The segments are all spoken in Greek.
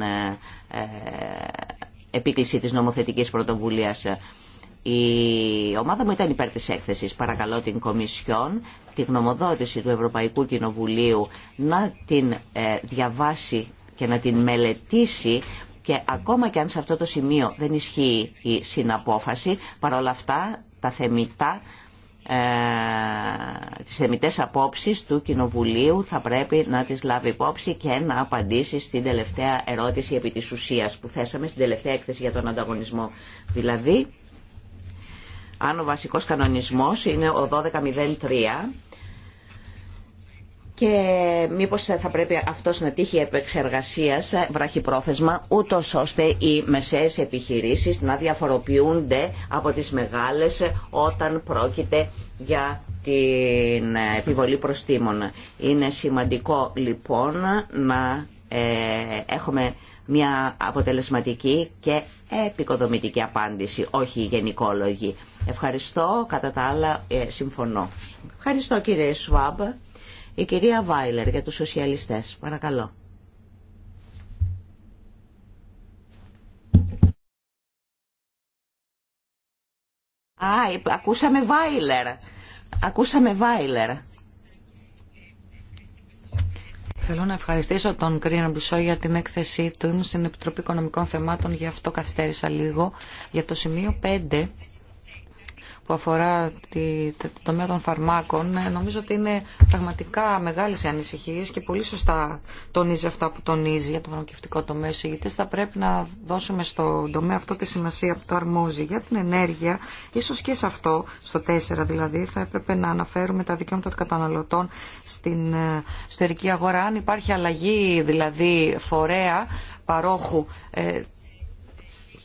Ε, ε, επίκληση της νομοθετικής πρωτοβουλίας. Η ομάδα μου ήταν υπέρ της έκθεσης. Παρακαλώ την Κομισιόν, τη γνωμοδότηση του Ευρωπαϊκού Κοινοβουλίου να την ε, διαβάσει και να την μελετήσει και ακόμα και αν σε αυτό το σημείο δεν ισχύει η συναπόφαση, παρόλα αυτά τα θεμητά ε, τις θεμητές απόψεις του Κοινοβουλίου θα πρέπει να τις λάβει υπόψη και να απαντήσει στην τελευταία ερώτηση επί της ουσίας που θέσαμε στην τελευταία έκθεση για τον ανταγωνισμό. Δηλαδή, αν ο βασικός κανονισμός είναι ο 1203 και μήπω θα πρέπει αυτός να τύχει επεξεργασίας βραχυπρόθεσμα ούτως ώστε οι μεσαίες επιχειρήσεις να διαφοροποιούνται από τι μεγάλες όταν πρόκειται για την επιβολή προστήμων. Είναι σημαντικό λοιπόν να ε, έχουμε μια αποτελεσματική και επικοδομητική απάντηση, όχι γενικόλογη. Ευχαριστώ, κατά τα άλλα ε, συμφωνώ. Ευχαριστώ κύριε Σουάμπ. Η κυρία Βάιλερ για τους σοσιαλιστές. Παρακαλώ. Α, ακούσαμε Βάιλερ. Ακούσαμε Βάιλερ. Θέλω να ευχαριστήσω τον Κρίνο Μπουσό για την έκθεσή του. Ήμουν στην Επιτροπή Οικονομικών Θεμάτων, γι' αυτό καθυστέρησα λίγο. Για το σημείο 5 που αφορά το τομέα των φαρμάκων, ε, νομίζω ότι είναι πραγματικά μεγάλε οι ανησυχίε και πολύ σωστά τονίζει αυτά που τονίζει για το φαρμακευτικό τομέα. Γιατί θα πρέπει να δώσουμε στο τομέα αυτό τη σημασία που το αρμόζει. Για την ενέργεια, ίσω και σε αυτό, στο 4 δηλαδή, θα έπρεπε να αναφέρουμε τα δικαιώματα των καταναλωτών στην ε, εσωτερική αγορά. Αν υπάρχει αλλαγή δηλαδή φορέα παρόχου ε,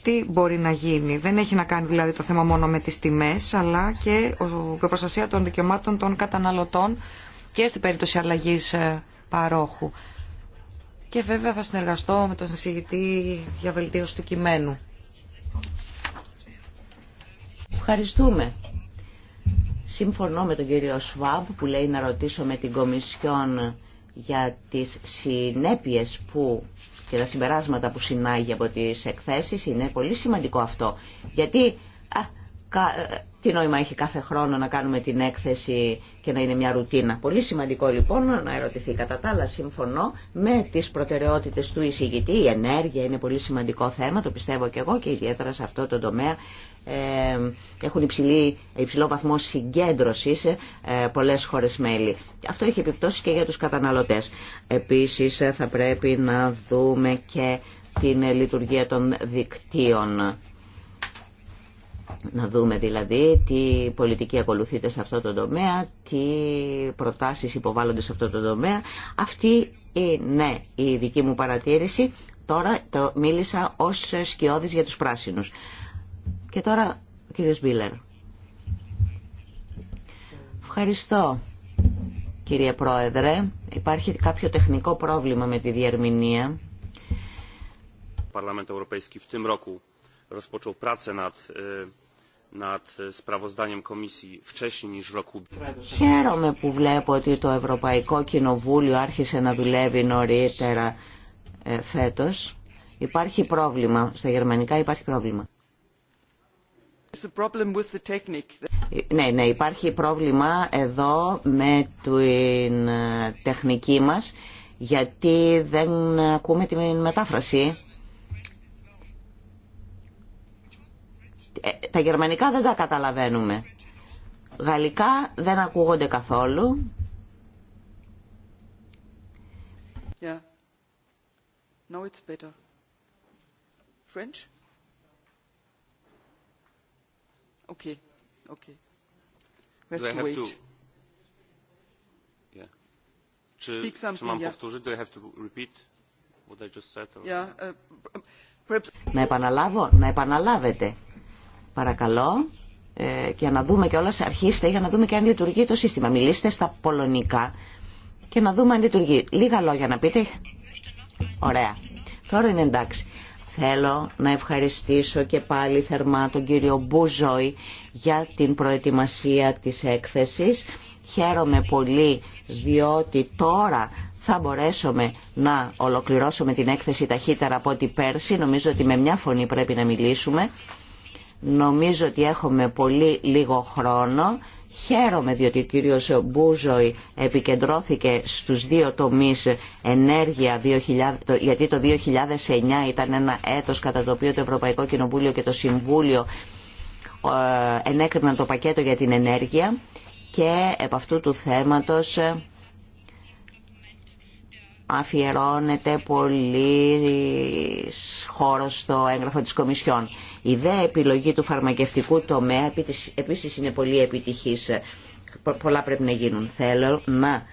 τι μπορεί να γίνει. Δεν έχει να κάνει δηλαδή το θέμα μόνο με τις τιμές, αλλά και η προστασία των δικαιωμάτων των καταναλωτών και στην περίπτωση αλλαγής ε, παρόχου. Και βέβαια θα συνεργαστώ με τον συζητητή για βελτίωση του κειμένου. Ευχαριστούμε. Συμφωνώ με τον κύριο Σβάμπ που λέει να ρωτήσω με την Κομισιόν για τις συνέπειες που και τα συμπεράσματα που συνάγει από τις εκθέσεις είναι πολύ σημαντικό αυτό. Γιατί α, κα, ε, τι νόημα έχει κάθε χρόνο να κάνουμε την έκθεση και να είναι μια ρουτίνα. Πολύ σημαντικό λοιπόν να ερωτηθεί κατά τα άλλα. Συμφωνώ με τις προτεραιότητες του εισηγητή. Η ενέργεια είναι πολύ σημαντικό θέμα, το πιστεύω και εγώ και ιδιαίτερα σε αυτό το τομέα έχουν υψηλή, υψηλό βαθμό συγκέντρωσης πολλέ ε, πολλές μέλη. Αυτό έχει επιπτώσει και για τους καταναλωτές. Επίσης ε, θα πρέπει να δούμε και την ε, λειτουργία των δικτύων. Να δούμε δηλαδή τι πολιτική ακολουθείται σε αυτό το τομέα, τι προτάσεις υποβάλλονται σε αυτό το τομέα. Αυτή είναι η δική μου παρατήρηση. Τώρα το μίλησα ως σκιώδης για τους πράσινους. Και τώρα ο κύριος Μπίλερ. Ευχαριστώ κύριε Πρόεδρε. Υπάρχει κάποιο τεχνικό πρόβλημα με τη διερμηνία. Χαίρομαι που βλέπω ότι το Ευρωπαϊκό Κοινοβούλιο άρχισε να δουλεύει νωρίτερα ε, φέτος. Υπάρχει πρόβλημα. Στα γερμανικά υπάρχει πρόβλημα. Ναι, ναι, υπάρχει πρόβλημα εδώ με την ε, τεχνική μας γιατί δεν ακούμε τη μετάφραση. Ε, τα γερμανικά δεν τα καταλαβαίνουμε. Γαλλικά δεν ακούγονται καθόλου. Yeah. better. Okay. Okay. We have to wait. Czy mam powtórzyć? Do I have to repeat what I just said? Uh, um, να επαναλάβω, να επαναλάβετε. Παρακαλώ. Ε, για να δούμε και όλα, αρχίστε για να δούμε και αν λειτουργεί το σύστημα. Μιλήστε στα πολωνικά και να δούμε αν λειτουργεί. Λίγα λόγια να πείτε. Ωραία. Τώρα είναι εντάξει. Θέλω να ευχαριστήσω και πάλι θερμά τον κύριο Μπούζοη για την προετοιμασία της έκθεσης. Χαίρομαι πολύ διότι τώρα θα μπορέσουμε να ολοκληρώσουμε την έκθεση ταχύτερα από ό,τι πέρσι. Νομίζω ότι με μια φωνή πρέπει να μιλήσουμε. Νομίζω ότι έχουμε πολύ λίγο χρόνο Χαίρομαι διότι ο κύριος Μπούζοη επικεντρώθηκε στους δύο τομείς ενέργεια 2000, γιατί το 2009 ήταν ένα έτος κατά το οποίο το Ευρωπαϊκό Κοινοβούλιο και το Συμβούλιο ε, ενέκριναν το πακέτο για την ενέργεια και επ' αυτού του θέματος ε, αφιερώνεται πολύ χώρο στο έγγραφο της Κομισιόν. Η δε επιλογή του φαρμακευτικού τομέα επίσης είναι πολύ επιτυχής. Πολλά πρέπει να γίνουν. Θέλω να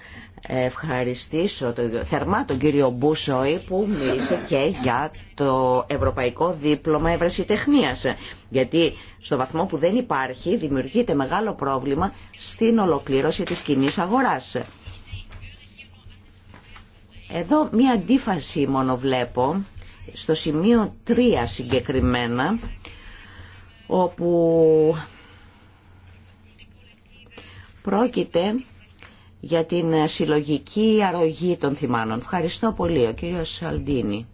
ευχαριστήσω το, θερμά τον κύριο Μπούσοη που μίλησε και για το Ευρωπαϊκό Δίπλωμα Ευρεσιτεχνίας. Γιατί στο βαθμό που δεν υπάρχει δημιουργείται μεγάλο πρόβλημα στην ολοκλήρωση της κοινή αγοράς. Εδώ μία αντίφαση μόνο βλέπω στο σημείο 3 συγκεκριμένα όπου πρόκειται για την συλλογική αρρωγή των θυμάνων. Ευχαριστώ πολύ. Ο κύριος Σαλντίνη.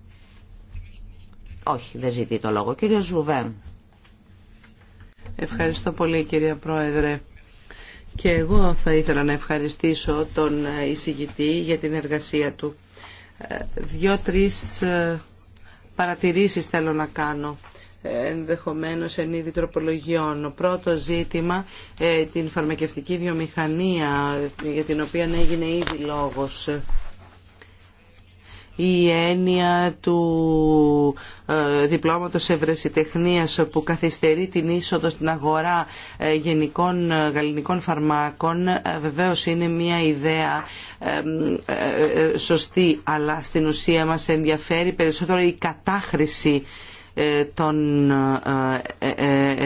Όχι, δεν ζητεί το λόγο. κύριος Ζουβέν. Ευχαριστώ πολύ κυρία Πρόεδρε. Και εγώ θα ήθελα να ευχαριστήσω τον εισηγητή για την εργασία του. Ε, δύο-τρεις ε, παρατηρήσεις θέλω να κάνω ε, ενδεχομένως εν είδη τροπολογιών. Πρώτο ζήτημα, ε, την φαρμακευτική βιομηχανία ε, για την οποία έγινε ήδη λόγος η έννοια του ε, διπλώματος ευρεσιτεχνίας που καθυστερεί την είσοδο στην αγορά ε, γενικών ε, γαλλικών φαρμάκων βεβαίως είναι μια ιδέα σωστή αλλά στην ουσία μας ενδιαφέρει περισσότερο η κατάχρηση των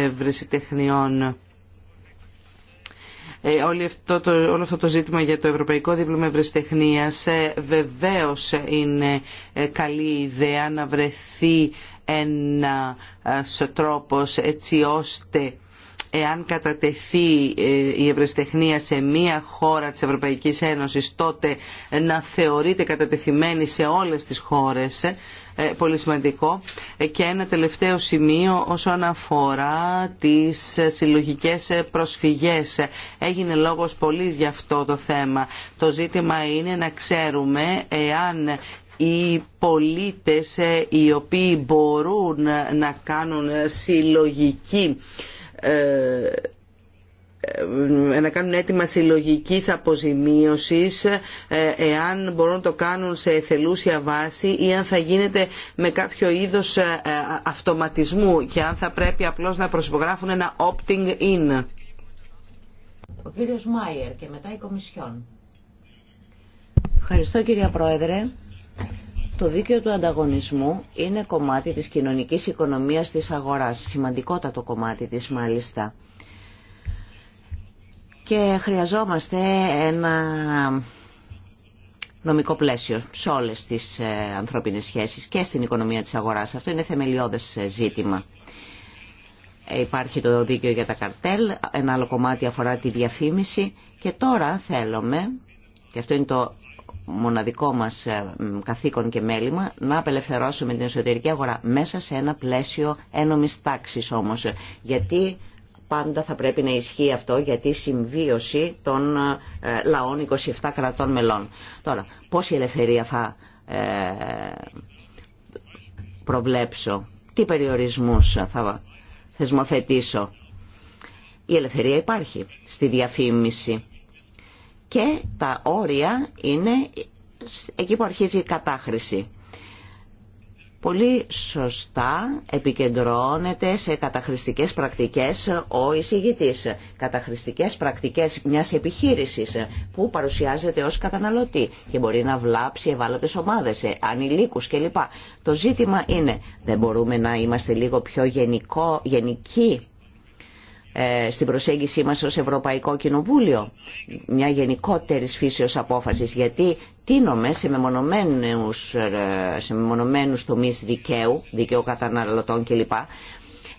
ευρεσιτεχνιών ε, όλο αυτό, το, ζήτημα για το Ευρωπαϊκό Δίπλωμα Ευρεσιτεχνίας ε, βεβαίως είναι ε, καλή ιδέα να βρεθεί ένα τρόπος έτσι ώστε εάν κατατεθεί η ευρεσιτεχνία σε μία χώρα της Ευρωπαϊκής Ένωσης τότε να θεωρείται κατατεθειμένη σε όλες τις χώρες ε, πολύ σημαντικό. Ε, και ένα τελευταίο σημείο όσον αφορά τις ε, συλλογικές προσφυγές. Έγινε λόγος πολύ για αυτό το θέμα. Το ζήτημα είναι να ξέρουμε εάν οι πολίτες οι οποίοι μπορούν να κάνουν συλλογική ε, ε, να κάνουν έτοιμα συλλογική αποζημίωσης ε, εάν μπορούν να το κάνουν σε εθελούσια βάση ή αν θα γίνεται με κάποιο είδος αυτοματισμού και αν θα πρέπει απλώς να προσυπογράφουν ένα opting in. Ο κύριος Μάιερ και μετά η Κομισιόν. Ευχαριστώ κύριε Πρόεδρε. Το δίκαιο του ανταγωνισμού είναι κομμάτι της κοινωνικής οικονομίας της αγοράς, σημαντικότατο κομμάτι της μάλιστα και χρειαζόμαστε ένα νομικό πλαίσιο σε όλες τις ε, ανθρώπινες σχέσεις και στην οικονομία της αγοράς. Αυτό είναι θεμελιώδες ε, ζήτημα. Ε, υπάρχει το δίκαιο για τα καρτέλ, ένα άλλο κομμάτι αφορά τη διαφήμιση και τώρα θέλουμε, και αυτό είναι το μοναδικό μας καθήκον και μέλημα, να απελευθερώσουμε την εσωτερική αγορά μέσα σε ένα πλαίσιο ένομης τάξης όμως. Γιατί πάντα θα πρέπει να ισχύει αυτό για τη συμβίωση των ε, λαών 27 κρατών μελών. Τώρα, πόση ελευθερία θα ε, προβλέψω, τι περιορισμούς θα θεσμοθετήσω. Η ελευθερία υπάρχει στη διαφήμιση και τα όρια είναι εκεί που αρχίζει η κατάχρηση. Πολύ σωστά επικεντρώνεται σε καταχρηστικές πρακτικές ο εισηγητής. Καταχρηστικές πρακτικές μιας επιχείρησης που παρουσιάζεται ως καταναλωτή και μπορεί να βλάψει ευάλωτες ομάδες, ε, ανηλίκους κλπ. Το ζήτημα είναι, δεν μπορούμε να είμαστε λίγο πιο γενικό, γενικοί ε, στην προσέγγιση μας ως Ευρωπαϊκό Κοινοβούλιο. Μια γενικότερη φύσεως απόφασης, γιατί τίνομαι σε μεμονωμένους, ε, σε μεμονωμένους τομείς δικαίου, δικαίου καταναλωτών κλπ,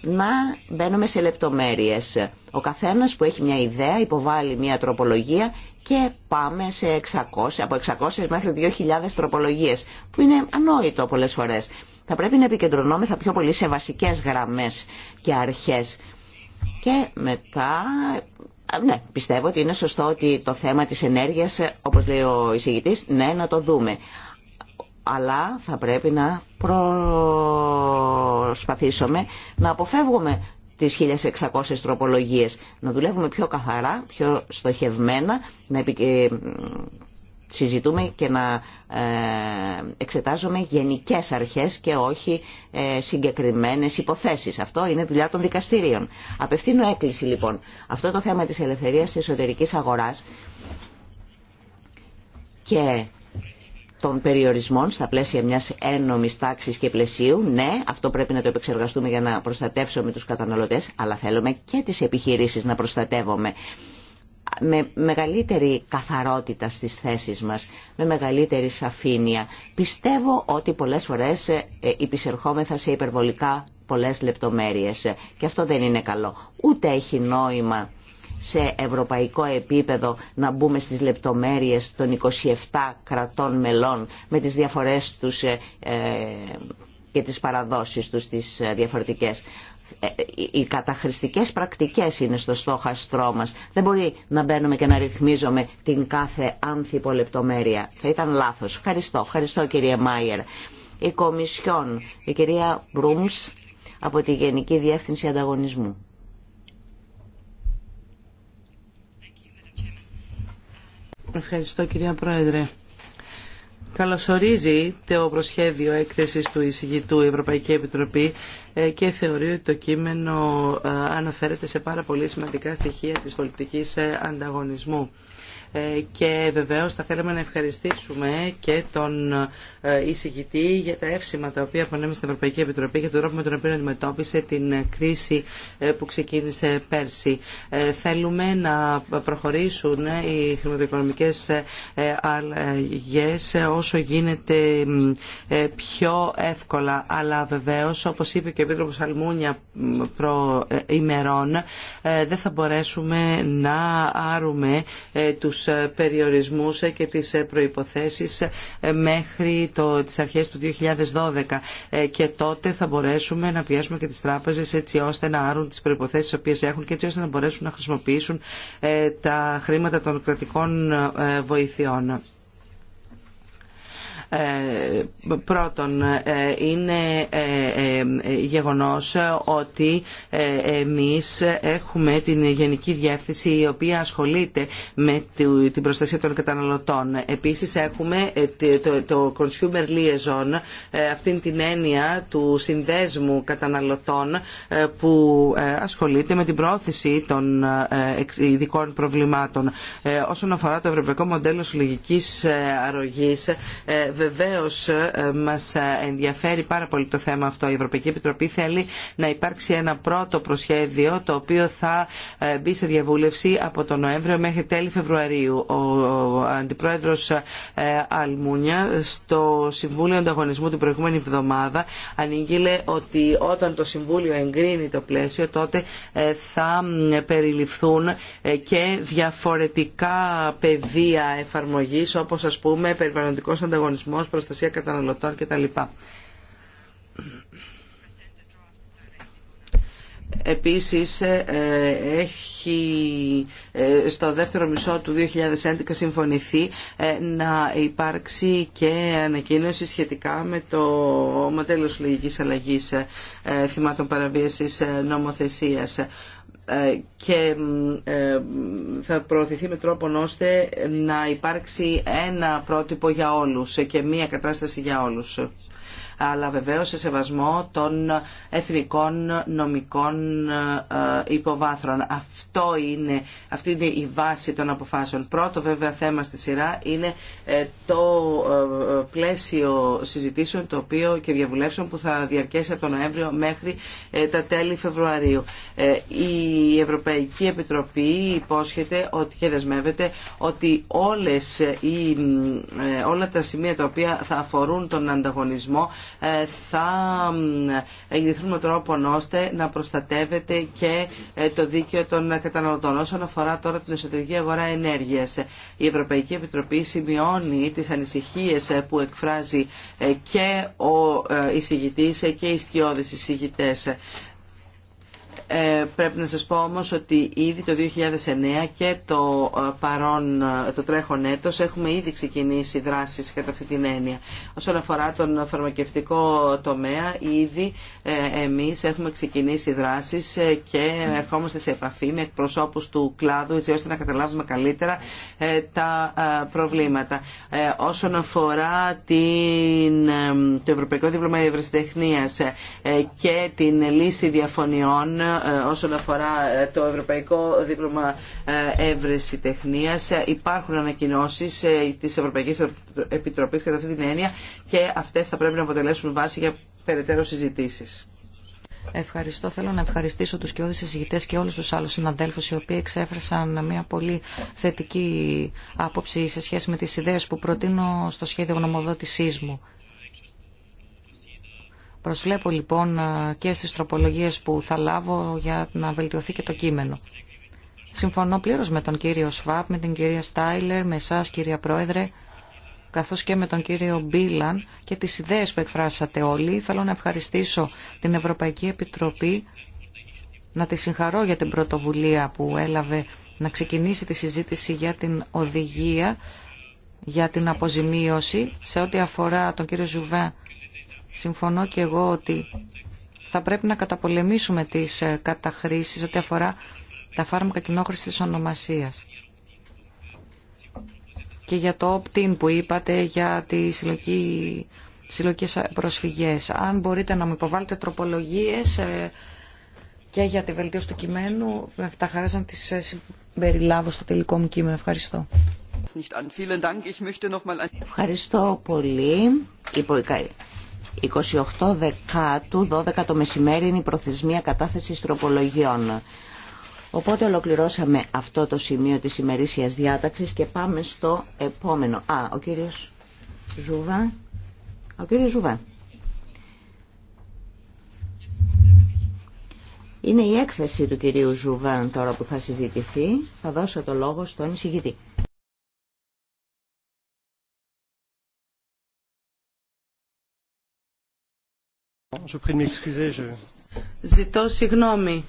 να μπαίνουμε σε λεπτομέρειες. Ο καθένας που έχει μια ιδέα υποβάλλει μια τροπολογία και πάμε σε 600, από 600 μέχρι 2.000 τροπολογίες, που είναι ανόητο πολλές φορές. Θα πρέπει να επικεντρωνόμεθα πιο πολύ σε βασικές γραμμές και αρχές και μετά, ναι, πιστεύω ότι είναι σωστό ότι το θέμα της ενέργειας, όπως λέει ο εισηγητής, ναι, να το δούμε. Αλλά θα πρέπει να προσπαθήσουμε να αποφεύγουμε τις 1.600 τροπολογίες, να δουλεύουμε πιο καθαρά, πιο στοχευμένα, να συζητούμε και να ε, εξετάζουμε γενικές αρχές και όχι ε, συγκεκριμένες υποθέσεις. Αυτό είναι δουλειά των δικαστηρίων. Απευθύνω έκκληση λοιπόν. Αυτό το θέμα της ελευθερίας της εσωτερικής αγοράς και των περιορισμών στα πλαίσια μιας ένομης τάξης και πλαισίου. Ναι, αυτό πρέπει να το επεξεργαστούμε για να προστατεύσουμε τους καταναλωτές, αλλά θέλουμε και τις επιχειρήσεις να προστατεύουμε με μεγαλύτερη καθαρότητα στις θέσεις μας, με μεγαλύτερη σαφήνεια. Πιστεύω ότι πολλές φορές ε, ε, υπησερχόμεθα σε υπερβολικά πολλές λεπτομέρειες ε, και αυτό δεν είναι καλό. Ούτε έχει νόημα σε ευρωπαϊκό επίπεδο να μπούμε στις λεπτομέρειες των 27 κρατών μελών με τις διαφορές τους και τις παραδόσεις τους τις διαφορετικές. Ε, οι καταχρηστικές πρακτικές είναι στο στόχαστρό μας. Δεν μπορεί να μπαίνουμε και να ρυθμίζουμε την κάθε άνθιπο λεπτομέρεια. Θα ήταν λάθος. Ευχαριστώ. Ευχαριστώ κύριε Μάιερ. Η Κομισιόν, η κυρία Μπρούμς από τη Γενική Διεύθυνση Ανταγωνισμού. Ευχαριστώ κυρία Πρόεδρε. Καλωσορίζει το προσχέδιο έκθεσης του εισηγητού Ευρωπαϊκή Επιτροπή ε, και θεωρεί ότι το κείμενο ε, αναφέρεται σε πάρα πολύ σημαντικά στοιχεία της πολιτικής ε, ανταγωνισμού. Ε, και βεβαίως θα θέλαμε να ευχαριστήσουμε και τον ε, εισηγητή για τα εύσημα τα οποία απονέμει στην Ευρωπαϊκή Επιτροπή για τον τρόπο με τον οποίο αντιμετώπισε την ε, κρίση που ξεκίνησε πέρσι. Θέλουμε να προχωρήσουν οι χρηματοοικονομικές αλλαγές όσο γίνεται πιο εύκολα. Αλλά βεβαίως, όπως είπε και ο Επίτροπος Αλμούνια προημερών, δεν θα μπορέσουμε να άρουμε τους ε, περιορισμούς ε, και τις ε, προϋποθέσεις μέχρι το, τις αρχές του 2012 και τότε θα μπορέσουμε να πιέσουμε και τις τράπεζες έτσι ώστε να άρουν τις προϋποθέσεις τις οποίες έχουν και έτσι ώστε να μπορέσουν να χρησιμοποιήσουν τα χρήματα των κρατικών βοηθειών. Ε, πρώτον, ε, είναι ε, γεγονός ότι εμείς έχουμε την Γενική Διεύθυνση η οποία ασχολείται με την προστασία των καταναλωτών. Επίσης έχουμε το Consumer Liaison, αυτήν την έννοια του συνδέσμου καταναλωτών που ασχολείται με την πρόθεση των ειδικών προβλημάτων. Όσον αφορά το ευρωπαϊκό μοντέλο συλλογικής αρρωγής, Βεβαίως ε, μας ενδιαφέρει πάρα πολύ το θέμα αυτό. Η Ευρωπαϊκή Επιτροπή θέλει να υπάρξει ένα πρώτο προσχέδιο το οποίο θα ε, μπει σε διαβούλευση από τον Νοέμβριο μέχρι τέλη Φεβρουαρίου. Ο Αντιπρόεδρος ε, Αλμούνια στο Συμβούλιο Ανταγωνισμού την προηγούμενη εβδομάδα ανήγγειλε ότι όταν το Συμβούλιο εγκρίνει το πλαίσιο τότε θα περιληφθούν και διαφορετικά πεδία εφαρμογής όπως ας πούμε περιβαλλοντικός ανταγωνισμό ανταγωνισμός, προστασία καταναλωτών κτλ. Επίσης, ε, έχει ε, στο δεύτερο μισό του 2011 συμφωνηθεί ε, να υπάρξει και ανακοίνωση σχετικά με το μοντέλο συλλογικής αλλαγής θυμάτων παραβίασης νομοθεσίας. Ε, και ε, θα προωθηθεί με τρόπο ώστε να υπάρξει ένα πρότυπο για όλους και μία κατάσταση για όλους αλλά βεβαίως σε σεβασμό των εθνικών νομικών ε, υποβάθρων. Αυτό είναι, αυτή είναι η βάση των αποφάσεων. Πρώτο βέβαια θέμα στη σειρά είναι ε, το ε, πλαίσιο συζητήσεων το οποίο και διαβουλεύσεων που θα διαρκέσει από τον Νοέμβριο μέχρι τα τέλη Φεβρουαρίου. Η Ευρωπαϊκή Επιτροπή υπόσχεται ότι και δεσμεύεται ότι όλες οι, όλα τα σημεία τα οποία θα αφορούν τον ανταγωνισμό ε, θα εγκριθούν με τρόπο ώστε να προστατεύεται και ε, το δίκαιο των καταναλωτών. Όσον αφορά τώρα την εσωτερική αγορά ενέργεια. η Ευρωπαϊκή Επιτροπή σημειώνει τις ανησυχίε που εκφράζει ε, και ο εισηγητής και οι σκιώδες εισηγητές ε, πρέπει να σας πω όμως ότι ήδη το 2009 και το ε, παρόν, ε, το τρέχον έτος έχουμε ήδη ξεκινήσει δράσεις κατά αυτή την έννοια. Όσον αφορά τον φαρμακευτικό τομέα, ήδη εμείς έχουμε ξεκινήσει δράσεις και ερχόμαστε σε επαφή με εκπροσώπους του κλάδου έτσι ώστε να καταλάβουμε καλύτερα τα προβλήματα. Όσον αφορά την, το Ευρωπαϊκό Δίπλωμα και την λύση διαφωνιών ε, όσον αφορά ε, το Ευρωπαϊκό Δίπλωμα Εύρεση Τεχνίας. Ε, υπάρχουν ανακοινώσει τη Ευρωπαϊκή Επιτροπή κατά αυτή την έννοια και αυτές θα πρέπει να αποτελέσουν βάση για περαιτέρω συζητήσεις. Ευχαριστώ. Θέλω να ευχαριστήσω τους κοιόδης εισηγητές και όλους τους άλλους συναδέλφους οι οποίοι εξέφρασαν μια πολύ θετική άποψη σε σχέση με τις ιδέες που προτείνω στο σχέδιο γνωμοδότησής μου. Προσβλέπω λοιπόν και στις τροπολογίες που θα λάβω για να βελτιωθεί και το κείμενο. Συμφωνώ πλήρως με τον κύριο Σβάπ, με την κυρία Στάιλερ, με εσά κυρία Πρόεδρε, καθώς και με τον κύριο Μπίλαν και τις ιδέες που εκφράσατε όλοι. Θέλω να ευχαριστήσω την Ευρωπαϊκή Επιτροπή, να τη συγχαρώ για την πρωτοβουλία που έλαβε να ξεκινήσει τη συζήτηση για την οδηγία, για την αποζημίωση σε ό,τι αφορά τον κύριο Ζουβέν Συμφωνώ και εγώ ότι θα πρέπει να καταπολεμήσουμε τις ε, καταχρήσεις ό,τι αφορά τα φάρμακα κοινόχρηση της ονομασίας. Και για το opt-in που είπατε για τη συλλογικέ συλλογικές προσφυγές. Αν μπορείτε να μου υποβάλλετε τροπολογίες ε, και για τη βελτίωση του κειμένου, με αυτά χαρά να τις ε, συμπεριλάβω στο τελικό μου κείμενο. Ευχαριστώ. Ευχαριστώ πολύ. 28 Δεκάτου, 12 το μεσημέρι είναι η προθεσμία κατάθεσης τροπολογιών. Οπότε ολοκληρώσαμε αυτό το σημείο της ημερήσιας διάταξης και πάμε στο επόμενο. Α, ο κύριος Ζουβά. Ο κύριος Ζουβά. Είναι η έκθεση του κυρίου Ζουβάν τώρα που θα συζητηθεί. Θα δώσω το λόγο στον εισηγητή. Ζητώ συγγνώμη.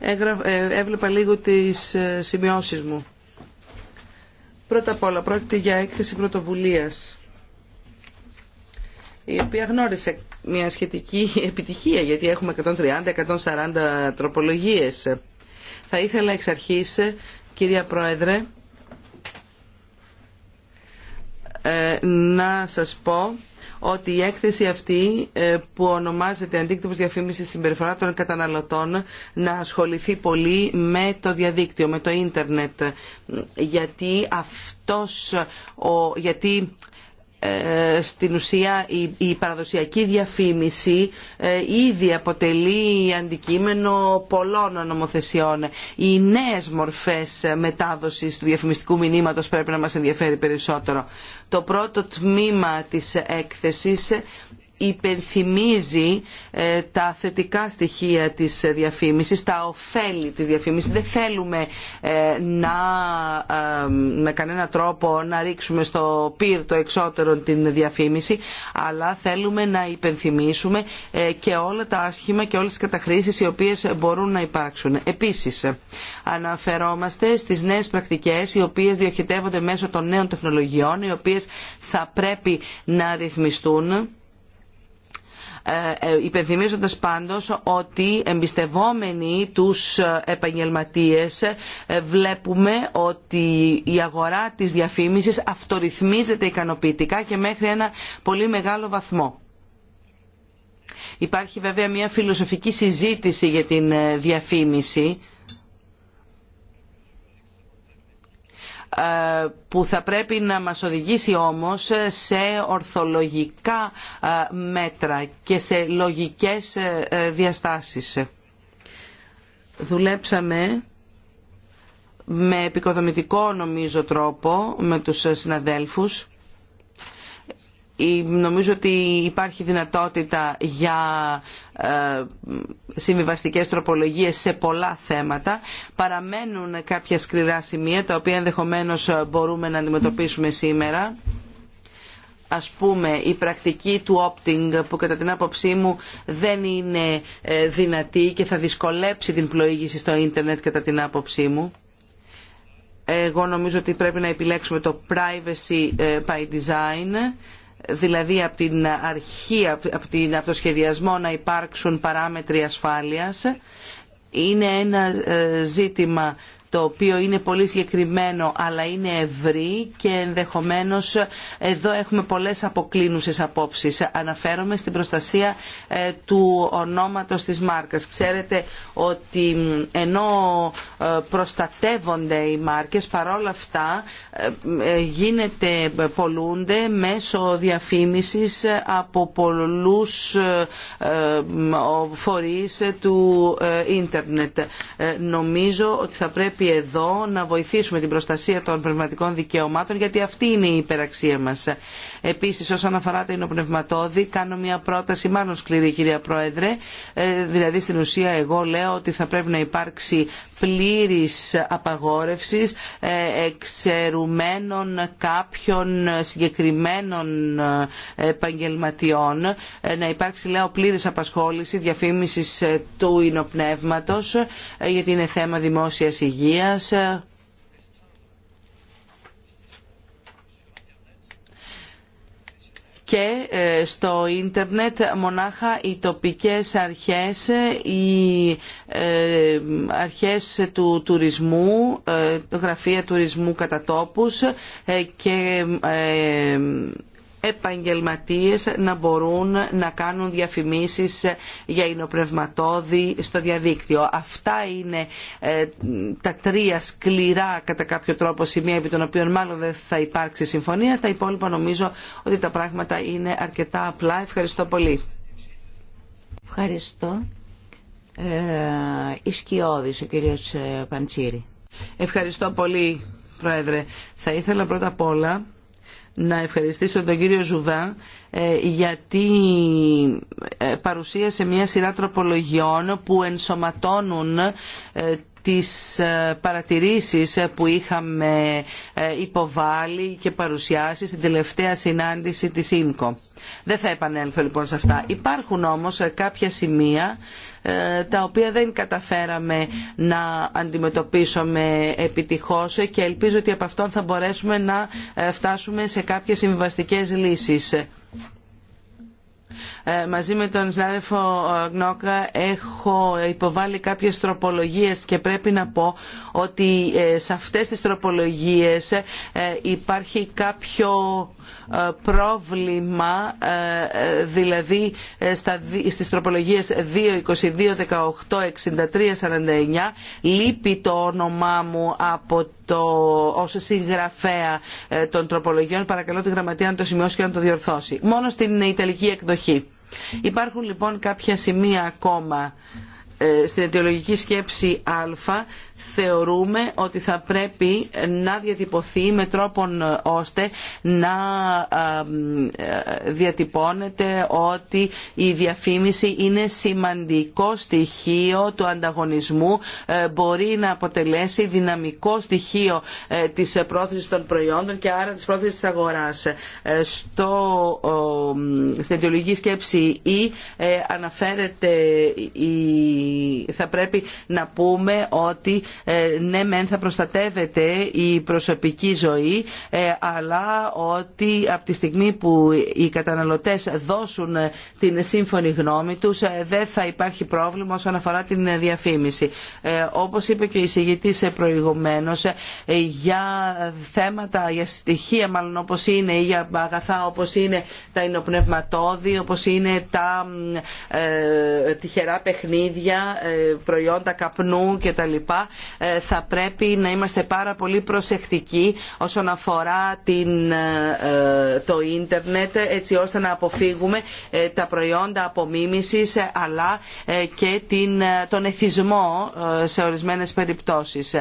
Ε, έβλεπα λίγο τις ε, σημειώσεις μου. Πρώτα απ' όλα, πρόκειται για έκθεση πρωτοβουλίας, η οποία γνώρισε μια σχετική επιτυχία, γιατί έχουμε 130-140 τροπολογίες. Θα ήθελα εξ αρχής, κυρία Πρόεδρε, ε, να σας πω ότι η έκθεση αυτή ε, που ονομάζεται Αντίκτυπος Διαφήμισης Συμπεριφορά των Καταναλωτών να ασχοληθεί πολύ με το διαδίκτυο, με το ίντερνετ, γιατί αυτός, ο, γιατί ε, στην ουσία η παραδοσιακή διαφήμιση ε, ήδη αποτελεί αντικείμενο πολλών νομοθεσιών. Οι νέες μορφές μετάδοσης του διαφημιστικού μηνύματος πρέπει να μας ενδιαφέρει περισσότερο. Το πρώτο τμήμα της έκθεσης υπενθυμίζει ε, τα θετικά στοιχεία της ε, διαφήμισης, τα ωφέλη της διαφήμισης. Δεν θέλουμε ε, να με κανένα τρόπο να ρίξουμε στο πυρ το εξώτερο την διαφήμιση, αλλά θέλουμε να υπενθυμίσουμε και όλα τα άσχημα και όλες τις καταχρήσεις οι οποίες μπορούν να υπάρξουν. Επίσης, αναφερόμαστε στις νέες πρακτικές οι οποίες διοχετεύονται μέσω των νέων τεχνολογιών, οι οποίες θα πρέπει να ρυθμιστούν ε, ε, υπενθυμίζοντας πάντως ότι εμπιστευόμενοι τους ε, επαγγελματίες βλέπουμε ότι η αγορά της διαφήμισης αυτορυθμίζεται ικανοποιητικά και μέχρι ένα πολύ μεγάλο βαθμό. Υπάρχει βέβαια μια φιλοσοφική συζήτηση για την διαφήμιση που θα πρέπει να μας οδηγήσει όμως σε ορθολογικά ε, μέτρα και σε λογικές ε, διαστάσεις. Δουλέψαμε με επικοδομητικό νομίζω τρόπο με τους συναδέλφους νομίζω ότι υπάρχει δυνατότητα για ε, συμβιβαστικές τροπολογίες σε πολλά θέματα. Παραμένουν κάποια σκληρά σημεία τα οποία ενδεχομένως μπορούμε να αντιμετωπίσουμε σήμερα ας πούμε η πρακτική του opting που κατά την άποψή μου δεν είναι ε, δυνατή και θα δυσκολέψει την πλοήγηση στο ίντερνετ κατά την άποψή μου. Εγώ νομίζω ότι πρέπει να επιλέξουμε το privacy ε, by design δηλαδή από την αρχή, από, την, το σχεδιασμό να υπάρξουν παράμετροι ασφάλειας, είναι ένα ε, ζήτημα το οποίο είναι πολύ συγκεκριμένο αλλά είναι ευρύ και ενδεχομένως ε, εδώ έχουμε πολλές αποκλίνουσες απόψεις. Αναφέρομαι στην προστασία ε, του ονόματος της μάρκας. Ξέρετε ότι ενώ ε, προστατεύονται οι μάρκες παρόλα αυτά γίνεται, πολλούνται μέσω διαφήμισης από πολλούς φορείς του ίντερνετ. Νομίζω ότι θα πρέπει εδώ να βοηθήσουμε την προστασία των πνευματικών δικαιωμάτων γιατί αυτή είναι η υπεραξία μας. Επίσης όσον αφορά τα υνοπνευματόδη κάνω μια πρόταση μάλλον σκληρή κυρία Πρόεδρε. Ε, δηλαδή στην ουσία εγώ λέω ότι θα πρέπει να υπάρξει πλήρης απαγόρευσης ε, εξαιρουμένων κάποιων συγκεκριμένων ε, επαγγελματιών. Να υπάρξει λέω πλήρης απασχόληση διαφήμισης του εινοπνεύματος, γιατί είναι θέμα δημόσιας υγείας και ε, στο ίντερνετ μονάχα οι τοπικές αρχές, οι ε, αρχές του τουρισμού, το ε, γραφεία τουρισμού κατά τόπους και επαγγελματίες να μπορούν να κάνουν διαφημίσεις για υνοπνευματώδη στο διαδίκτυο. Αυτά είναι ε, τα τρία σκληρά κατά κάποιο τρόπο σημεία επί των οποίων μάλλον δεν θα υπάρξει συμφωνία. Στα υπόλοιπα νομίζω ότι τα πράγματα είναι αρκετά απλά. Ευχαριστώ πολύ. Ευχαριστώ. Ε, Ισκιώδης, ο κύριος ε, Παντσίρη. Ευχαριστώ πολύ, Πρόεδρε. Θα ήθελα πρώτα απ' όλα να ευχαριστήσω τον κύριο Ζουβάν ε, γιατί ε, παρουσίασε μια σειρά τροπολογιών που ενσωματώνουν ε, τις ε, παρατηρήσεις που είχαμε ε, υποβάλει και παρουσιάσει στην τελευταία συνάντηση της Ίνκο. Δεν θα επανέλθω λοιπόν σε αυτά. Υπάρχουν όμως ε, κάποια σημεία τα οποία δεν καταφέραμε να αντιμετωπίσουμε επιτυχώς και ελπίζω ότι από αυτόν θα μπορέσουμε να φτάσουμε σε κάποιες συμβαστικές λύσεις ε, μαζί με τον συνάδελφο ε, Γνώκα έχω υποβάλει κάποιες τροπολογίες και πρέπει να πω ότι ε, σε αυτές τις τροπολογίες υπάρχει κάποιο πρόβλημα ε, δηλαδή ε, στις τροπολογίες 2, 22, 18, 63, 49 λείπει το όνομά μου από το, ως συγγραφέα ε, των τροπολογιών παρακαλώ τη γραμματεία να το σημειώσει και να το διορθώσει μόνο στην ιταλική εκδοχή υπάρχουν λοιπόν κάποια σημεία ακόμα στην αιτιολογική σκέψη α θεωρούμε ότι θα πρέπει να διατυπωθεί με τρόπον ώστε να ε, διατυπώνεται ότι η διαφήμιση είναι σημαντικό στοιχείο του ανταγωνισμού, ε, μπορεί να αποτελέσει δυναμικό στοιχείο ε, της πρόθεσης των προϊόντων και άρα της πρόθεσης της αγοράς. Στο, στην αιτιολογική σκέψη ή e, αναφέρεται η, θα πρέπει να πούμε ότι ε, ναι μεν θα προστατεύεται η προσωπική ζωή ε, αλλά ότι από τη στιγμή που οι καταναλωτές δώσουν ε, την σύμφωνη γνώμη τους δεν θα υπάρχει πρόβλημα όσον αφορά την διαφήμιση. Όπως είπε και η συγητής προηγουμένως για θέματα, για στοιχεία μάλλον όπως είναι ή για αγαθά όπως είναι τα υνοπνευματόδη, όπως είναι τα τυχερά παιχνίδια, προϊόντα καπνού κτλ. Ε, θα πρέπει να είμαστε πάρα πολύ προσεκτικοί όσον αφορά την, ε, ε, το ίντερνετ έτσι ώστε να αποφύγουμε τα προϊόντα απομίμησης αλλά και την, τον εθισμό σε ορισμένες περιπτώσεις.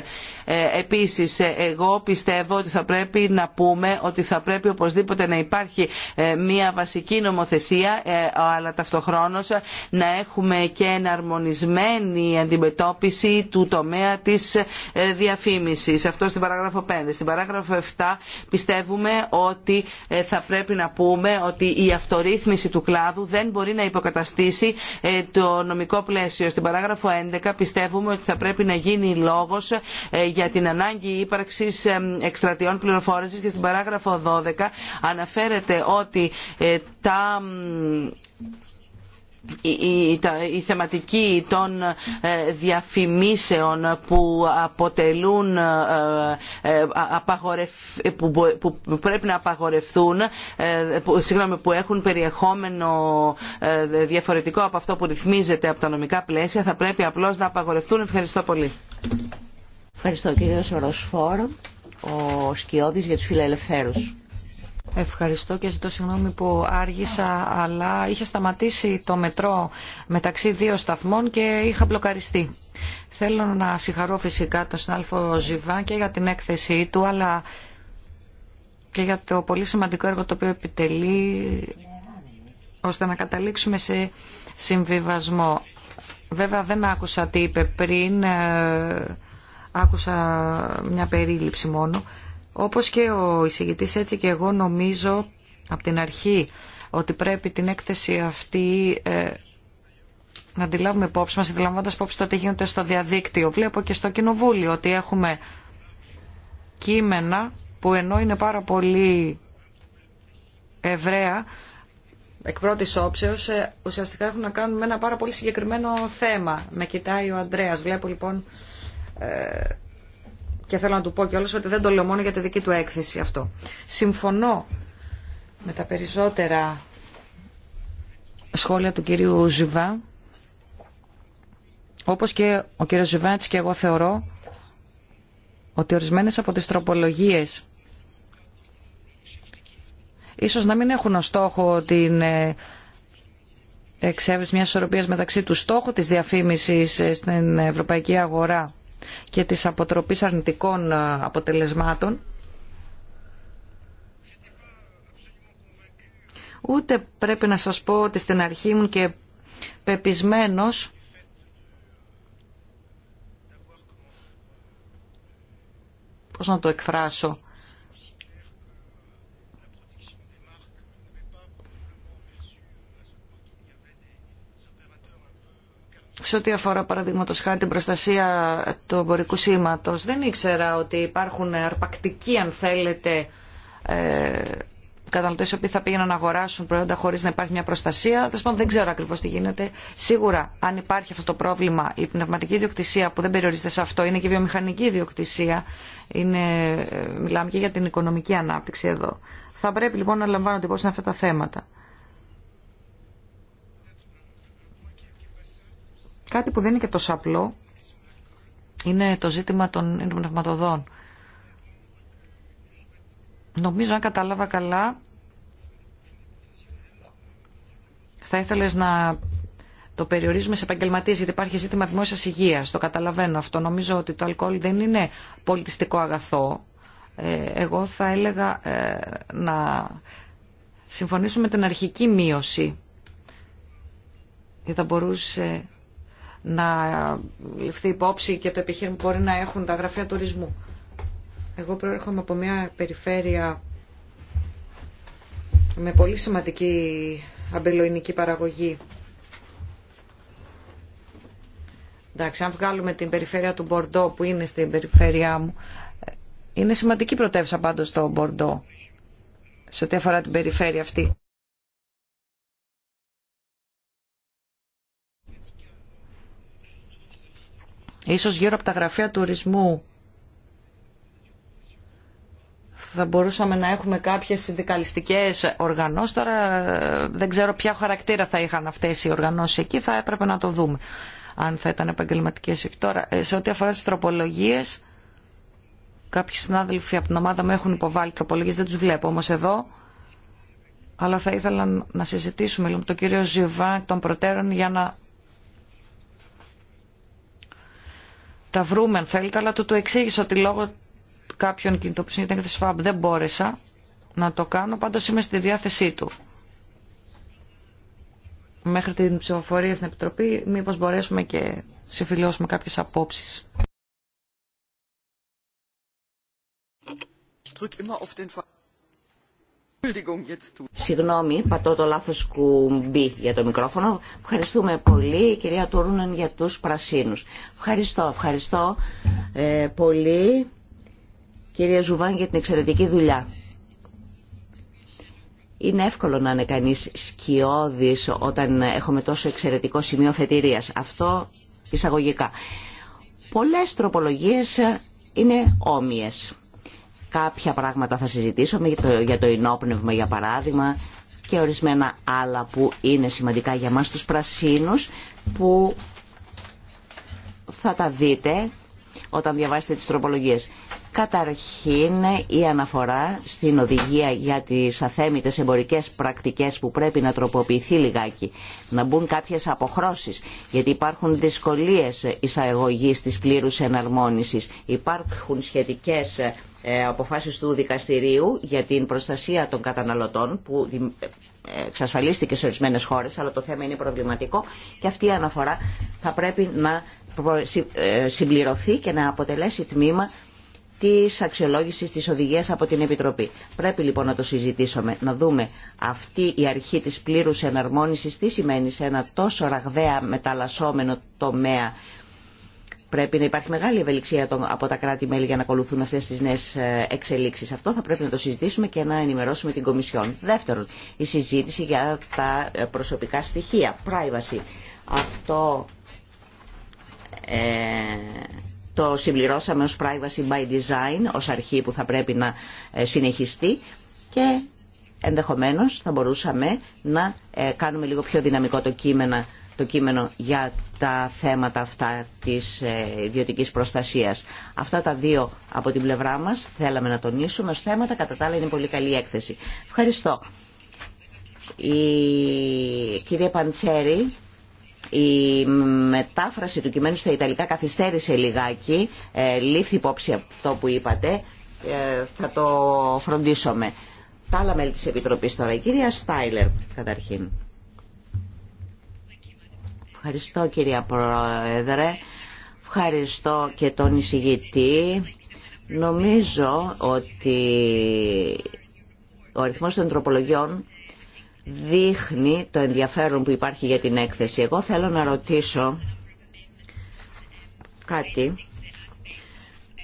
Επίσης, εγώ πιστεύω ότι θα πρέπει να πούμε ότι θα πρέπει οπωσδήποτε να υπάρχει μια βασική νομοθεσία αλλά ταυτοχρόνως να έχουμε και εναρμονισμένη αντιμετώπιση του τομέα της ε, διαφήμισης. Αυτό στην παράγραφο 5. Στην παράγραφο 7 πιστεύουμε ότι ε, θα πρέπει να πούμε ότι η αυτορύθμιση του κλάδου δεν μπορεί να υποκαταστήσει ε, το νομικό πλαίσιο. Στην παράγραφο 11 πιστεύουμε ότι θα πρέπει να γίνει λόγος για την ανάγκη ύπαρξης εκστρατιών πληροφόρησης και στην παράγραφο 12 αναφέρεται ότι τα η θεματική των ε, διαφημίσεων που αποτελούν ε, ε, που πρέπει να απαγορευθούν συγγνώμη που έχουν περιεχόμενο διαφορετικό από αυτό που ρυθμίζεται από τα νομικά πλαίσια θα πρέπει απλώς να απαγορευτούν. Ευχαριστώ πολύ. Ευχαριστώ κύριο ο Σκιώδης για τους φιλελευθέρους. Ευχαριστώ και ζητώ συγγνώμη που άργησα, αλλά είχε σταματήσει το μετρό μεταξύ δύο σταθμών και είχα μπλοκαριστεί. Θέλω να συγχαρώ φυσικά τον συνάδελφο Ζιβά και για την έκθεσή του, αλλά και για το πολύ σημαντικό έργο το οποίο επιτελεί, ώστε να καταλήξουμε σε συμβιβασμό. Βέβαια δεν άκουσα τι είπε πριν, ε, άκουσα μια περίληψη μόνο. Όπως και ο εισηγητής έτσι και εγώ νομίζω από την αρχή ότι πρέπει την έκθεση αυτή ε, να τη λάβουμε υπόψη μας, αντιλαμβάνοντας υπόψη το ότι γίνεται στο διαδίκτυο. Βλέπω και στο Κοινοβούλιο ότι έχουμε κείμενα που ενώ είναι πάρα πολύ ευραία, εκ πρώτη όψεω, ε, ουσιαστικά έχουν να κάνουν με ένα πάρα πολύ συγκεκριμένο θέμα. Με κοιτάει ο Αντρέα. Βλέπω λοιπόν ε, και θέλω να του πω κιόλας ότι δεν το λέω μόνο για τη δική του έκθεση αυτό. Συμφωνώ με τα περισσότερα σχόλια του κυρίου Ζυβά, Όπως και ο κύριος Ζιβάτς και εγώ θεωρώ ότι ορισμένες από τις τροπολογίες ίσως να μην έχουν ως στόχο την ε, εξέβριση μιας ισορροπίας μεταξύ του στόχου της διαφήμισης ε, στην ευρωπαϊκή αγορά και της αποτροπής αρνητικών ε, αποτελεσμάτων. Ούτε πρέπει να σας πω ότι στην αρχή ήμουν και πεπισμένος πώς να το εκφράσω σε ό,τι αφορά παραδείγματο χάρη την προστασία του εμπορικού σήματο, δεν ήξερα ότι υπάρχουν αρπακτικοί, αν θέλετε, ε, καταναλωτέ οι οποίοι θα πήγαιναν να αγοράσουν προϊόντα χωρί να υπάρχει μια προστασία. Τέλο πάντων, δεν ξέρω ακριβώ τι γίνεται. Σίγουρα, αν υπάρχει αυτό το πρόβλημα, η πνευματική ιδιοκτησία που δεν περιορίζεται σε αυτό, είναι και η βιομηχανική ιδιοκτησία. Είναι, ε, μιλάμε και για την οικονομική ανάπτυξη εδώ. Θα πρέπει λοιπόν να λαμβάνονται υπόψη αυτά τα θέματα. Κάτι που δεν είναι και τόσο απλό είναι το ζήτημα των πνευματοδών. Νομίζω αν κατάλαβα καλά θα ήθελες να το περιορίζουμε σε επαγγελματίε, γιατί υπάρχει ζήτημα δημόσια υγεία. Το καταλαβαίνω αυτό. Νομίζω ότι το αλκοόλ δεν είναι πολιτιστικό αγαθό. Ε, εγώ θα έλεγα ε, να συμφωνήσουμε με την αρχική μείωση. Γιατί θα μπορούσε να ληφθεί υπόψη και το επιχείρημα που μπορεί να έχουν τα γραφεία τουρισμού. Εγώ προέρχομαι από μια περιφέρεια με πολύ σημαντική αμπελοϊνική παραγωγή. Εντάξει, αν βγάλουμε την περιφέρεια του Μπορντό που είναι στην περιφέρειά μου, ε, είναι σημαντική πρωτεύουσα πάντως το Μπορντό σε ό,τι αφορά την περιφέρεια αυτή. Ίσως γύρω από τα γραφεία τουρισμού θα μπορούσαμε να έχουμε κάποιες συνδικαλιστικές οργανώσεις. Τώρα ε, δεν ξέρω ποια χαρακτήρα θα είχαν αυτές οι οργανώσεις εκεί, θα έπρεπε να το δούμε αν θα ήταν επαγγελματικέ Τώρα, ε, σε ό,τι αφορά τι τροπολογίε, κάποιοι συνάδελφοι από την ομάδα μου έχουν υποβάλει τροπολογίε, δεν του βλέπω όμω εδώ. Αλλά θα ήθελα να συζητήσουμε με λοιπόν, τον κύριο Ζιβά των προτέρων για να τα βρούμε αν θέλετε, αλλά του το εξήγησα ότι λόγω κάποιων κινητοποιήσεων ήταν και έκθεση δεν μπόρεσα να το κάνω, πάντως είμαι στη διάθεσή του. Μέχρι την ψηφοφορία στην Επιτροπή, μήπως μπορέσουμε και συμφιλώσουμε κάποιες απόψεις. Συγγνώμη, πατώ το λάθο κουμπί για το μικρόφωνο. Ευχαριστούμε πολύ, κυρία Τούρνεν, για του πρασίνους. Ευχαριστώ, ευχαριστώ ε, πολύ, κυρία Ζουβάν, για την εξαιρετική δουλειά. Είναι εύκολο να είναι κανεί σκιώδη όταν έχουμε τόσο εξαιρετικό σημείο θετηρίας. Αυτό εισαγωγικά. Πολλέ τροπολογίες είναι όμοιες Κάποια πράγματα θα συζητήσουμε για το, για το ενόπνευμα για παράδειγμα και ορισμένα άλλα που είναι σημαντικά για μας τους πρασίνους που θα τα δείτε όταν διαβάσετε τις τροπολογίες. Καταρχήν η αναφορά στην οδηγία για τις αθέμητες εμπορικές πρακτικές που πρέπει να τροποποιηθεί λιγάκι, να μπουν κάποιες αποχρώσεις, γιατί υπάρχουν δυσκολίες εισαγωγής της πλήρους εναρμόνισης. Υπάρχουν σχετικές ε, αποφάσεις του δικαστηρίου για την προστασία των καταναλωτών που ε, εξασφαλίστηκε σε ορισμένε χώρες, αλλά το θέμα είναι προβληματικό και αυτή η αναφορά θα πρέπει να ε, συμπληρωθεί και να αποτελέσει τμήμα της αξιολόγησης της οδηγίας από την Επιτροπή. Πρέπει λοιπόν να το συζητήσουμε, να δούμε αυτή η αρχή της πλήρους εναρμόνισης τι σημαίνει σε ένα τόσο ραγδαία μεταλλασσόμενο τομέα. Πρέπει να υπάρχει μεγάλη ευελιξία από τα κράτη-μέλη για να ακολουθούν αυτές τις νέες ε, εξελίξεις. Αυτό θα πρέπει να το συζητήσουμε και να ενημερώσουμε την Κομισιόν. Δεύτερον, η συζήτηση για τα ε, προσωπικά στοιχεία, privacy. Αυτό ε, το συμπληρώσαμε ως privacy by design, ως αρχή που θα πρέπει να ε, συνεχιστεί και ενδεχομένως θα μπορούσαμε να ε, κάνουμε λίγο πιο δυναμικό το κείμενο, το κείμενο για τα θέματα αυτά της ιδιωτικής προστασίας. Αυτά τα δύο από την πλευρά μας θέλαμε να τονίσουμε ως θέματα, κατά τα άλλα είναι πολύ καλή έκθεση. Ευχαριστώ. Η κυρία Παντσέρη η μετάφραση του κειμένου στα Ιταλικά καθυστέρησε λιγάκι, ε, λήφθη υπόψη αυτό που είπατε, ε, θα το φροντίσουμε. Τα άλλα μέλη της Επιτροπής τώρα. Η κυρία Στάιλερ, καταρχήν. Ευχαριστώ κυρία Πρόεδρε. Ευχαριστώ και τον εισηγητή. Νομίζω ότι ο αριθμός των τροπολογιών δείχνει το ενδιαφέρον που υπάρχει για την έκθεση. Εγώ θέλω να ρωτήσω κάτι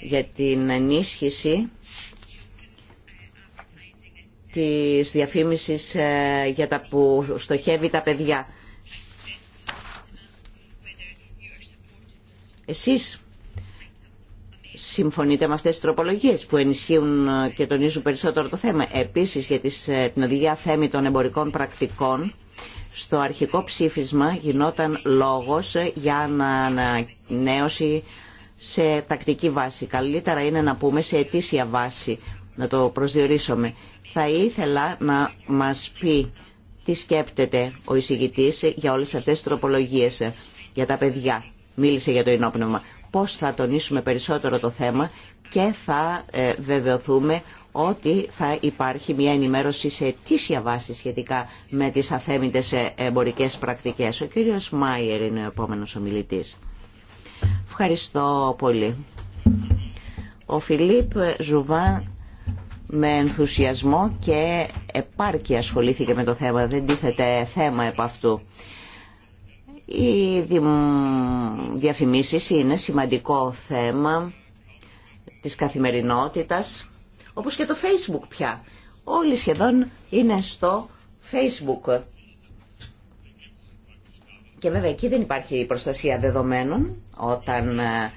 για την ενίσχυση της διαφήμισης ε, για τα που στοχεύει τα παιδιά. Εσείς συμφωνείτε με αυτές τις τροπολογίες που ενισχύουν ε, και τονίζουν περισσότερο το θέμα. Επίσης για ε, την οδηγία θέμη των εμπορικών πρακτικών, στο αρχικό ψήφισμα γινόταν λόγος ε, για ανανέωση σε τακτική βάση. Καλύτερα είναι να πούμε σε αιτήσια βάση, να το προσδιορίσουμε. Θα ήθελα να μας πει τι σκέπτεται ο εισηγητής για όλες αυτές τις τροπολογίες για τα παιδιά. Μίλησε για το ενόπνευμα πώς θα τονίσουμε περισσότερο το θέμα και θα ε, βεβαιωθούμε ότι θα υπάρχει μια ενημέρωση σε αιτήσια βάση σχετικά με τις αθέμητες ε, εμπορικές πρακτικές. Ο κύριος Μάιερ είναι ο επόμενος ομιλητής. Ευχαριστώ πολύ. Ο Φιλίπ Ζουβά με ενθουσιασμό και επάρκεια ασχολήθηκε με το θέμα. Δεν τίθεται θέμα επ' αυτού. Οι διαφημίσεις είναι σημαντικό θέμα της καθημερινότητας, όπως και το Facebook πια. Όλοι σχεδόν είναι στο Facebook. Και βέβαια εκεί δεν υπάρχει προστασία δεδομένων όταν ε,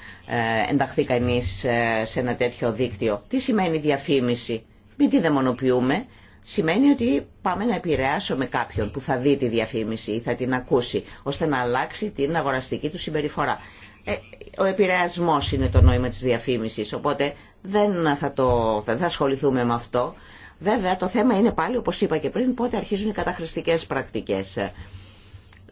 ενταχθεί κανείς ε, σε ένα τέτοιο δίκτυο. Τι σημαίνει διαφήμιση. Μην τη δαιμονοποιούμε σημαίνει ότι πάμε να επηρεάσουμε κάποιον που θα δει τη διαφήμιση ή θα την ακούσει, ώστε να αλλάξει την αγοραστική του συμπεριφορά. Ε, ο επηρεασμό είναι το νόημα της διαφήμισης, οπότε δεν θα, το, δεν θα ασχοληθούμε με αυτό. Βέβαια, το θέμα είναι πάλι, όπως είπα και πριν, πότε αρχίζουν οι καταχρηστικές πρακτικές.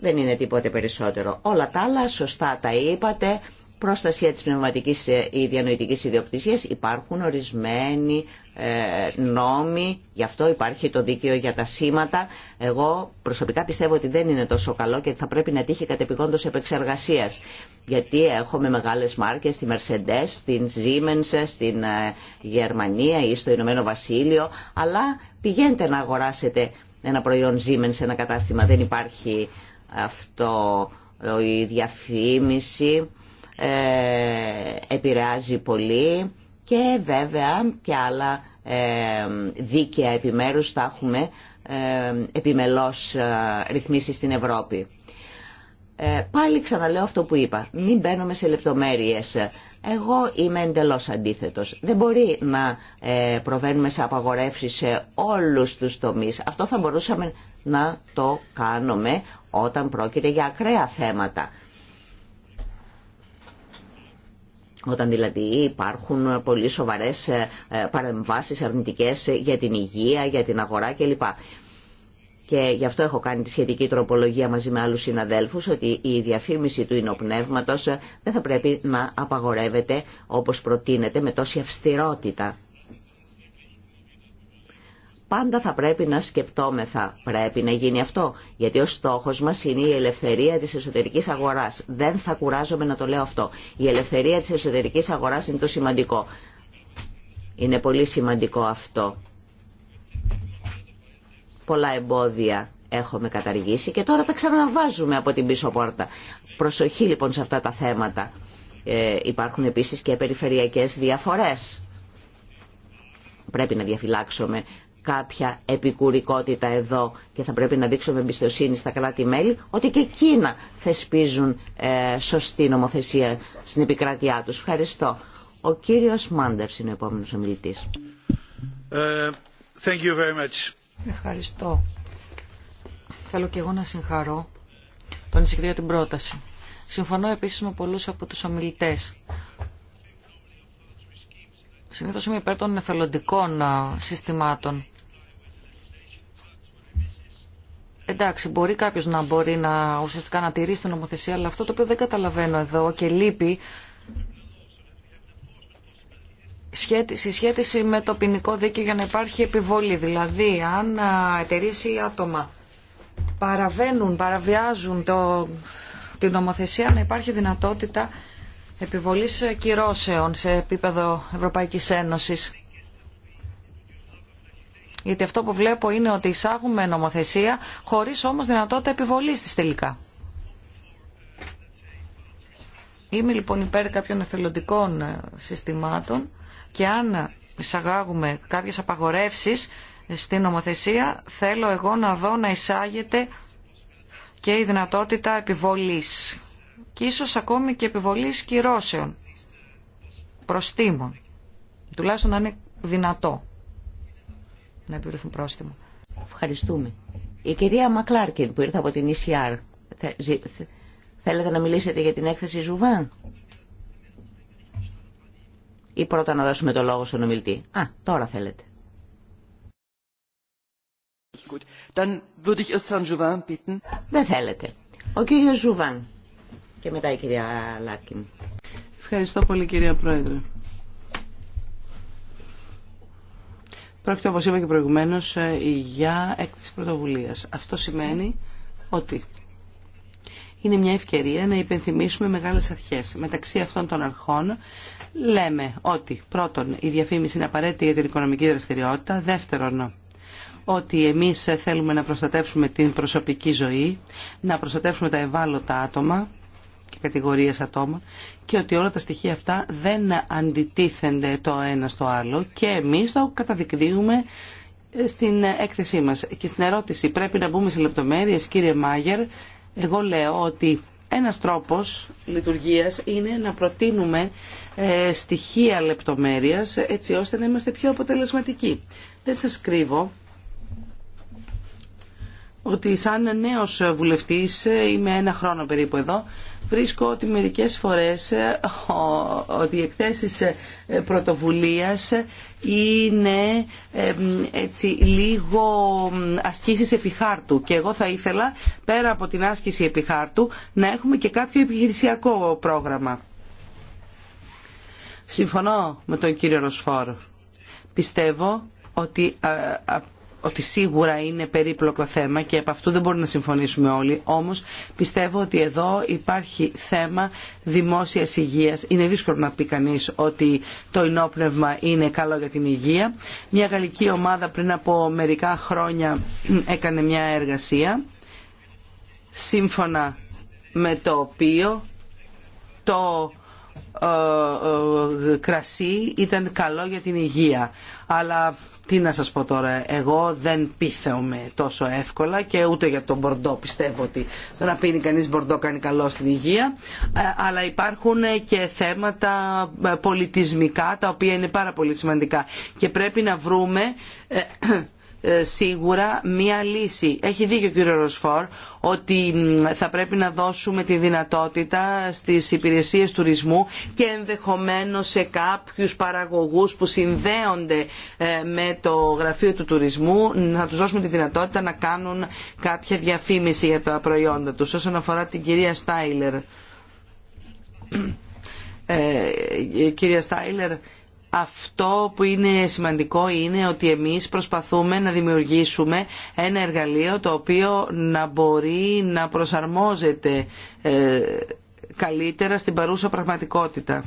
Δεν είναι τίποτε περισσότερο. Όλα τα άλλα σωστά τα είπατε, προστασία της πνευματικής ε, ή διανοητικής ιδιοκτησίας. Υπάρχουν ορισμένοι ε, νόμοι, γι' αυτό υπάρχει το δίκαιο για τα σήματα. Εγώ προσωπικά πιστεύω ότι δεν είναι τόσο καλό και θα πρέπει να τύχει κατεπηγόντως επεξεργασίας. Γιατί έχουμε μεγάλες μάρκες στη Mercedes, στην Siemens, στην ε, Γερμανία ή στο Ηνωμένο Βασίλειο, αλλά πηγαίνετε να αγοράσετε ένα προϊόν Siemens σε ένα κατάστημα. Δεν υπάρχει αυτό η διαφήμιση ε, επηρεάζει πολύ και βέβαια και άλλα ε, δίκαια επιμέρους θα έχουμε ε, επιμελώς ρυθμίσει στην Ευρώπη. Πάλι ξαναλέω αυτό που είπα. Μην μπαίνουμε σε λεπτομέρειες. Εγώ είμαι εντελώς αντίθετος. Δεν μπορεί να προβαίνουμε σε απαγορεύσεις σε όλους τους τομείς. Αυτό θα μπορούσαμε να το κάνουμε όταν πρόκειται για ακραία θέματα. όταν δηλαδή υπάρχουν πολύ σοβαρές ε, ε, παρεμβάσεις αρνητικές για την υγεία, για την αγορά κλπ. Και γι' αυτό έχω κάνει τη σχετική τροπολογία μαζί με άλλους συναδέλφους ότι η διαφήμιση του ινοπνεύματος δεν θα πρέπει να απαγορεύεται όπως προτείνεται με τόση αυστηρότητα πάντα θα πρέπει να σκεπτόμεθα. Πρέπει να γίνει αυτό, γιατί ο στόχο μα είναι η ελευθερία της εσωτερικής αγοράς. Δεν θα κουράζομαι να το λέω αυτό. Η ελευθερία της εσωτερικής αγοράς είναι το σημαντικό. Είναι πολύ σημαντικό αυτό. Πολλά εμπόδια έχουμε καταργήσει και τώρα τα ξαναβάζουμε από την πίσω πόρτα. Προσοχή λοιπόν σε αυτά τα θέματα. Ε, υπάρχουν επίσης και περιφερειακές διαφορές πρέπει να διαφυλάξουμε κάποια επικουρικότητα εδώ και θα πρέπει να δείξουμε εμπιστοσύνη στα κράτη-μέλη ότι και εκείνα θεσπίζουν ε, σωστή νομοθεσία στην επικράτειά τους. Ευχαριστώ. Ο κύριος Μάντερ είναι ο επόμενος ομιλητής. Ε, Ευχαριστώ. Θέλω και εγώ να συγχαρώ τον εισηγητή για την πρόταση. Συμφωνώ επίσης με πολλούς από τους ομιλητές Συνήθως είμαι υπέρ των εθελοντικών συστημάτων. Εντάξει, μπορεί κάποιος να μπορεί να ουσιαστικά να τηρήσει την νομοθεσία, αλλά αυτό το οποίο δεν καταλαβαίνω εδώ και λείπει σχέτιση με το ποινικό δίκαιο για να υπάρχει επιβολή. Δηλαδή, αν εταιρείε ή άτομα παραβαίνουν, παραβιάζουν το, την νομοθεσία, να υπάρχει δυνατότητα επιβολής κυρώσεων σε επίπεδο Ευρωπαϊκής Ένωσης. Γιατί αυτό που βλέπω είναι ότι εισάγουμε νομοθεσία χωρίς όμως δυνατότητα επιβολής της τελικά. Είμαι λοιπόν υπέρ κάποιων εθελοντικών ε, συστημάτων και αν εισαγάγουμε κάποιες απαγορεύσεις στην νομοθεσία θέλω εγώ να δω να εισάγεται και η δυνατότητα επιβολής και ίσως ακόμη και επιβολή κυρώσεων πρόστιμων. Τουλάχιστον να είναι δυνατό να επιβληθούν πρόστιμο. Ευχαριστούμε. Η κυρία Μακλάρκιν που ήρθε από την ECR. Θέλετε να μιλήσετε για την έκθεση Ζουβάν. Ή πρώτα να δώσουμε το λόγο στον ομιλητή. Α, τώρα θέλετε. Δεν θέλετε. Ο κύριος Ζουβάν. Και μετά η κυρία Λάρκιν. Ευχαριστώ πολύ κυρία Πρόεδρε. Πρόκειται όπως είπα και προηγουμένως ε, για έκθεση πρωτοβουλίας. Αυτό σημαίνει ότι είναι μια ευκαιρία να υπενθυμίσουμε μεγάλες αρχές. Μεταξύ αυτών των αρχών λέμε ότι πρώτον η διαφήμιση είναι απαραίτητη για την οικονομική δραστηριότητα, δεύτερον ότι εμείς θέλουμε να προστατεύσουμε την προσωπική ζωή, να προστατεύσουμε τα ευάλωτα άτομα, και κατηγορίες ατόμων και ότι όλα τα στοιχεία αυτά δεν αντιτίθενται το ένα στο άλλο και εμείς το καταδεικνύουμε ε, στην έκθεσή μας. Και στην ερώτηση πρέπει να μπούμε σε λεπτομέρειες κύριε Μάγερ, εγώ λέω ότι ένας τρόπος λειτουργίας είναι να προτείνουμε ε, στοιχεία λεπτομέρειας έτσι ώστε να είμαστε πιο αποτελεσματικοί. Δεν σας κρύβω ότι σαν νέος βουλευτής, είμαι ένα χρόνο περίπου εδώ, βρίσκω ότι μερικές φορές ε, ότι οι εκθέσεις ε, πρωτοβουλίας είναι ε, έτσι λίγο ασκήσεις επιχάρτου και εγώ θα ήθελα πέρα από την άσκηση επιχάρτου να έχουμε και κάποιο επιχειρησιακό πρόγραμμα. Συμφωνώ με τον κύριο Ροσφόρ. Πιστεύω ότι ότι σίγουρα είναι περίπλοκο θέμα και από αυτού δεν μπορούμε να συμφωνήσουμε όλοι, όμως πιστεύω ότι εδώ υπάρχει θέμα δημόσιας υγείας. Είναι δύσκολο να πει κανεί ότι το ενόπνευμα είναι καλό για την υγεία. Μια γαλλική ομάδα πριν από μερικά χρόνια έκανε μια εργασία σύμφωνα με το οποίο το ε, ε, κρασί ήταν καλό για την υγεία. Αλλά τι να σας πω τώρα, εγώ δεν πείθεομαι τόσο εύκολα και ούτε για τον Μπορντό πιστεύω ότι το να πίνει κανείς Μπορντό κάνει καλό στην υγεία, ε, αλλά υπάρχουν και θέματα ε, πολιτισμικά τα οποία είναι πάρα πολύ σημαντικά και πρέπει να βρούμε ε, ε, σίγουρα μία λύση. Έχει δίκιο ο κύριο Ροσφόρ ότι θα πρέπει να δώσουμε τη δυνατότητα στις υπηρεσίες τουρισμού και ενδεχομένως σε κάποιους παραγωγούς που συνδέονται ε, με το γραφείο του τουρισμού να τους δώσουμε τη δυνατότητα να κάνουν κάποια διαφήμιση για τα προϊόντα τους. Όσον αφορά την κυρία Στάιλερ, ε, κυρία Στάιλερ, αυτό που είναι σημαντικό είναι ότι εμείς προσπαθούμε να δημιουργήσουμε ένα εργαλείο το οποίο να μπορεί να προσαρμόζεται ε, καλύτερα στην παρούσα πραγματικότητα.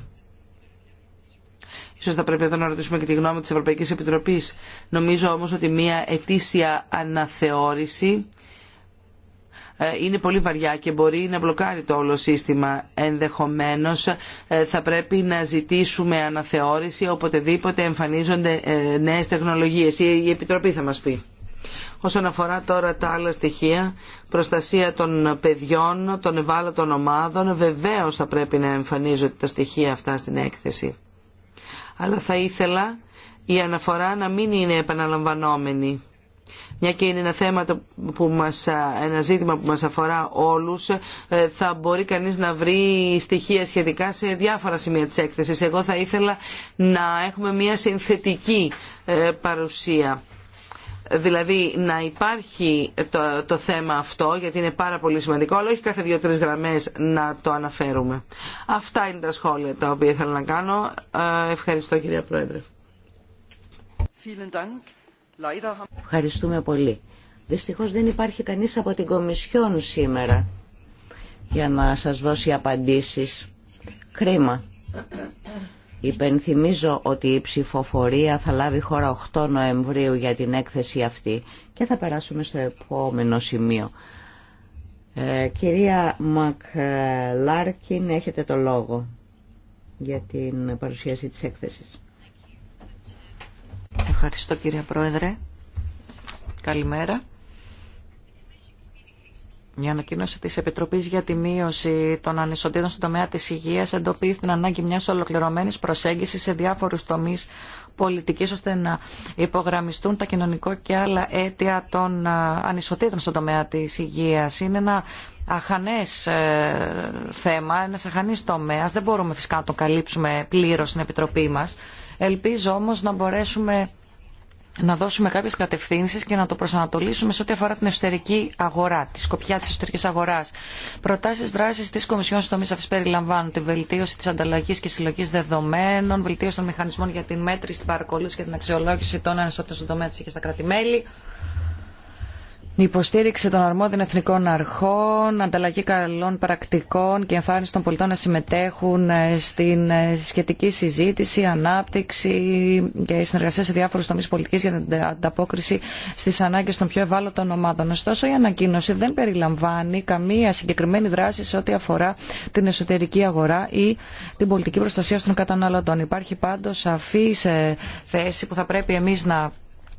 Ίσως θα πρέπει εδώ να ρωτήσουμε και τη γνώμη της Ευρωπαϊκής Επιτροπής. Νομίζω όμως ότι μια ετήσια αναθεώρηση ε, είναι πολύ βαριά και μπορεί να μπλοκάρει το όλο σύστημα. Ενδεχομένως ε, θα πρέπει να ζητήσουμε αναθεώρηση οποτεδήποτε εμφανίζονται ε, νέες τεχνολογίες. Η Επιτροπή θα μας πει. Όσον αφορά τώρα τα άλλα στοιχεία, προστασία των παιδιών, των ευάλωτων ομάδων, βεβαίως θα πρέπει να εμφανίζονται τα στοιχεία αυτά στην έκθεση. Αλλά θα ήθελα η αναφορά να μην είναι επαναλαμβανόμενη μια και είναι ένα θέμα που μας, ένα ζήτημα που μας αφορά όλους, ε, θα μπορεί κανείς να βρει στοιχεία σχετικά σε διάφορα σημεία της έκθεσης. Εγώ θα ήθελα να έχουμε μια συνθετική ε, παρουσία. Δηλαδή να υπάρχει το, το θέμα αυτό, γιατί είναι πάρα πολύ σημαντικό, αλλά όχι κάθε δύο-τρεις γραμμές να το αναφέρουμε. Αυτά είναι τα σχόλια τα οποία ήθελα να κάνω. Ε, ευχαριστώ κυρία Πρόεδρε. Ευχαριστούμε πολύ. Δυστυχώς δεν υπάρχει κανείς από την Κομισιόν σήμερα για να σας δώσει απαντήσεις. Κρίμα. Υπενθυμίζω ότι η ψηφοφορία θα λάβει χώρα 8 Νοεμβρίου για την έκθεση αυτή και θα περάσουμε στο επόμενο σημείο. Ε, κυρία Μακλάρκιν, έχετε το λόγο για την παρουσίαση της έκθεσης. Ευχαριστώ κύριε Πρόεδρε. Καλημέρα. Η ανακοίνωση τη Επιτροπή για τη Μείωση των Ανισοτήτων στον τομέα τη υγεία εντοπίζει την ανάγκη μια ολοκληρωμένη προσέγγιση σε διάφορου τομεί πολιτική ώστε να υπογραμμιστούν τα κοινωνικό και άλλα αίτια των ε, ανισοτήτων στον τομέα τη υγεία. Είναι ένα αχανέ ε, θέμα, ένα αχανή τομέα. Δεν μπορούμε φυσικά να το καλύψουμε πλήρω στην Επιτροπή μα. Ελπίζω όμω να μπορέσουμε να δώσουμε κάποιες κατευθύνσεις και να το προσανατολίσουμε σε ό,τι αφορά την εσωτερική αγορά, τη σκοπιά της εσωτερικής αγοράς. Προτάσεις δράσης της Κομισιόν στο μήνα αυτής περιλαμβάνουν τη βελτίωση της ανταλλαγής και συλλογής δεδομένων, βελτίωση των μηχανισμών για την μέτρηση, την παρακολούθηση και την αξιολόγηση των ανισότητων στον τομέα της και στα κράτη-μέλη υποστήριξη των αρμόδιων εθνικών αρχών, ανταλλαγή καλών πρακτικών και εμφάνιση των πολιτών να συμμετέχουν ε, στην ε, σχετική συζήτηση, ανάπτυξη και συνεργασία σε διάφορου τομεί πολιτική για την ανταπόκριση στι ανάγκε των πιο ευάλωτων ομάδων. Ωστόσο, η ανακοίνωση δεν περιλαμβάνει καμία συγκεκριμένη δράση σε ό,τι αφορά την εσωτερική αγορά ή την πολιτική προστασία των καταναλωτών. Υπάρχει πάντως σαφή ε, θέση που θα πρέπει εμεί να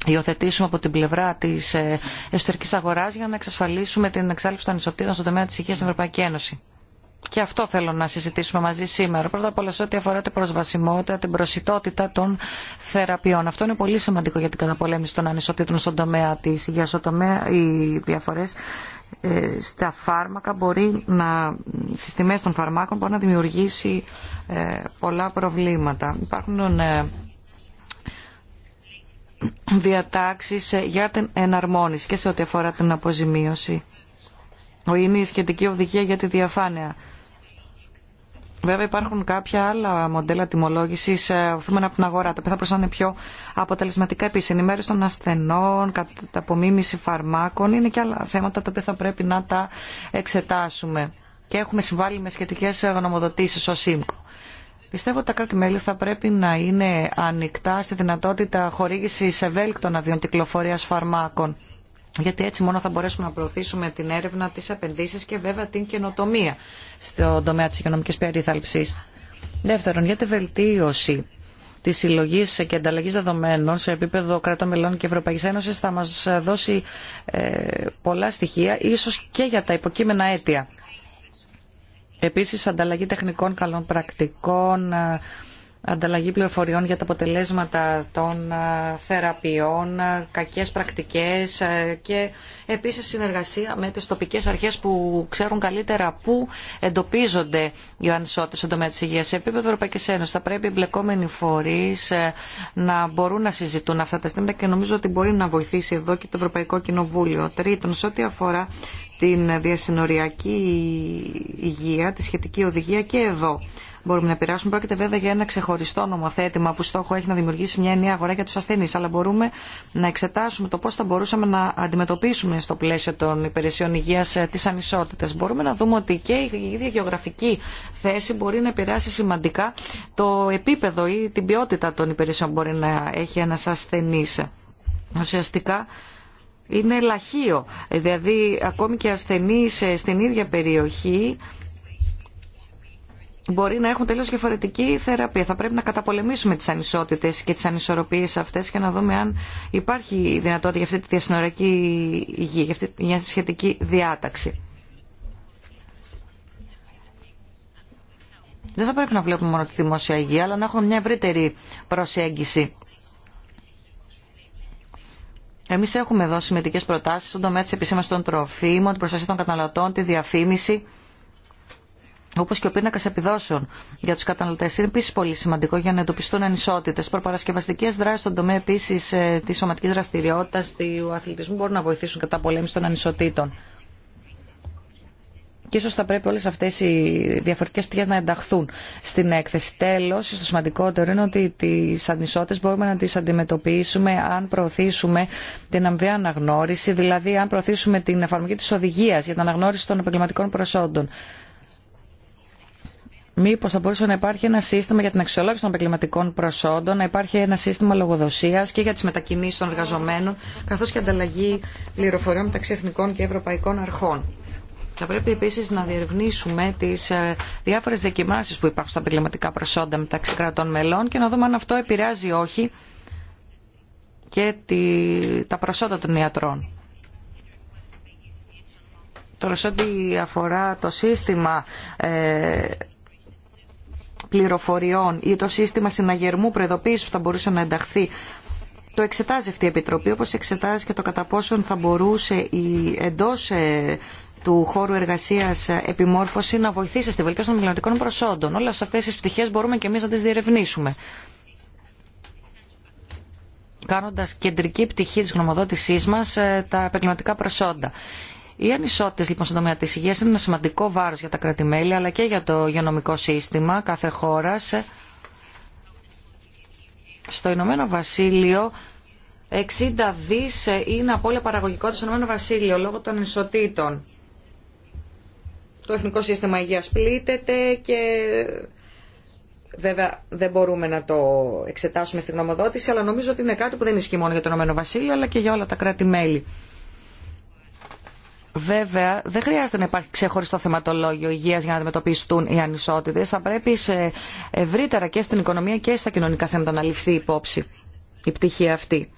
υιοθετήσουμε από την πλευρά τη ε, εσωτερική αγορά για να εξασφαλίσουμε την εξάλληψη των ανισοτήτων στον τομέα τη υγεία στην Ευρωπαϊκή Ένωση. Και αυτό θέλω να συζητήσουμε μαζί σήμερα. Πρώτα απ' όλα, σε ό,τι αφορά την προσβασιμότητα, την προσιτότητα των θεραπείων. Αυτό είναι πολύ σημαντικό για την καταπολέμηση των ανισοτήτων στον τομέα τη υγεία. Στον τομέα, οι διαφορέ ε, στα φάρμακα μπορεί να, στις τιμές των φαρμάκων μπορεί να δημιουργήσει ε, πολλά προβλήματα. Υπάρχουν διατάξεις για την εναρμόνιση και σε ό,τι αφορά την αποζημίωση. ό Είναι η σχετική οδηγία για τη διαφάνεια. Βέβαια υπάρχουν κάποια άλλα μοντέλα τιμολόγηση ε, οθούμενα από την αγορά, τα οποία θα προσφέρουν πιο αποτελεσματικά. Επίση, ενημέρωση των ασθενών, κατά απομίμηση φαρμάκων, είναι και άλλα θέματα τα οποία θα πρέπει να τα εξετάσουμε. Και έχουμε συμβάλει με σχετικέ γνωμοδοτήσει ω ΣΥΜΚΟ. Πιστεύω ότι τα κράτη-μέλη θα πρέπει να είναι ανοιχτά στη δυνατότητα χορήγηση ευέλικτων αδειών κυκλοφορία φαρμάκων. Γιατί έτσι μόνο θα μπορέσουμε να προωθήσουμε την έρευνα, τι επενδύσει και βέβαια την καινοτομία στον τομέα τη οικονομική περίθαλψη. Δεύτερον, για τη βελτίωση τη συλλογή και ανταλλαγή δεδομένων σε επίπεδο κρατών μελών και Ευρωπαϊκή Ένωση θα μα δώσει ε, πολλά στοιχεία, ίσω και για τα υποκείμενα αίτια. Επίσης, ανταλλαγή τεχνικών καλών πρακτικών, ε, ανταλλαγή πληροφοριών για τα αποτελέσματα των ε, θεραπείων, ε, κακές πρακτικές ε, και επίσης συνεργασία με τις τοπικές αρχές που ξέρουν καλύτερα πού εντοπίζονται οι ανισότητες στον τομέα της υγείας. Σε επίπεδο Ευρωπαϊκής Ένωσης θα πρέπει οι εμπλεκόμενοι φορείς να μπορούν να συζητούν αυτά τα στήματα και νομίζω ότι μπορεί να βοηθήσει εδώ και το Ευρωπαϊκό Κοινοβούλιο. Τρίτον, σε ό,τι αφορά την διασυνοριακή υγεία, τη σχετική οδηγία και εδώ μπορούμε να επηρεάσουμε. Πρόκειται βέβαια για ένα ξεχωριστό νομοθέτημα που στόχο έχει να δημιουργήσει μια ενιαία αγορά για του ασθενεί. Αλλά μπορούμε να εξετάσουμε το πώ θα μπορούσαμε να αντιμετωπίσουμε στο πλαίσιο των υπηρεσιών υγεία ε, τι ανισότητε. Μπορούμε να δούμε ότι και η ίδια γεωγραφική θέση μπορεί να επηρεάσει σημαντικά το επίπεδο ή την ποιότητα των υπηρεσιών που μπορεί να έχει ένα ασθενή. Ουσιαστικά είναι λαχείο. Δηλαδή, ακόμη και ασθενεί ε, στην ίδια περιοχή μπορεί να έχουν τελείως διαφορετική θεραπεία. Θα πρέπει να καταπολεμήσουμε τις ανισότητες και τις ανισορροπίες αυτές και να δούμε αν υπάρχει δυνατότητα για αυτή τη διασυνοριακή υγεία, για αυτή μια σχετική διάταξη. Δεν θα πρέπει να βλέπουμε μόνο τη δημόσια υγεία, αλλά να έχουμε μια ευρύτερη προσέγγιση. Εμεί έχουμε εδώ σημαντικέ προτάσει στον τομέα τη επισήμανση των τροφίμων, την προστασία των καταναλωτών, τη διαφήμιση όπως και ο πίνακας επιδόσεων για τους καταναλωτές είναι επίσης πολύ σημαντικό για να εντοπιστούν ανισότητες. Προπαρασκευαστικές δράσεις στον τομέα επίσης ε, της σωματικής δραστηριότητας, του αθλητισμού μπορούν να βοηθήσουν κατά πολέμηση των ανισοτήτων. Και ίσω θα πρέπει όλε αυτέ οι διαφορετικέ πτυχέ να ενταχθούν στην έκθεση. Τέλο, το σημαντικότερο είναι ότι τις ανισότητες μπορούμε να τι αντιμετωπίσουμε αν προωθήσουμε την αμοιβαία αναγνώριση, δηλαδή αν προωθήσουμε την εφαρμογή τη οδηγία, για την αναγνώριση των επαγγελματικών προσόντων. Μήπω θα μπορούσε να υπάρχει ένα σύστημα για την αξιολόγηση των επαγγελματικών προσόντων, να υπάρχει ένα σύστημα λογοδοσία και για τι μετακινήσει των εργαζομένων, καθώ και ανταλλαγή πληροφοριών μεταξύ εθνικών και ευρωπαϊκών αρχών. Θα πρέπει επίση να διερευνήσουμε τι ε, διάφορε δοκιμάσει που υπάρχουν στα επαγγελματικά προσόντα μεταξύ κρατών μελών και να δούμε αν αυτό επηρεάζει ή όχι και τα προσόντα των ιατρών. Τώρα, σε ό,τι αφορά το σύστημα ε, πληροφοριών ή το σύστημα συναγερμού προειδοποίηση που θα μπορούσε να ενταχθεί το εξετάζει αυτή η Επιτροπή, όπως εξετάζει και το κατά πόσον θα μπορούσε η εντός ε, του χώρου εργασία ε, επιμόρφωση να βοηθήσει στη βελτίωση των μελλοντικών προσόντων. Όλες αυτές τις πτυχές μπορούμε και εμείς να τις διερευνήσουμε. Κάνοντας κεντρική πτυχή τη γνωμοδότησή μα ε, τα επαγγελματικά προσόντα. Οι ανισότητε λοιπόν στον τομέα τη υγεία είναι ένα σημαντικό βάρο για τα κράτη-μέλη αλλά και για το υγειονομικό σύστημα κάθε χώρα. Στο Ηνωμένο Βασίλειο 60 δι είναι απόλυτα παραγωγικότητα στο Ηνωμένο Βασίλειο λόγω των ανισοτήτων. Το Εθνικό Σύστημα υγεία πλήττεται και Βέβαια δεν μπορούμε να το εξετάσουμε στην γνωμοδότηση, αλλά νομίζω ότι είναι κάτι που δεν ισχύει μόνο για το Ηνωμένο Βασίλειο, αλλά και για όλα τα κράτη-μέλη. Βέβαια, δεν χρειάζεται να υπάρχει ξεχωριστό θεματολόγιο υγεία για να αντιμετωπιστούν οι ανισότητε. Θα πρέπει σε ευρύτερα και στην οικονομία και στα κοινωνικά θέματα να ληφθεί υπόψη η πτυχή αυτή.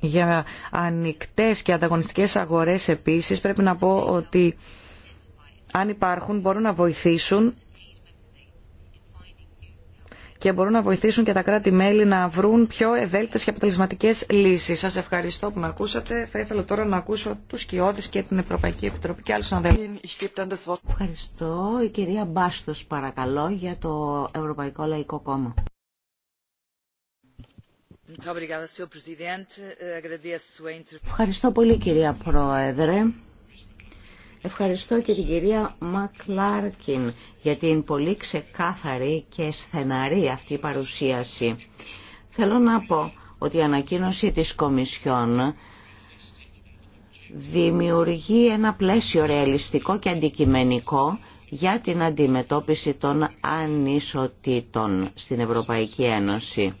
Για ανοιχτέ και ανταγωνιστικέ αγορέ, επίση, πρέπει να πω ότι αν υπάρχουν μπορούν να βοηθήσουν και μπορούν να βοηθήσουν και τα κράτη-μέλη να βρουν πιο ευέλικτες και αποτελεσματικέ λύσεις. Σας ευχαριστώ που με ακούσατε. Θα ήθελα τώρα να ακούσω τους σκιώδεις και την Ευρωπαϊκή Επιτροπή και άλλους συναδέλφους. Ευχαριστώ. Η κυρία Μπάστος παρακαλώ για το Ευρωπαϊκό Λαϊκό Κόμμα. Ευχαριστώ πολύ κυρία Πρόεδρε. Ευχαριστώ και την κυρία Μακλάρκιν για την πολύ ξεκάθαρη και στεναρή αυτή παρουσίαση. Θέλω να πω ότι η ανακοίνωση της Κομισιόν δημιουργεί ένα πλαίσιο ρεαλιστικό και αντικειμενικό για την αντιμετώπιση των ανισοτήτων στην Ευρωπαϊκή Ένωση.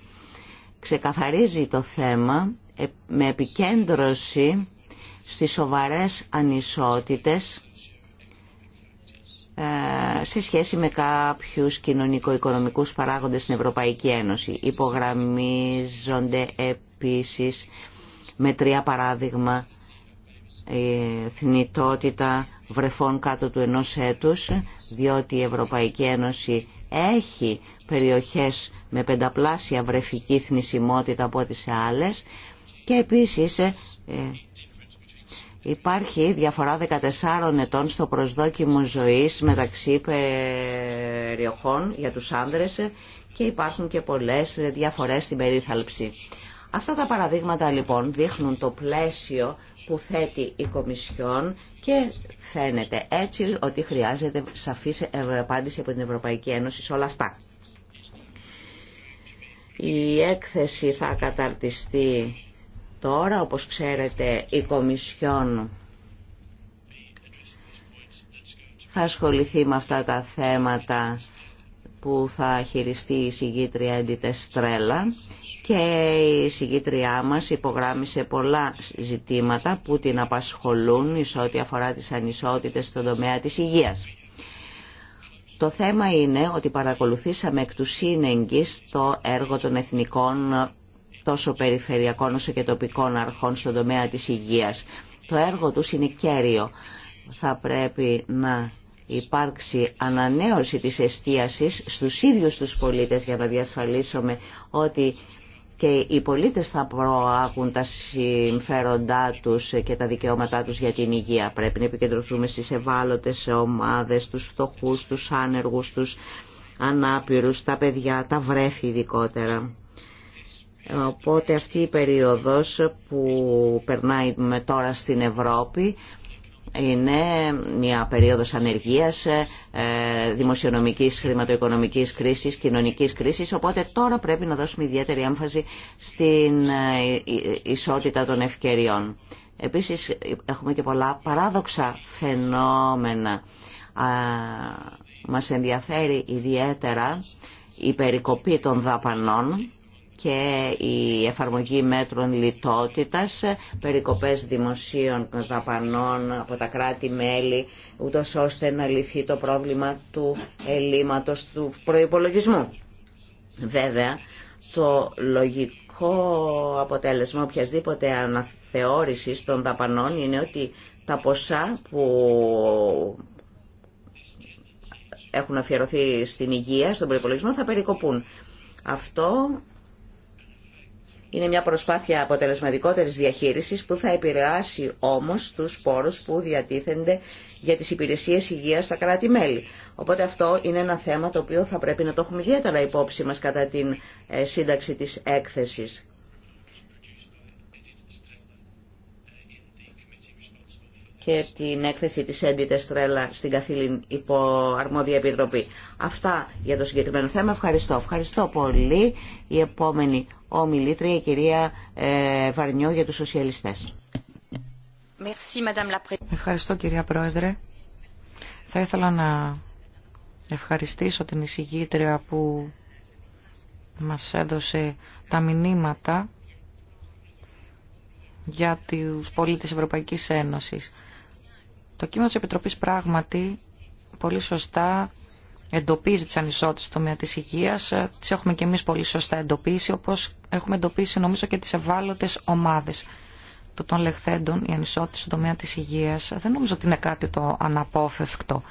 Ξεκαθαρίζει το θέμα ε, με επικέντρωση στις σοβαρές ανισότητες ε, σε σχέση με κάποιους κοινωνικο-οικονομικούς παράγοντες στην Ευρωπαϊκή Ένωση. Υπογραμμίζονται επίσης με τρία παράδειγμα ε, θνητότητα βρεφών κάτω του ενός έτους, διότι η Ευρωπαϊκή Ένωση έχει περιοχές με πενταπλάσια βρεφική θνησιμότητα από τις σε άλλες και επίσης ε, Υπάρχει διαφορά 14 ετών στο προσδόκιμο ζωής μεταξύ περιοχών για τους άνδρες και υπάρχουν και πολλές διαφορές στην περίθαλψη. Αυτά τα παραδείγματα λοιπόν δείχνουν το πλαίσιο που θέτει η Κομισιόν και φαίνεται έτσι ότι χρειάζεται σαφής απάντηση από την Ευρωπαϊκή Ένωση σε όλα αυτά. Η έκθεση θα καταρτιστεί Τώρα, όπως ξέρετε, η Κομισιόν θα ασχοληθεί με αυτά τα θέματα που θα χειριστεί η συγγήτρια Έντιτε Στρέλα και η συγγήτριά μας υπογράμμισε πολλά ζητήματα που την απασχολούν σε ό,τι αφορά τις ανισότητες στον τομέα της υγείας. Το θέμα είναι ότι παρακολουθήσαμε εκ του σύνεγγις το έργο των εθνικών τόσο περιφερειακών όσο και τοπικών αρχών στον τομέα της υγείας. Το έργο τους είναι κέριο. Θα πρέπει να υπάρξει ανανέωση της εστίασης στους ίδιους τους πολίτες για να διασφαλίσουμε ότι και οι πολίτες θα προάγουν τα συμφέροντά τους και τα δικαιώματά τους για την υγεία. Πρέπει να επικεντρωθούμε στις ευάλωτες ομάδες, τους φτωχούς, τους άνεργους, τους ανάπηρους, τα παιδιά, τα βρέφη ειδικότερα. Οπότε αυτή η περίοδος που περνάει με τώρα στην Ευρώπη είναι μια περίοδος ανεργίας, ε, δημοσιονομικής, χρηματοοικονομικής κρίσης, κοινωνικής κρίσης, οπότε τώρα πρέπει να δώσουμε ιδιαίτερη έμφαση στην ε, ισότητα των ευκαιριών. Επίσης έχουμε και πολλά παράδοξα φαινόμενα. Μας ενδιαφέρει ιδιαίτερα η περικοπή των δαπανών και η εφαρμογή μέτρων λιτότητας, περικοπές δημοσίων δαπανών από τα κράτη-μέλη, ούτως ώστε να λυθεί το πρόβλημα του ελλείμματος του προϋπολογισμού. Βέβαια, το λογικό αποτέλεσμα οποιασδήποτε αναθεώρησης των δαπανών είναι ότι τα ποσά που έχουν αφιερωθεί στην υγεία, στον προϋπολογισμό, θα περικοπούν. Αυτό είναι μια προσπάθεια αποτελεσματικότερης διαχείρισης που θα επηρεάσει όμως τους πόρους που διατίθενται για τις υπηρεσίες υγείας στα κράτη-μέλη. Οπότε αυτό είναι ένα θέμα το οποίο θα πρέπει να το έχουμε ιδιαίτερα υπόψη μας κατά την ε, σύνταξη της έκθεσης. και την έκθεση της Έντιτε Στρέλα στην υπό αρμόδια επιτροπή. Αυτά για το συγκεκριμένο θέμα. Ευχαριστώ. Ευχαριστώ πολύ. Η επόμενη ομιλήτρια η κυρία ε, Βαρνιό για τους σοσιαλιστές. Ευχαριστώ κυρία Πρόεδρε. Θα ήθελα να ευχαριστήσω την εισηγήτρια που μας έδωσε τα μηνύματα για τους πολίτες Ευρωπαϊκής Ένωσης. Το κύμα της Επιτροπής πράγματι πολύ σωστά εντοπίζει τις ανισότητες στο τομέα της υγείας. Ε, τις έχουμε και εμείς πολύ σωστά εντοπίσει, όπως έχουμε εντοπίσει νομίζω και τις ευάλωτες ομάδες το των λεχθέντων, η ανισότητα στον τομέα της υγείας. Ε, δεν νομίζω ότι είναι κάτι το αναπόφευκτο.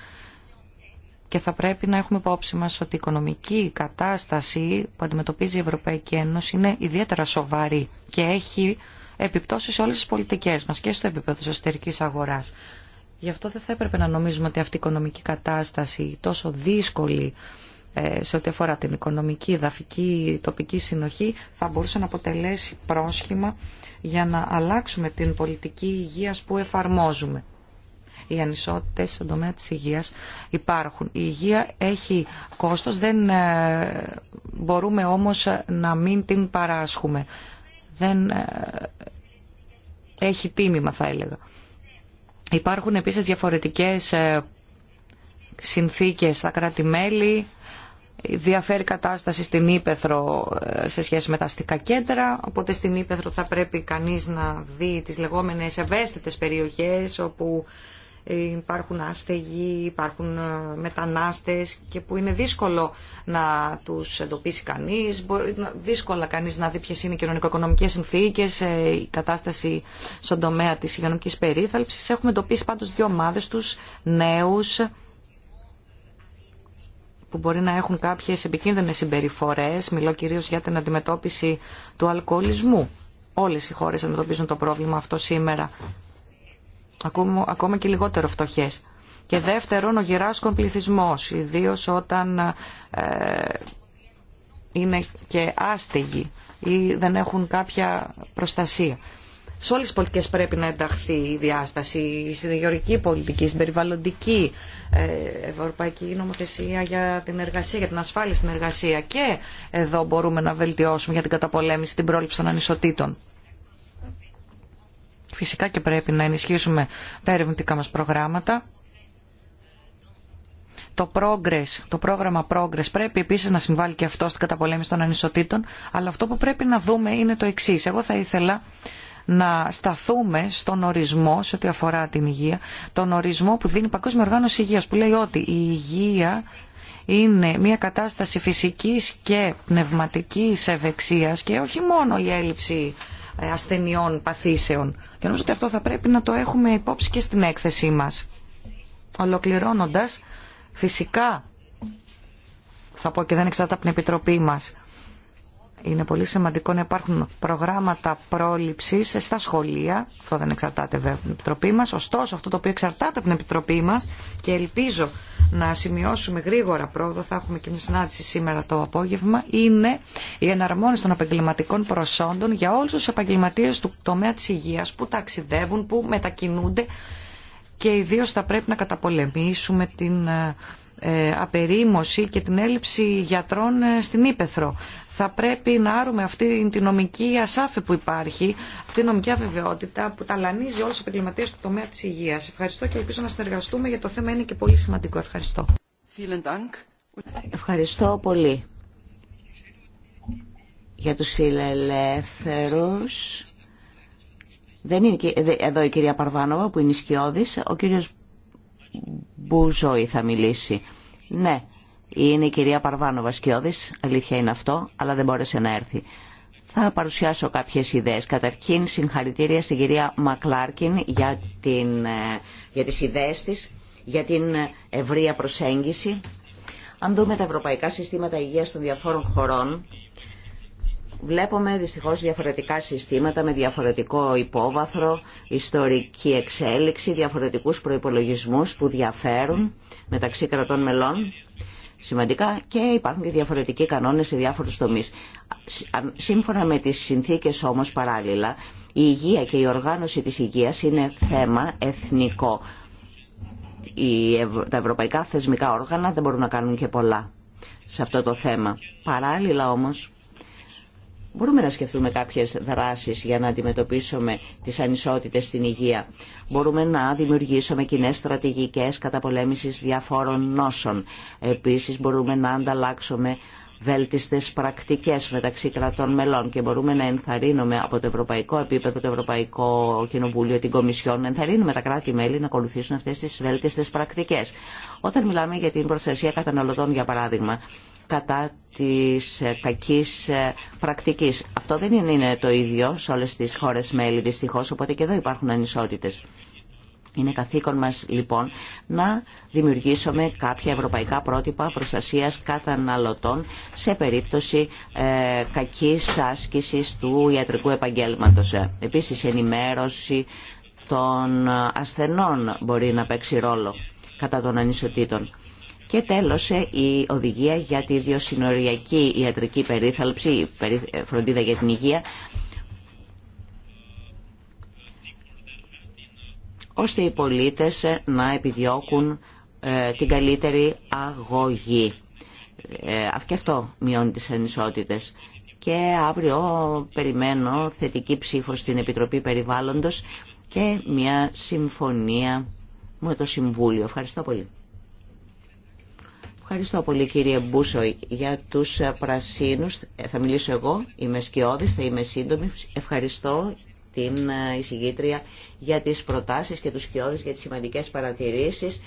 Και θα πρέπει να έχουμε υπόψη μας ότι η οικονομική κατάσταση που αντιμετωπίζει η Ευρωπαϊκή Ένωση είναι ιδιαίτερα σοβαρή και έχει επιπτώσεις σε όλες τις πολιτικές μας και στο επίπεδο της εσωτερικής αγοράς. Γι' αυτό δεν θα έπρεπε να νομίζουμε ότι αυτή η οικονομική κατάσταση τόσο δύσκολη ε, σε ό,τι αφορά την οικονομική, δαφική, τοπική συνοχή θα μπορούσε να αποτελέσει πρόσχημα για να αλλάξουμε την πολιτική υγείας που εφαρμόζουμε. Οι ανισότητες στον τομέα της υγείας υπάρχουν. Η υγεία έχει κόστος, δεν ε, μπορούμε όμως ε, να μην την παράσχουμε. Δεν έχει τίμημα θα έλεγα. Υπάρχουν επίσης διαφορετικές ε, συνθήκες στα κράτη-μέλη, διαφέρει κατάσταση στην Ήπεθρο ε, σε σχέση με τα αστικά κέντρα, οπότε στην Ήπεθρο θα πρέπει κανείς να δει τις λεγόμενες ευαίσθητες περιοχές όπου υπάρχουν άστεγοι, υπάρχουν ε, μετανάστες και που είναι δύσκολο να τους εντοπίσει κανείς, μπορεί δύσκολα κανείς να δει ποιες είναι οι κοινωνικο-οικονομικές συνθήκες, ε, η κατάσταση στον τομέα της υγειονομικής περίθαλψης. Έχουμε εντοπίσει πάντως δύο ομάδες τους νέους που μπορεί να έχουν κάποιες επικίνδυνες συμπεριφορές, μιλώ κυρίως για την αντιμετώπιση του αλκοολισμού. Όλες οι χώρες αντιμετωπίζουν το πρόβλημα αυτό σήμερα ακόμα, και λιγότερο φτωχές. Και δεύτερον, ο γυράσκων πληθυσμός, ιδίως όταν ε, είναι και άστεγοι ή δεν έχουν κάποια προστασία. Σε όλες τις πολιτικές πρέπει να ενταχθεί η διάσταση, η συνδεγιορική πολιτική, η περιβαλλοντική, ε, ευρωπαϊκή νομοθεσία για την εργασία, για την ασφάλεια στην εργασία. Και εδώ μπορούμε να βελτιώσουμε για την καταπολέμηση, την πρόληψη των ανισοτήτων. Φυσικά και πρέπει να ενισχύσουμε τα ερευνητικά μας προγράμματα. Το, progress, το πρόγραμμα Progress πρέπει επίσης να συμβάλλει και αυτό στην καταπολέμηση των ανισοτήτων, αλλά αυτό που πρέπει να δούμε είναι το εξή. Εγώ θα ήθελα να σταθούμε στον ορισμό, σε ό,τι αφορά την υγεία, τον ορισμό που δίνει η Παγκόσμια Οργάνωση Υγείας, που λέει ότι η υγεία είναι μια κατάσταση φυσικής και πνευματικής ευεξίας και όχι μόνο η έλλειψη ε, ασθενειών, παθήσεων. Και νομίζω ότι αυτό θα πρέπει να το έχουμε υπόψη και στην έκθεσή μας. Ολοκληρώνοντας, φυσικά, θα πω και δεν εξαρτάται από την Επιτροπή μας, είναι πολύ σημαντικό να υπάρχουν προγράμματα πρόληψη στα σχολεία. Αυτό δεν εξαρτάται βέβαια από την Επιτροπή μα, Ωστόσο, αυτό το οποίο εξαρτάται από την Επιτροπή μα και ελπίζω να σημειώσουμε γρήγορα πρόοδο, θα έχουμε και μια συνάντηση σήμερα το απόγευμα, είναι η εναρμόνιση των επαγγελματικών προσόντων για όλου του επαγγελματίε του τομέα τη υγεία που ταξιδεύουν, που μετακινούνται και ιδίω θα πρέπει να καταπολεμήσουμε την ε, ε, απερίμωση και την έλλειψη γιατρών ε, στην Ήπεθρο θα πρέπει να άρουμε αυτή την νομική ασάφη που υπάρχει, αυτή την νομική αβεβαιότητα που ταλανίζει όλου του επαγγελματίε του τομέα τη υγεία. Ευχαριστώ και ελπίζω να συνεργαστούμε γιατί το θέμα είναι και πολύ σημαντικό. Ευχαριστώ. Ευχαριστώ πολύ. Για τους φιλελεύθερους, δεν είναι εδώ η κυρία Παρβάνοβα που είναι σκιώδη. ο κύριος Μπουζόη θα μιλήσει. Ναι, είναι η κυρία Παρβάνο Βασκιώδης, αλήθεια είναι αυτό, αλλά δεν μπόρεσε να έρθει. Θα παρουσιάσω κάποιες ιδέες. Καταρχήν, συγχαρητήρια στην κυρία Μακλάρκιν για, την, ε, για τις ιδέες της, για την ε, ευρεία προσέγγιση. Αν δούμε τα ευρωπαϊκά συστήματα υγείας των διαφόρων χωρών, βλέπουμε δυστυχώς διαφορετικά συστήματα με διαφορετικό υπόβαθρο, ιστορική εξέλιξη, διαφορετικούς προϋπολογισμούς που διαφέρουν μεταξύ κρατών μελών σημαντικά και υπάρχουν και διαφορετικοί κανόνες σε διάφορους τομείς. Σύμφωνα με τις συνθήκες όμως παράλληλα, η υγεία και η οργάνωση της υγείας είναι θέμα εθνικό. Τα ευρωπαϊκά θεσμικά όργανα δεν μπορούν να κάνουν και πολλά σε αυτό το θέμα. Παράλληλα όμως, Μπορούμε να σκεφτούμε κάποιες δράσεις για να αντιμετωπίσουμε τις ανισότητες στην υγεία. Μπορούμε να δημιουργήσουμε κοινέ στρατηγικές καταπολέμησης διαφόρων νόσων. Επίσης μπορούμε να ανταλλάξουμε βέλτιστες πρακτικές μεταξύ κρατών μελών και μπορούμε να ενθαρρύνουμε από το ευρωπαϊκό επίπεδο, το Ευρωπαϊκό Κοινοβούλιο, την Κομισιόν, να ενθαρρύνουμε τα κράτη-μέλη να ακολουθήσουν αυτές τις βέλτιστες πρακτικές. Όταν μιλάμε για την προστασία καταναλωτών, για παράδειγμα, κατά της ε, κακής ε, πρακτικής. Αυτό δεν είναι το ίδιο σε όλες τις χώρες μέλη δυστυχώς, οπότε και εδώ υπάρχουν ανισότητες. Είναι καθήκον μας λοιπόν να δημιουργήσουμε κάποια ευρωπαϊκά πρότυπα προστασίας καταναλωτών σε περίπτωση ε, κακής άσκησης του ιατρικού επαγγέλματος. Ε, επίσης ενημέρωση των ασθενών μπορεί να παίξει ρόλο κατά των ανισοτήτων. Και τέλος ε, η οδηγία για τη διοσυνοριακή ιατρική περίθαλψη, ε, φροντίδα για την υγεία, ώστε οι πολίτες ε, να επιδιώκουν την καλύτερη αγωγή. Και αυτό μειώνει τις ανισότητες. Και αύριο περιμένω θετική ψήφο στην Επιτροπή Περιβάλλοντος και μια συμφωνία με το Συμβούλιο. Ευχαριστώ πολύ. Ευχαριστώ πολύ κύριε Μπούσο για τους ε, πρασίνους. Ε, θα μιλήσω εγώ, είμαι σκιώδης, θα είμαι σύντομη. Ευχαριστώ την ε, εισηγήτρια για τις προτάσεις και τους σκιώδης για τις σημαντικές παρατηρήσεις.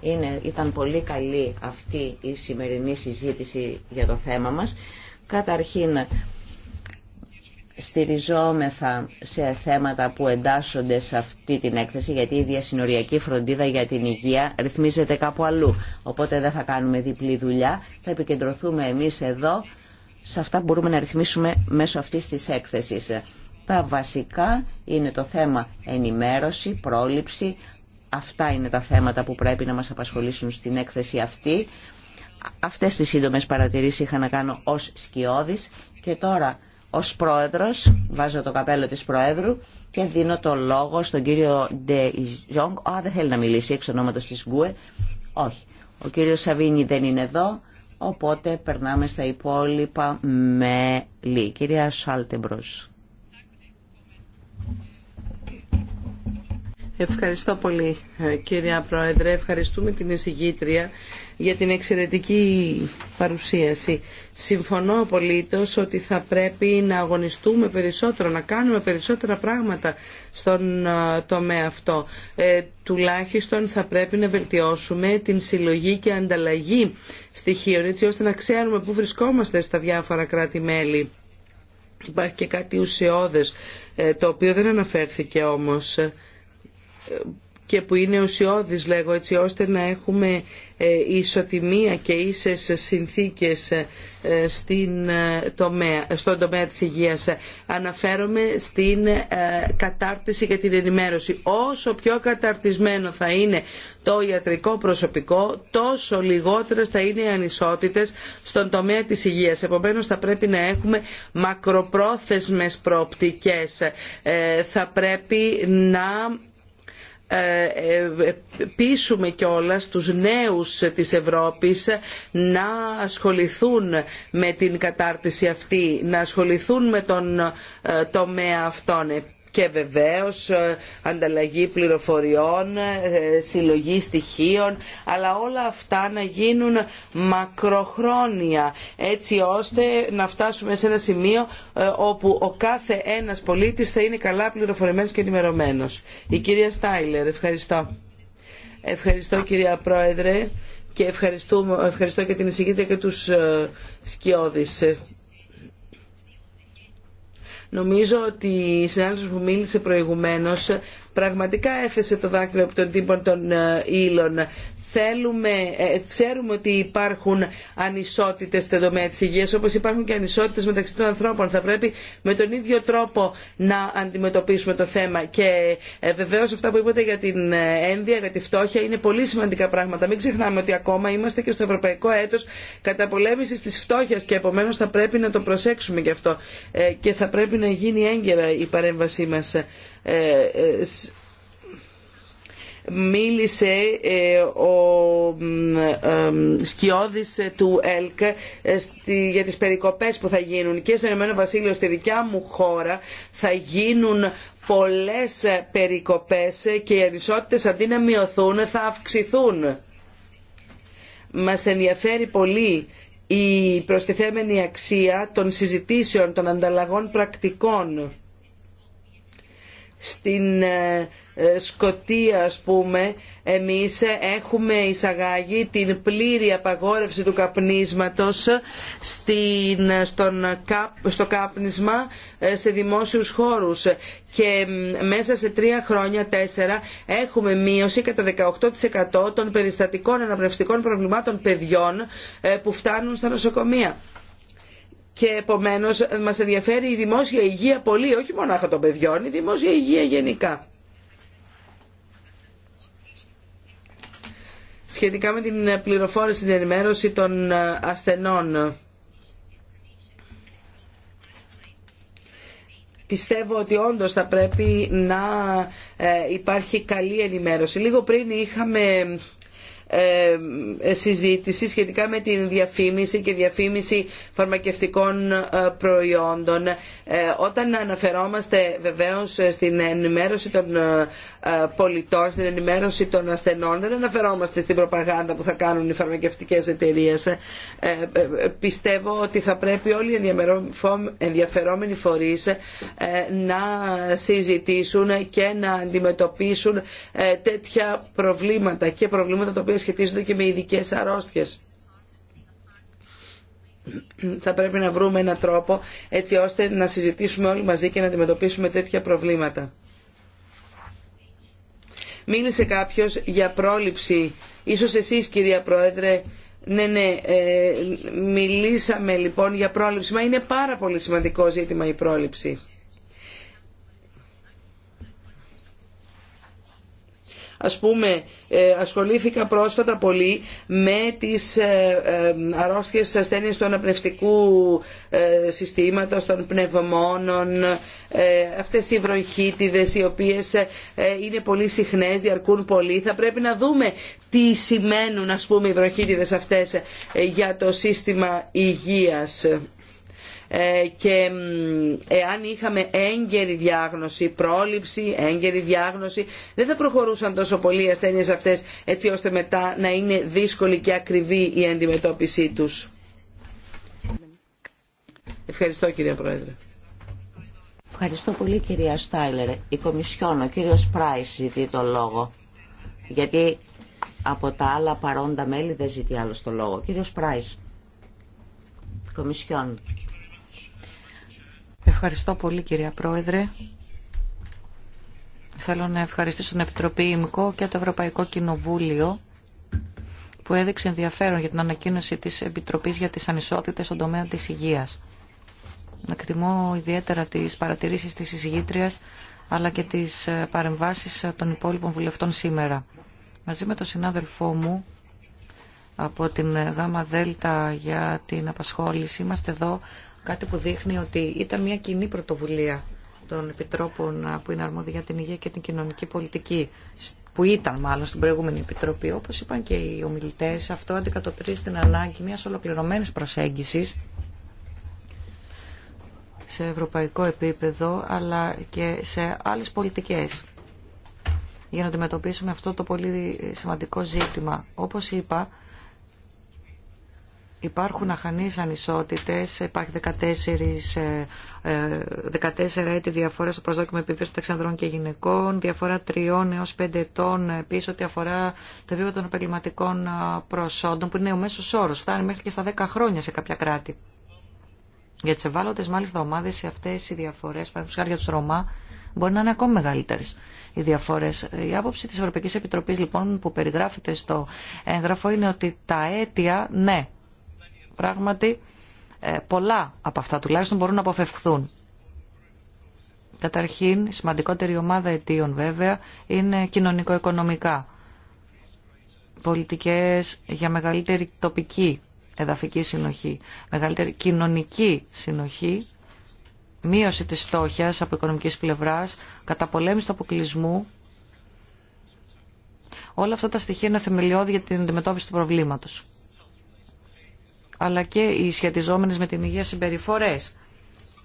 Είναι, ήταν πολύ καλή αυτή η σημερινή συζήτηση για το θέμα μας. Καταρχήν στηριζόμεθα σε θέματα που εντάσσονται σε αυτή την έκθεση γιατί η διασυνοριακή φροντίδα για την υγεία ρυθμίζεται κάπου αλλού. Οπότε δεν θα κάνουμε διπλή δουλειά, θα επικεντρωθούμε εμείς εδώ σε αυτά που μπορούμε να ρυθμίσουμε μέσω αυτής της έκθεσης. Τα βασικά είναι το θέμα ενημέρωση, πρόληψη. Αυτά είναι τα θέματα που πρέπει να μας απασχολήσουν στην έκθεση αυτή. Αυτές τις σύντομες παρατηρήσεις είχα να κάνω ως σκιώδης και τώρα ως πρόεδρος, βάζω το καπέλο της πρόεδρου και δίνω το λόγο στον κύριο Ντε Ιζόγκ. Α, δεν θέλει να μιλήσει εξ ονόματος της Γκουε. Όχι. Ο κύριος Σαβίνη δεν είναι εδώ, οπότε περνάμε στα υπόλοιπα μέλη. Κυρία Σάλτεμπρος. Ευχαριστώ πολύ ε, κυρία Πρόεδρε. Ευχαριστούμε την εισηγήτρια για την εξαιρετική παρουσίαση. Συμφωνώ απολύτως ότι θα πρέπει να αγωνιστούμε περισσότερο, να κάνουμε περισσότερα πράγματα στον ε, τομέα αυτό. Ε, τουλάχιστον θα πρέπει να βελτιώσουμε την συλλογή και ανταλλαγή στοιχείων έτσι ώστε να ξέρουμε πού βρισκόμαστε στα διάφορα κράτη-μέλη. Υπάρχει και κάτι ουσιώδες ε, το οποίο δεν αναφέρθηκε όμως και που είναι ουσιώδης λέγω έτσι ώστε να έχουμε ε, ισοτιμία και ίσες συνθήκες ε, στην ε, τομέα, στον τομέα της υγείας. Αναφέρομαι στην κατάρτιση και την ενημέρωση. Όσο πιο καταρτισμένο θα είναι το ιατρικό προσωπικό, τόσο λιγότερες θα είναι οι ανισότητες στον τομέα της υγείας. Επομένως θα πρέπει να έχουμε μακροπρόθεσμες προοπτικές. Θα πρέπει να ε, ε, πείσουμε κιόλα τους νέους της Ευρώπης να ασχοληθούν με την κατάρτιση αυτή, να ασχοληθούν με τον ε, τομέα αυτόν και βεβαίως ε, ανταλλαγή πληροφοριών, ε, συλλογή στοιχείων, αλλά όλα αυτά να γίνουν μακροχρόνια έτσι ώστε να φτάσουμε σε ένα σημείο ε, όπου ο κάθε ένας πολίτης θα είναι καλά πληροφορημένος και ενημερωμένος. Η κυρία Στάιλερ, ευχαριστώ. Ευχαριστώ κυρία Πρόεδρε και ευχαριστώ και την εισηγήτρια και τους σκιώδης. Νομίζω ότι η συνάδελφος που μίλησε προηγουμένως πραγματικά έθεσε το δάκτυλο από τον τύπο των ε, ύλων ε, ξέρουμε ότι υπάρχουν ανισότητες στην τομέα της υγείας, όπως υπάρχουν και ανισότητες μεταξύ των ανθρώπων. Θα πρέπει με τον ίδιο τρόπο να αντιμετωπίσουμε το θέμα. Και ε, βεβαίως αυτά που είπατε για την ε, ένδια, για τη φτώχεια, είναι πολύ σημαντικά πράγματα. Μην ξεχνάμε ότι ακόμα είμαστε και στο ευρωπαϊκό έτος καταπολέμησης της φτώχειας και επομένως θα πρέπει να το προσέξουμε γι' αυτό. Ε, και θα πρέπει να γίνει έγκαιρα η παρέμβασή μας μίλησε ε, ο ε, σκιώδης ε, του ΕΛΚ για τις περικοπές που θα γίνουν και στο Ηνωμένο Βασίλειο στη δικιά μου χώρα θα γίνουν πολλές περικοπές και οι ανισότητες αντί να μειωθούν θα αυξηθούν. Μας ενδιαφέρει πολύ η προστιθέμενη αξία των συζητήσεων, των ανταλλαγών πρακτικών στην ε, Σκοτία ας πούμε εμείς έχουμε εισαγάγει την πλήρη απαγόρευση του καπνίσματος στην, στον, στο κάπνισμα ε, σε δημόσιους χώρους και μέσα σε τρία χρόνια, τέσσερα, έχουμε μείωση κατά 18% των περιστατικών αναπνευστικών προβλημάτων παιδιών ε, που φτάνουν στα νοσοκομεία. Και επομένως μας ενδιαφέρει η δημόσια υγεία πολύ, όχι μονάχα των παιδιών, η δημόσια υγεία γενικά. σχετικά με την πληροφόρηση, την ενημέρωση των ε, ασθενών. Πιστεύω ότι όντως θα πρέπει να ε, υπάρχει καλή ενημέρωση. Λίγο πριν είχαμε ε, συζήτηση σχετικά με την διαφήμιση και διαφήμιση φαρμακευτικών ε, προϊόντων. Ε, όταν αναφερόμαστε βεβαίως στην ενημέρωση των πολιτών, στην ενημέρωση των ασθενών, δεν αναφερόμαστε στην προπαγάνδα που θα κάνουν οι φαρμακευτικές εταιρείες. Πιστεύω ότι θα πρέπει όλοι οι ενδιαφερόμενοι φορείς να συζητήσουν και να αντιμετωπίσουν τέτοια προβλήματα και προβλήματα τα σχετίζονται και με ειδικέ αρρώστιες. Θα πρέπει να βρούμε έναν τρόπο έτσι ώστε να συζητήσουμε όλοι μαζί και να αντιμετωπίσουμε τέτοια προβλήματα. Μίλησε κάποιος για πρόληψη. Ίσως εσείς κυρία Πρόεδρε, ναι, ναι, ε, μιλήσαμε λοιπόν για πρόληψη, μα είναι πάρα πολύ σημαντικό ζήτημα η πρόληψη. Ας πούμε, ε, ασχολήθηκα πρόσφατα πολύ με τις ε, ε, αρρώστιες ασθένειες του αναπνευστικού συστήματος, των πνευμόνων, αυτές οι βροχίτιδες οι οποίες είναι πολύ συχνές, διαρκούν πολύ. Θα πρέπει να δούμε τι σημαίνουν, ας πούμε, οι βροχίτιδες αυτές για το σύστημα υγείας. Ε, και εάν είχαμε έγκαιρη διάγνωση, πρόληψη, έγκαιρη διάγνωση, δεν θα προχωρούσαν τόσο πολύ οι ασθένειες αυτές έτσι ώστε μετά να είναι δύσκολη και ακριβή η αντιμετώπιση τους. Ευχαριστώ κυρία Πρόεδρε. Ευχαριστώ πολύ κυρία Στάιλερ. Η Κομισιόν, ο κύριος Πράις ζητεί το λόγο. Γιατί από τα άλλα παρόντα μέλη δεν ζητεί άλλο το λόγο. Κύριος Πράις, Κομισιόν. Ευχαριστώ πολύ κυρία Πρόεδρε. Θέλω να ευχαριστήσω την Επιτροπή ΙΜΚΟ και το Ευρωπαϊκό Κοινοβούλιο που έδειξε ενδιαφέρον για την ανακοίνωση της Επιτροπής για τις Ανισότητες στον τομέα της υγείας. Εκτιμώ ιδιαίτερα τις παρατηρήσεις της εισηγήτριας αλλά και τις ε, παρεμβάσεις ε, των υπόλοιπων βουλευτών σήμερα. Μαζί με τον συνάδελφό μου από την ΓΔ για την απασχόληση είμαστε εδώ Κάτι που δείχνει ότι ήταν μια κοινή πρωτοβουλία των επιτρόπων που είναι αρμόδια για την υγεία και την κοινωνική πολιτική, που ήταν μάλλον στην προηγούμενη επιτροπή. Όπω είπαν και οι ομιλητέ, αυτό αντικατοπτρίζει την ανάγκη μια ολοκληρωμένη προσέγγιση σε ευρωπαϊκό επίπεδο, αλλά και σε άλλες πολιτικές για να αντιμετωπίσουμε αυτό το πολύ σημαντικό ζήτημα. Όπως είπα, Υπάρχουν αχανείς ανισότητες, υπάρχει 14, 14 ε, ε, έτη διαφορά στο προσδόκιμο επίπεδο μεταξύ ανδρών και γυναικών, διαφορά 3 έως 5 ετών επίσης ό,τι αφορά το επίπεδο των επαγγελματικών ε, προσόντων που είναι ο μέσος όρος, φτάνει μέχρι και στα 10 χρόνια σε κάποια κράτη. Για τις ευάλωτες μάλιστα ομάδες σε αυτές οι διαφορές, παραδείγματος για τους Ρωμά, μπορεί να είναι ακόμη μεγαλύτερες οι διαφορές. Η άποψη της Ευρωπαϊκής Επιτροπής λοιπόν που περιγράφεται στο έγγραφο είναι ότι τα αίτια, ναι, Πράγματι, ε, πολλά από αυτά τουλάχιστον μπορούν να αποφευχθούν. Καταρχήν, η σημαντικότερη ομάδα αιτίων βέβαια είναι κοινωνικο-οικονομικά. Πολιτικές για μεγαλύτερη τοπική εδαφική συνοχή, μεγαλύτερη κοινωνική συνοχή, μείωση της στόχιας από οικονομικής πλευράς, καταπολέμηση του αποκλεισμού. Όλα αυτά τα στοιχεία είναι θεμελιώδη για την αντιμετώπιση του προβλήματος αλλά και οι σχετιζόμενες με την υγεία συμπεριφορές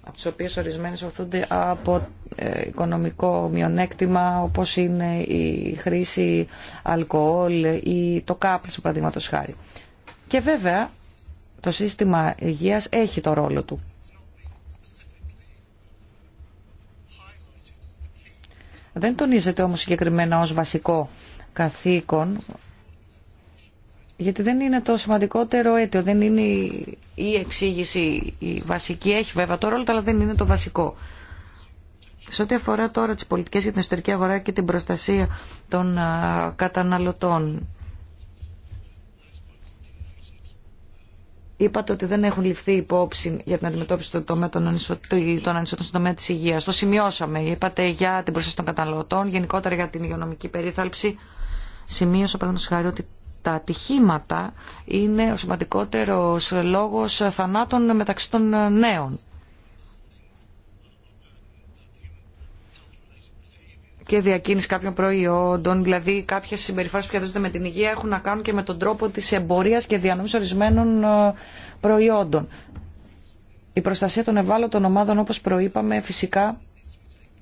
από τις οποίες ορισμένες ορθούνται από ε, οικονομικό μειονέκτημα όπως είναι η χρήση αλκοόλ ή το κάπνισμα παραδείγματος χάρη. Και βέβαια το σύστημα υγείας έχει το ρόλο του. Δεν τονίζεται όμως συγκεκριμένα ως βασικό καθήκον γιατί δεν είναι το σημαντικότερο αίτιο, δεν είναι η εξήγηση η βασική, έχει βέβαια το ρόλο, αλλά δεν είναι το βασικό. Σε ό,τι αφορά τώρα τις πολιτικές για την εσωτερική αγορά και την προστασία των καταναλωτών, είπατε ότι δεν έχουν ληφθεί υπόψη για την αντιμετώπιση των τομέα των ανισοτήτων στον τομέα της υγείας. Το σημειώσαμε. Είπατε για την προστασία των καταναλωτών, γενικότερα για την υγειονομική περίθαλψη. Σημείωσα, παραδείγματο χάρη, ότι τα ατυχήματα είναι ο σημαντικότερος λόγος θανάτων μεταξύ των νέων. και διακίνηση κάποιων προϊόντων, δηλαδή κάποιε συμπεριφορέ που σχετίζονται με την υγεία έχουν να κάνουν και με τον τρόπο τη εμπορία και διανομή ορισμένων ε, προϊόντων. Η προστασία των ευάλωτων ομάδων, όπω προείπαμε, φυσικά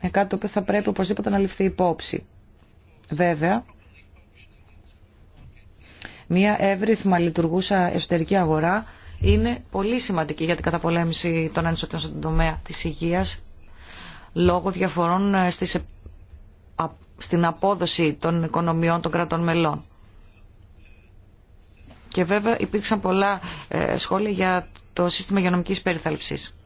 είναι κάτι το οποίο θα πρέπει οπωσδήποτε να ληφθεί υπόψη. Βέβαια, μια εύρυθμα λειτουργούσα εσωτερική αγορά είναι πολύ σημαντική για την καταπολέμηση των ανισοτήτων στον τομέα της υγείας λόγω διαφορών ε, στην απόδοση των οικονομιών των κρατών μελών. Και βέβαια υπήρξαν πολλά ε, σχόλια για το σύστημα υγειονομικής περιθαλψής.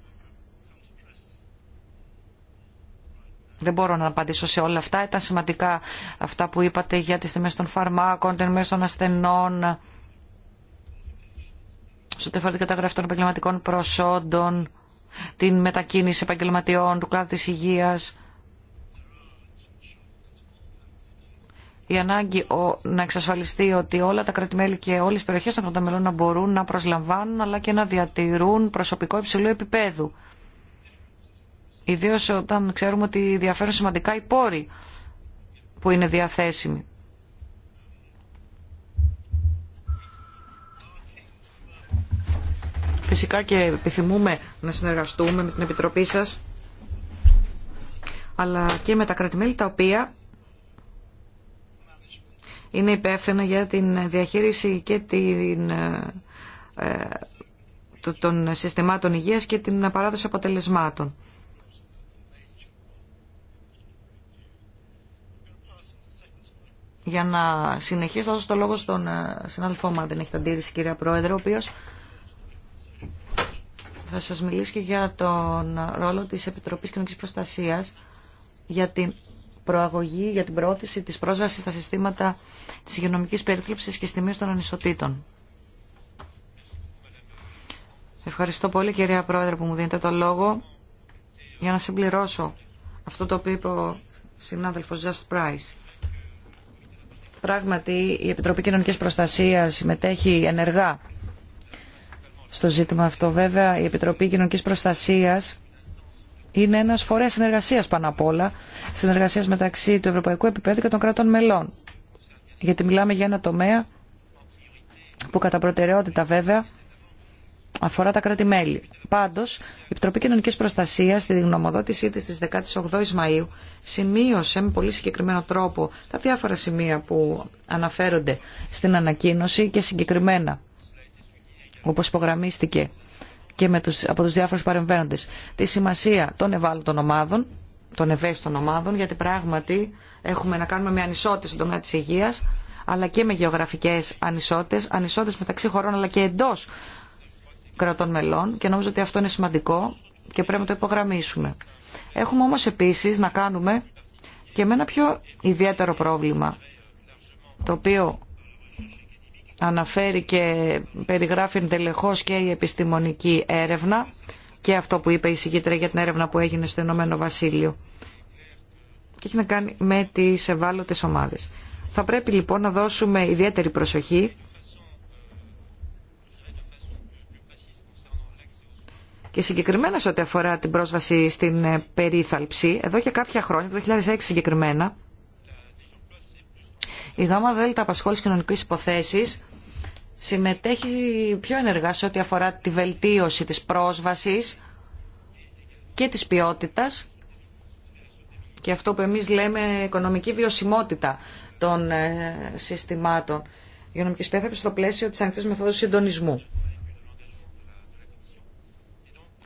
Δεν μπορώ να απαντήσω σε όλα αυτά. Ήταν σημαντικά αυτά που είπατε για τις τιμές των φαρμάκων, τις τιμές των ασθενών, στο τεφάλι καταγραφή των επαγγελματικών προσόντων, την μετακίνηση επαγγελματιών του κλάδου της υγείας. η ανάγκη να εξασφαλιστεί ότι όλα τα κρατημέλη και όλε οι περιοχέ των κρατομελών να μπορούν να προσλαμβάνουν αλλά και να διατηρούν προσωπικό υψηλού επίπεδου. Ιδίως όταν ξέρουμε ότι διαφέρουν σημαντικά οι πόροι που είναι διαθέσιμοι. Φυσικά και επιθυμούμε να συνεργαστούμε με την Επιτροπή σας, αλλά και με τα κρατημέλη τα οποία είναι υπεύθυνα για την διαχείριση και την, ε, ε, των συστημάτων υγείας και την παράδοση αποτελεσμάτων. για να συνεχίσω. Θα δώσω το λόγο στον ε, συνάδελφό μου, αν δεν έχετε αντίρρηση, κυρία Πρόεδρε, ο οποίο θα σας μιλήσει και για τον ρόλο της Επιτροπής Κοινωνικής Προστασίας για την προαγωγή, για την προώθηση της πρόσβασης στα συστήματα της υγειονομικής περίθλιψης και στη των ανισοτήτων. Ευχαριστώ πολύ κυρία Πρόεδρε που μου δίνετε το λόγο για να συμπληρώσω αυτό το οποίο είπε ο συνάδελφος Just Price. Πράγματι, η Επιτροπή Κοινωνικής Προστασίας συμμετέχει ενεργά στο ζήτημα αυτό. Βέβαια, η Επιτροπή Κοινωνικής Προστασίας είναι ένας φορέας συνεργασίας πάνω απ' όλα, συνεργασίας μεταξύ του ευρωπαϊκού επίπεδου και των κρατών μελών. Γιατί μιλάμε για ένα τομέα που κατά προτεραιότητα βέβαια αφορά τα κράτη-μέλη. Πάντως, η Επιτροπή Κοινωνικής Προστασίας στη γνωμοδότησή της στι 18 Μαΐου σημείωσε με πολύ συγκεκριμένο τρόπο τα διάφορα σημεία που αναφέρονται στην ανακοίνωση και συγκεκριμένα, όπως υπογραμμίστηκε και με τους, από τους διάφορους παρεμβαίνοντες, τη σημασία των ευάλωτων ομάδων, των ευαίσθητων ομάδων, γιατί πράγματι έχουμε να κάνουμε με ανισότητες στον τομέα της υγείας, αλλά και με γεωγραφικές ανισότητες, ανισότητες μεταξύ χωρών αλλά και εντός κρατών μελών και νομίζω ότι αυτό είναι σημαντικό και πρέπει να το υπογραμμίσουμε. Έχουμε όμως επίσης να κάνουμε και με ένα πιο ιδιαίτερο πρόβλημα, το οποίο αναφέρει και περιγράφει εντελεχώς και η επιστημονική έρευνα και αυτό που είπε η συγκίτρια για την έρευνα που έγινε στο Ηνωμένο Βασίλειο και έχει να κάνει με τις ευάλωτες ομάδες. Θα πρέπει λοιπόν να δώσουμε ιδιαίτερη προσοχή και συγκεκριμένα σε ό,τι αφορά την πρόσβαση στην ε, περίθαλψη, εδώ και κάποια χρόνια, το 2006 συγκεκριμένα, η ΓΑΜΑ ΔΕΛΤΑ Απασχόληση Κοινωνική Υποθέσεις συμμετέχει πιο ενεργά σε ό,τι αφορά τη βελτίωση της πρόσβασης και της ποιότητας και αυτό που εμείς λέμε οικονομική βιωσιμότητα των ε, συστημάτων υγειονομικής πέθαψη στο πλαίσιο της ανοιχτής μεθόδου συντονισμού.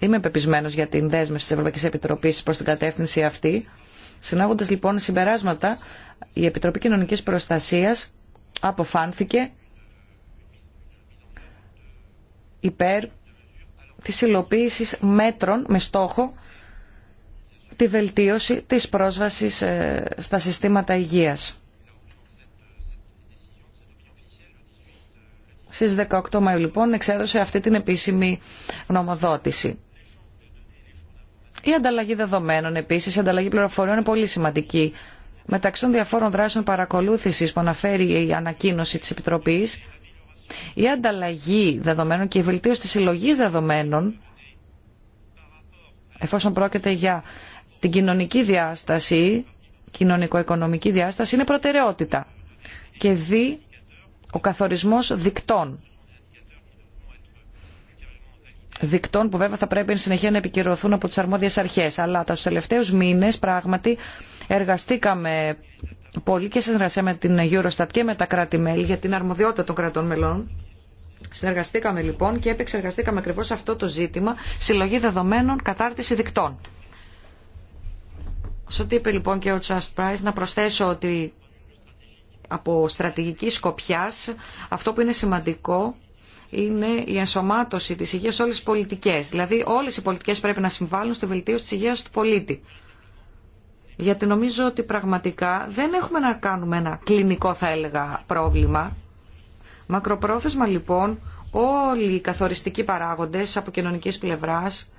Είμαι πεπισμένος για την δέσμευση της Ευρωπαϊκής Επιτροπής προς την κατεύθυνση αυτή. Συνάγοντας λοιπόν συμπεράσματα, η Επιτροπή Κοινωνικής Προστασίας αποφάνθηκε υπέρ της υλοποίησης μέτρων με στόχο τη βελτίωση της πρόσβασης ε, στα συστήματα υγείας. Στις 18 Μαΐου λοιπόν εξέδωσε αυτή την επίσημη νομοδότηση. Η ανταλλαγή δεδομένων επίση, η ανταλλαγή πληροφοριών είναι πολύ σημαντική. Μεταξύ των διαφόρων δράσεων παρακολούθησης που αναφέρει η ανακοίνωση της Επιτροπή, η ανταλλαγή δεδομένων και η βελτίωση τη συλλογή δεδομένων, εφόσον πρόκειται για την κοινωνική διάσταση, κοινωνικο-οικονομική διάσταση, είναι προτεραιότητα. Και δι ο καθορισμός δικτών δικτών που βέβαια θα πρέπει εν συνεχεία να επικυρωθούν από τις αρμόδιες αρχές. Αλλά τα τελευταίους μήνες πράγματι εργαστήκαμε πολύ και συνεργασία με την Eurostat και με τα κράτη-μέλη για την αρμοδιότητα των κρατών μελών. Συνεργαστήκαμε λοιπόν και επεξεργαστήκαμε ακριβώ αυτό το ζήτημα συλλογή δεδομένων κατάρτιση δικτών. Σε ό,τι είπε λοιπόν και ο Τσάστ Price, να προσθέσω ότι από στρατηγική σκοπιάς αυτό που είναι σημαντικό είναι η ενσωμάτωση της υγείας σε όλες τις πολιτικές. Δηλαδή όλες οι πολιτικές πρέπει να συμβάλλουν στη βελτίωση της υγείας του πολίτη. Γιατί νομίζω ότι πραγματικά δεν έχουμε να κάνουμε ένα κλινικό θα έλεγα πρόβλημα. Μακροπρόθεσμα λοιπόν όλοι οι καθοριστικοί παράγοντες από κοινωνικής πλευράς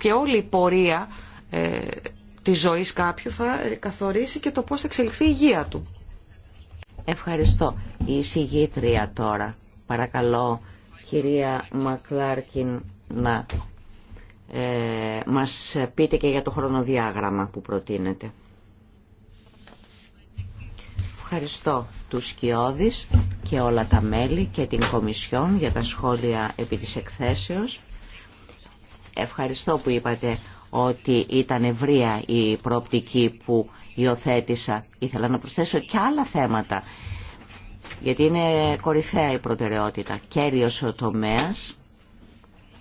και όλη η πορεία ε, της ζωής κάποιου θα καθορίσει και το πώς θα εξελιχθεί η υγεία του. Ευχαριστώ. Η εισηγήτρια τώρα. Παρακαλώ, κυρία Μακλάρκιν, να ε, μας πείτε και για το χρονοδιάγραμμα που προτείνετε. Ευχαριστώ τους Σκιώδης και όλα τα μέλη και την Κομισιόν για τα σχόλια επί της εκθέσεως. Ευχαριστώ που είπατε ότι ήταν ευρεία η προοπτική που υιοθέτησα. Ήθελα να προσθέσω και άλλα θέματα, γιατί είναι κορυφαία η προτεραιότητα. Κέριος ο τομέας,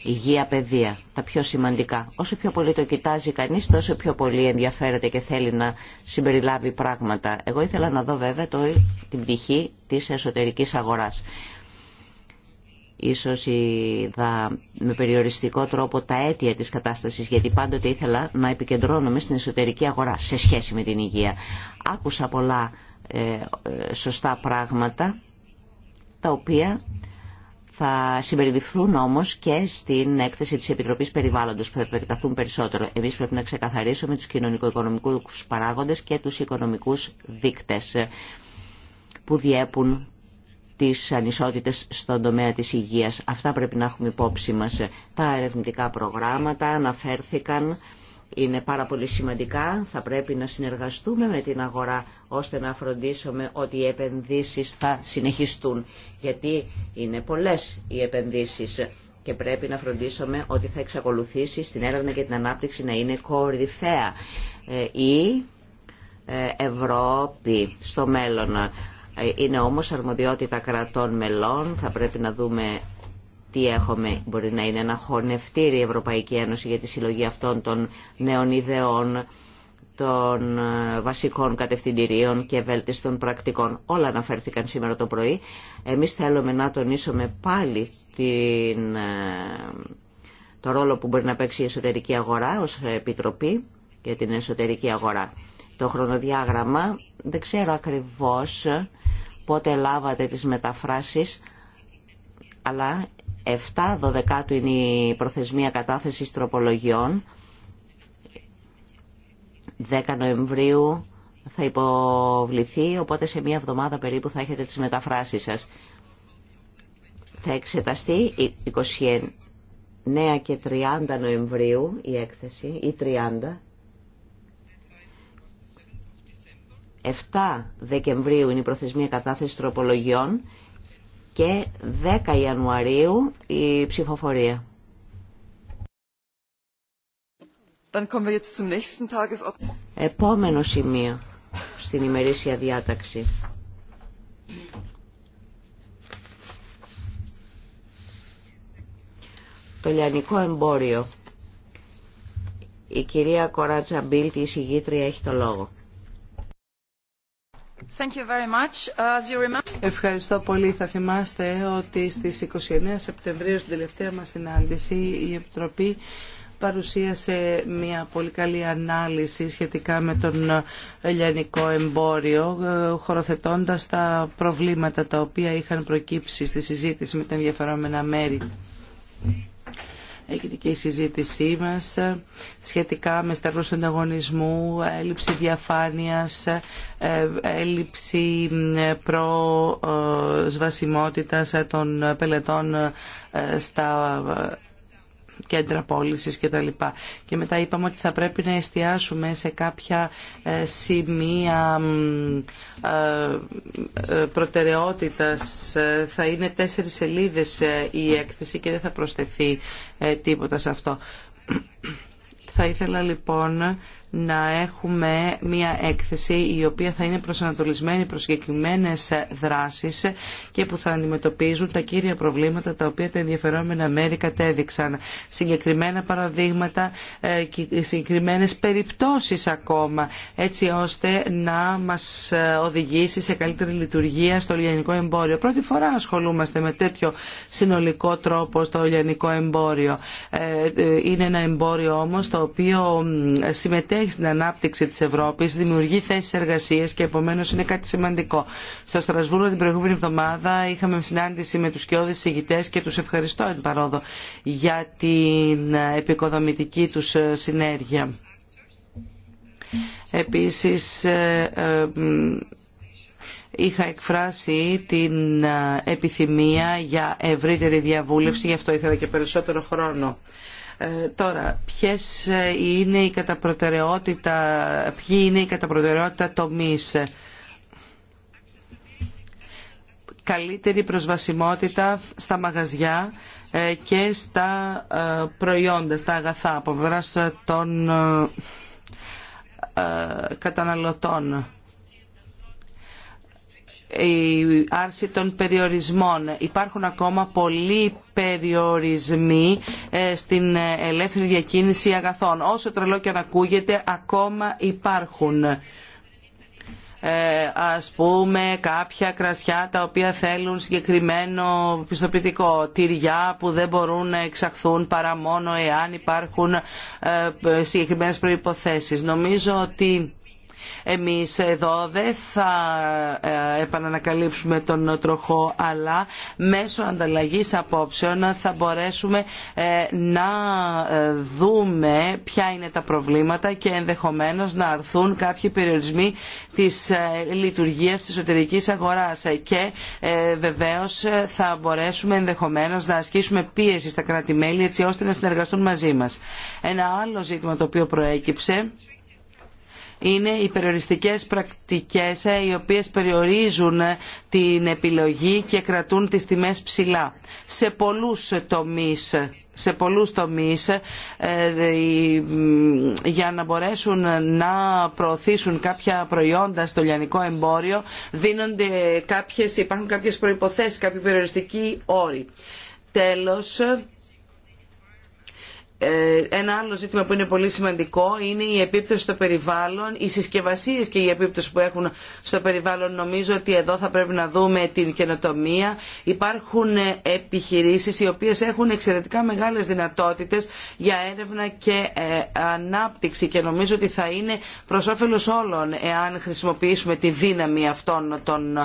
υγεία, παιδεία, τα πιο σημαντικά. Όσο πιο πολύ το κοιτάζει κανείς, τόσο πιο πολύ ενδιαφέρεται και θέλει να συμπεριλάβει πράγματα. Εγώ ήθελα να δω βέβαια το, την πτυχή της εσωτερικής αγοράς ίσως είδα με περιοριστικό τρόπο τα αίτια της κατάστασης γιατί πάντοτε ήθελα να επικεντρώνομαι στην εσωτερική αγορά σε σχέση με την υγεία. Άκουσα πολλά ε, ε, σωστά πράγματα τα οποία θα συμπεριληφθούν όμως και στην έκθεση της Επιτροπής Περιβάλλοντος που θα επεκταθούν περισσότερο. Εμείς πρέπει να ξεκαθαρίσουμε τους κοινωνικο-οικονομικούς παράγοντες και τους οικονομικούς δείκτες ε, που διέπουν τις ανισότητες στον τομέα της υγείας. Αυτά πρέπει να έχουμε υπόψη μας. Τα ερευνητικά προγράμματα αναφέρθηκαν, είναι πάρα πολύ σημαντικά. Θα πρέπει να συνεργαστούμε με την αγορά ώστε να φροντίσουμε ότι οι επενδύσεις θα συνεχιστούν. Γιατί είναι πολλές οι επενδύσεις και πρέπει να φροντίσουμε ότι θα εξακολουθήσει στην έρευνα και την ανάπτυξη να είναι κορυφαία. Ε, η ε, Ευρώπη στο μέλλον είναι όμως αρμοδιότητα κρατών μελών, θα πρέπει να δούμε τι έχουμε. Μπορεί να είναι ένα χωνευτήρι η Ευρωπαϊκή Ένωση για τη συλλογή αυτών των νέων ιδεών, των ε, βασικών κατευθυντηρίων και βέλτιστων πρακτικών. Όλα αναφέρθηκαν σήμερα το πρωί. Εμείς θέλουμε να τονίσουμε πάλι την, ε, το ρόλο που μπορεί να παίξει η εσωτερική αγορά ως Επιτροπή για την εσωτερική αγορά το χρονοδιάγραμμα. Δεν ξέρω ακριβώς πότε λάβατε τις μεταφράσεις, αλλά 7-12 είναι η προθεσμία κατάθεσης τροπολογιών. 10 Νοεμβρίου θα υποβληθεί, οπότε σε μία εβδομάδα περίπου θα έχετε τις μεταφράσεις σας. Θα εξεταστεί 29 και 30 Νοεμβρίου η έκθεση, ή 30 7 Δεκεμβρίου είναι η προθεσμία κατάθεση τροπολογιών και 10 Ιανουαρίου η ψηφοφορία. Επόμενο σημείο στην ημερήσια διάταξη. Το λιανικό εμπόριο. Η κυρία Κοράτσα Μπίλτη, η συγγήτρια, έχει το λόγο. Ευχαριστώ πολύ. Θα θυμάστε ότι στις 29 Σεπτεμβρίου στην τελευταία μας συνάντηση η Επιτροπή παρουσίασε μια πολύ καλή ανάλυση σχετικά με τον ελληνικό εμπόριο, χωροθετώντας τα προβλήματα τα οποία είχαν προκύψει στη συζήτηση με τα ενδιαφερόμενα μέρη. Έγινε και η συζήτησή μας σχετικά με στέρνους ανταγωνισμού, έλλειψη διαφάνειας, ε, έλλειψη προσβασιμότητας των πελετών ε, στα κέντρα πώληση κτλ. Και μετά είπαμε ότι θα πρέπει να εστιάσουμε σε κάποια ε, σημεία ε, ε, προτεραιότητας. Θα είναι τέσσερις σελίδες η έκθεση και δεν θα προσθεθεί τίποτα σε αυτό. Θα ήθελα λοιπόν να έχουμε μια έκθεση η οποία θα είναι προσανατολισμένη προς συγκεκριμένε δράσεις και που θα αντιμετωπίζουν τα κύρια προβλήματα τα οποία τα ενδιαφερόμενα μέρη κατέδειξαν. Συγκεκριμένα παραδείγματα, ε, συγκεκριμένε περιπτώσεις ακόμα, έτσι ώστε να μας ε, οδηγήσει σε καλύτερη λειτουργία στο λιανικό εμπόριο. Πρώτη φορά ασχολούμαστε με τέτοιο συνολικό τρόπο στο λιανικό εμπόριο. Ε, είναι ένα εμπόριο όμως το οποίο συμμετέχει συμμετέχει στην ανάπτυξη της Ευρώπης, δημιουργεί θέσει εργασία και επομένως είναι κάτι σημαντικό. Στο Στρασβούργο την προηγούμενη εβδομάδα είχαμε συνάντηση με τους κοιόδη ηγητέ και τους ευχαριστώ εν παρόδο για την επικοδομητική τους ε, συνέργεια. Επίσης, ε, ε, είχα εκφράσει την επιθυμία για ευρύτερη διαβούλευση, γι' αυτό ήθελα και περισσότερο χρόνο. Ε, τώρα, ποιες ε, είναι η καταπροτεραιότητα, ποιοι είναι η καταπροτεραιότητα τομείς. Καλύτερη προσβασιμότητα στα μαγαζιά ε, και στα προϊόντα, στα αγαθά από των καταναλωτών η άρση των περιορισμών. Υπάρχουν ακόμα πολλοί περιορισμοί ε, στην ελεύθερη διακίνηση αγαθών. Όσο τρελό και αν ακούγεται, ακόμα υπάρχουν. Ε, ας πούμε κάποια κρασιά τα οποία θέλουν συγκεκριμένο πιστοποιητικό τυριά που δεν μπορούν να εξαχθούν παρά μόνο εάν υπάρχουν ε, συγκεκριμένες προϋποθέσεις. Νομίζω ότι εμείς εδώ δεν θα ε, επανανακαλύψουμε τον τροχό, αλλά μέσω ανταλλαγής απόψεων θα μπορέσουμε ε, να ε, δούμε ποια είναι τα προβλήματα και ενδεχομένως να αρθούν κάποιοι περιορισμοί της λειτουργίας της εσωτερικής αγοράς και βεβαίως θα μπορέσουμε ενδεχομένως να ασκήσουμε πίεση στα κράτη-μέλη έτσι ώστε να συνεργαστούν μαζί μας. Ένα άλλο ζήτημα το οποίο προέκυψε είναι οι περιοριστικές πρακτικές ε, οι οποίες περιορίζουν ε, την επιλογή και κρατούν τις τιμές ψηλά. Σε πολλούς τομείς σε πολλούς ε, για να μπορέσουν να προωθήσουν κάποια προϊόντα στο λιανικό εμπόριο δίνονται κάποιες, υπάρχουν κάποιες προϋποθέσεις, κάποιοι περιοριστικοί όροι. Τέλος, ε, ένα άλλο ζήτημα που είναι πολύ σημαντικό είναι η επίπτωση στο περιβάλλον, οι συσκευασίες και η επίπτωση που έχουν στο περιβάλλον. Νομίζω ότι εδώ θα πρέπει να δούμε την καινοτομία. Υπάρχουν ε, επιχειρήσεις οι οποίες έχουν εξαιρετικά μεγάλες δυνατότητες για έρευνα και ε, ανάπτυξη και νομίζω ότι θα είναι προς όφελος όλων εάν χρησιμοποιήσουμε τη δύναμη αυτών των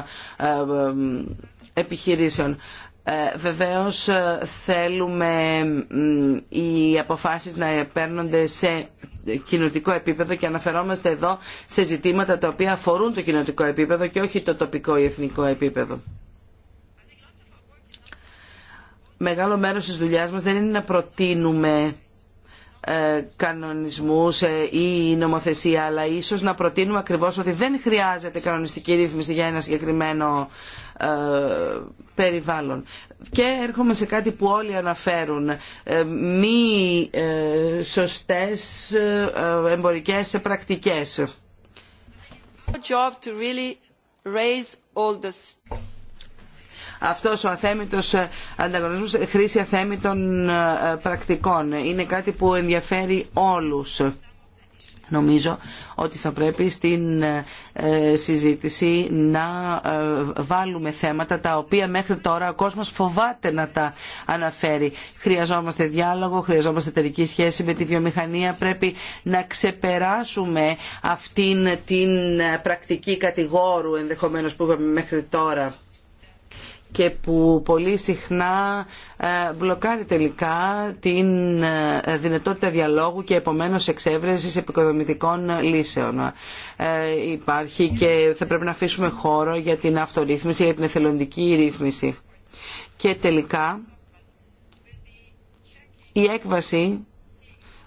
επιχειρήσεων. Ε, βεβαίως ε, θέλουμε οι αποφάσεις να παίρνονται σε κοινοτικό επίπεδο και αναφερόμαστε εδώ σε ζητήματα τα οποία αφορούν το κοινοτικό επίπεδο και όχι το τοπικό ή εθνικό επίπεδο. Μεγάλο μέρος της δουλειάς μας δεν είναι να προτείνουμε ε, κανονισμούς ή νομοθεσία αλλά ίσως να προτείνουμε ακριβώς ότι δεν χρειάζεται κανονιστική ρύθμιση για ένα συγκεκριμένο ε, περιβάλλον. Και έρχομαι σε κάτι που όλοι αναφέρουν. Ε, μη ε, σωστές εμπορικές πρακτικές. Αυτός ο αθέμητος ανταγωνισμός, χρήση αθέμητων πρακτικών, είναι κάτι που ενδιαφέρει όλους. Νομίζω ότι θα πρέπει στην ε, συζήτηση να ε, βάλουμε θέματα τα οποία μέχρι τώρα ο κόσμος φοβάται να τα αναφέρει. Χρειαζόμαστε διάλογο, χρειαζόμαστε εταιρική σχέση με τη βιομηχανία. Πρέπει να ξεπεράσουμε αυτήν την πρακτική κατηγόρου ενδεχομένως που είπαμε μέχρι τώρα και που πολύ συχνά ε, μπλοκάρει τελικά την ε, δυνατότητα διαλόγου και επομένως εξέβρεσης επικοδομητικών λύσεων. Ε, υπάρχει και θα πρέπει να αφήσουμε χώρο για την αυτορύθμιση, για την εθελοντική ρύθμιση. Και τελικά η έκβαση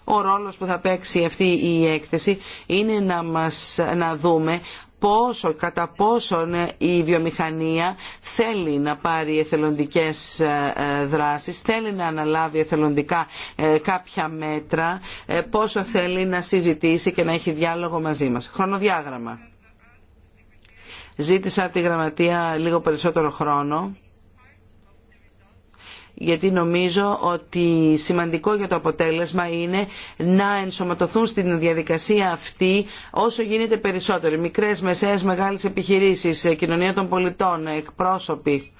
ο ρόλος που θα παίξει αυτή η έκθεση είναι να, μας, να δούμε πόσο, κατά πόσον ε, η βιομηχανία θέλει να πάρει εθελοντικές ε, ε, δράσεις, θέλει να αναλάβει εθελοντικά κάποια μέτρα, πόσο θέλει να συζητήσει και να έχει διάλογο μαζί μας. Χρονοδιάγραμμα. Ζήτησα από τη Γραμματεία λίγο περισσότερο χρόνο γιατί νομίζω ότι σημαντικό για το αποτέλεσμα είναι να ενσωματωθούν στην διαδικασία αυτή όσο γίνεται περισσότεροι. Μικρές, μεσαίες, μεγάλες επιχειρήσεις, ε, κοινωνία των πολιτών, ε, εκπρόσωποι.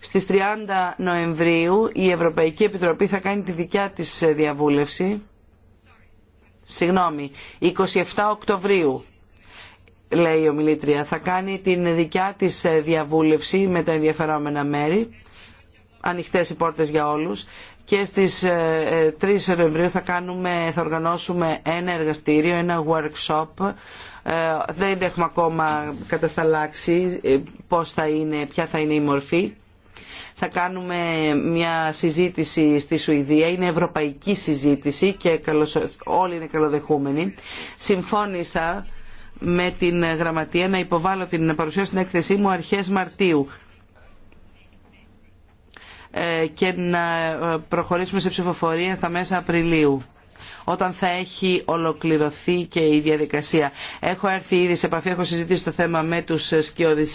Στις 30 Νοεμβρίου η Ευρωπαϊκή Επιτροπή θα κάνει τη δικιά της ε, διαβούλευση. Συγγνώμη, 27 Οκτωβρίου λέει η ομιλήτρια, θα κάνει την δικιά της διαβούλευση με τα ενδιαφερόμενα μέρη Ανοιχτέ οι πόρτε για όλους και στις 3 ε, ε, Νοεμβρίου θα, κάνουμε, θα οργανώσουμε ένα εργαστήριο, ένα workshop. Ε, δεν έχουμε ακόμα κατασταλάξει πώς θα είναι, ποια θα είναι η μορφή. Θα κάνουμε μια συζήτηση στη Σουηδία, είναι ευρωπαϊκή συζήτηση και όλοι είναι καλοδεχούμενοι. Συμφώνησα με την Γραμματεία να υποβάλω την παρουσία στην έκθεσή μου αρχές Μαρτίου ε, και να ε, προχωρήσουμε σε ψηφοφορία στα μέσα Απριλίου όταν θα έχει ολοκληρωθεί και η διαδικασία. Έχω έρθει ήδη σε επαφή, έχω συζητήσει το θέμα με του σκιώδη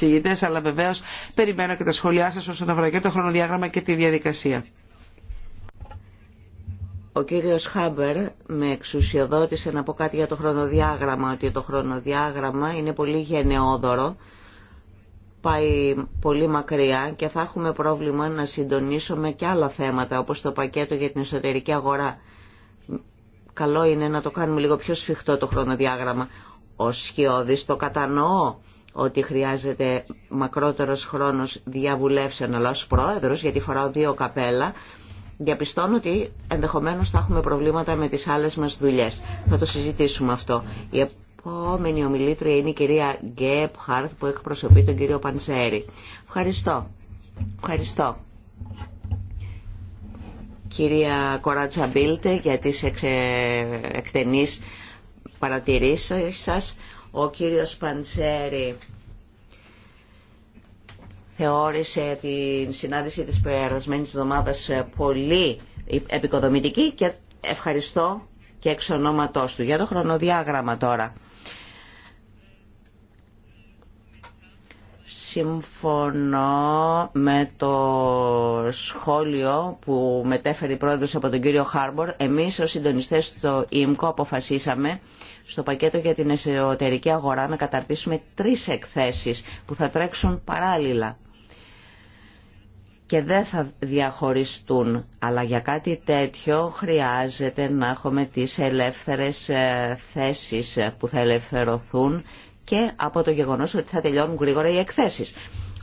αλλά βεβαίως περιμένω και τα σχόλιά σα όσον αφορά και το χρονοδιάγραμμα και τη διαδικασία. Ο κύριος Χάμπερ με εξουσιοδότησε να πω κάτι για το χρονοδιάγραμμα, ότι το χρονοδιάγραμμα είναι πολύ γενναιόδωρο πάει πολύ μακριά και θα έχουμε πρόβλημα να συντονίσουμε και άλλα θέματα όπως το πακέτο για την εσωτερική αγορά. Καλό είναι να το κάνουμε λίγο πιο σφιχτό το χρονοδιάγραμμα. Ο Σχιώδης το κατανοώ ότι χρειάζεται μακρότερος χρόνος διαβουλεύσεων, αλλά ως πρόεδρος, γιατί φοράω δύο καπέλα, διαπιστώνω ότι ενδεχομένως θα έχουμε προβλήματα με τις άλλες μας δουλειές. Θα το συζητήσουμε αυτό επόμενη ομιλήτρια είναι η κυρία Γκέπ Χάρτ που εκπροσωπεί τον κύριο Πανσέρη. Ευχαριστώ. Ευχαριστώ. Κυρία Κοράτσα Μπίλτε για τις εξε... εκτενείς παρατηρήσεις Ο κύριος Παντσέρη θεώρησε την συνάντηση της περασμένης εβδομάδας πολύ επικοδομητική και ευχαριστώ και εξ ονόματός του. Για το χρονοδιάγραμμα τώρα. Συμφωνώ με το σχόλιο που μετέφερε η πρόεδρος από τον κύριο Χάρμπορ. Εμείς ως συντονιστές στο ΙΜΚΟ αποφασίσαμε στο πακέτο για την εσωτερική αγορά να καταρτήσουμε τρεις εκθέσεις που θα τρέξουν παράλληλα και δεν θα διαχωριστούν. Αλλά για κάτι τέτοιο χρειάζεται να έχουμε τις ελεύθερες ε, θέσεις που θα ελευθερωθούν και από το γεγονός ότι θα τελειώνουν γρήγορα οι εκθέσεις.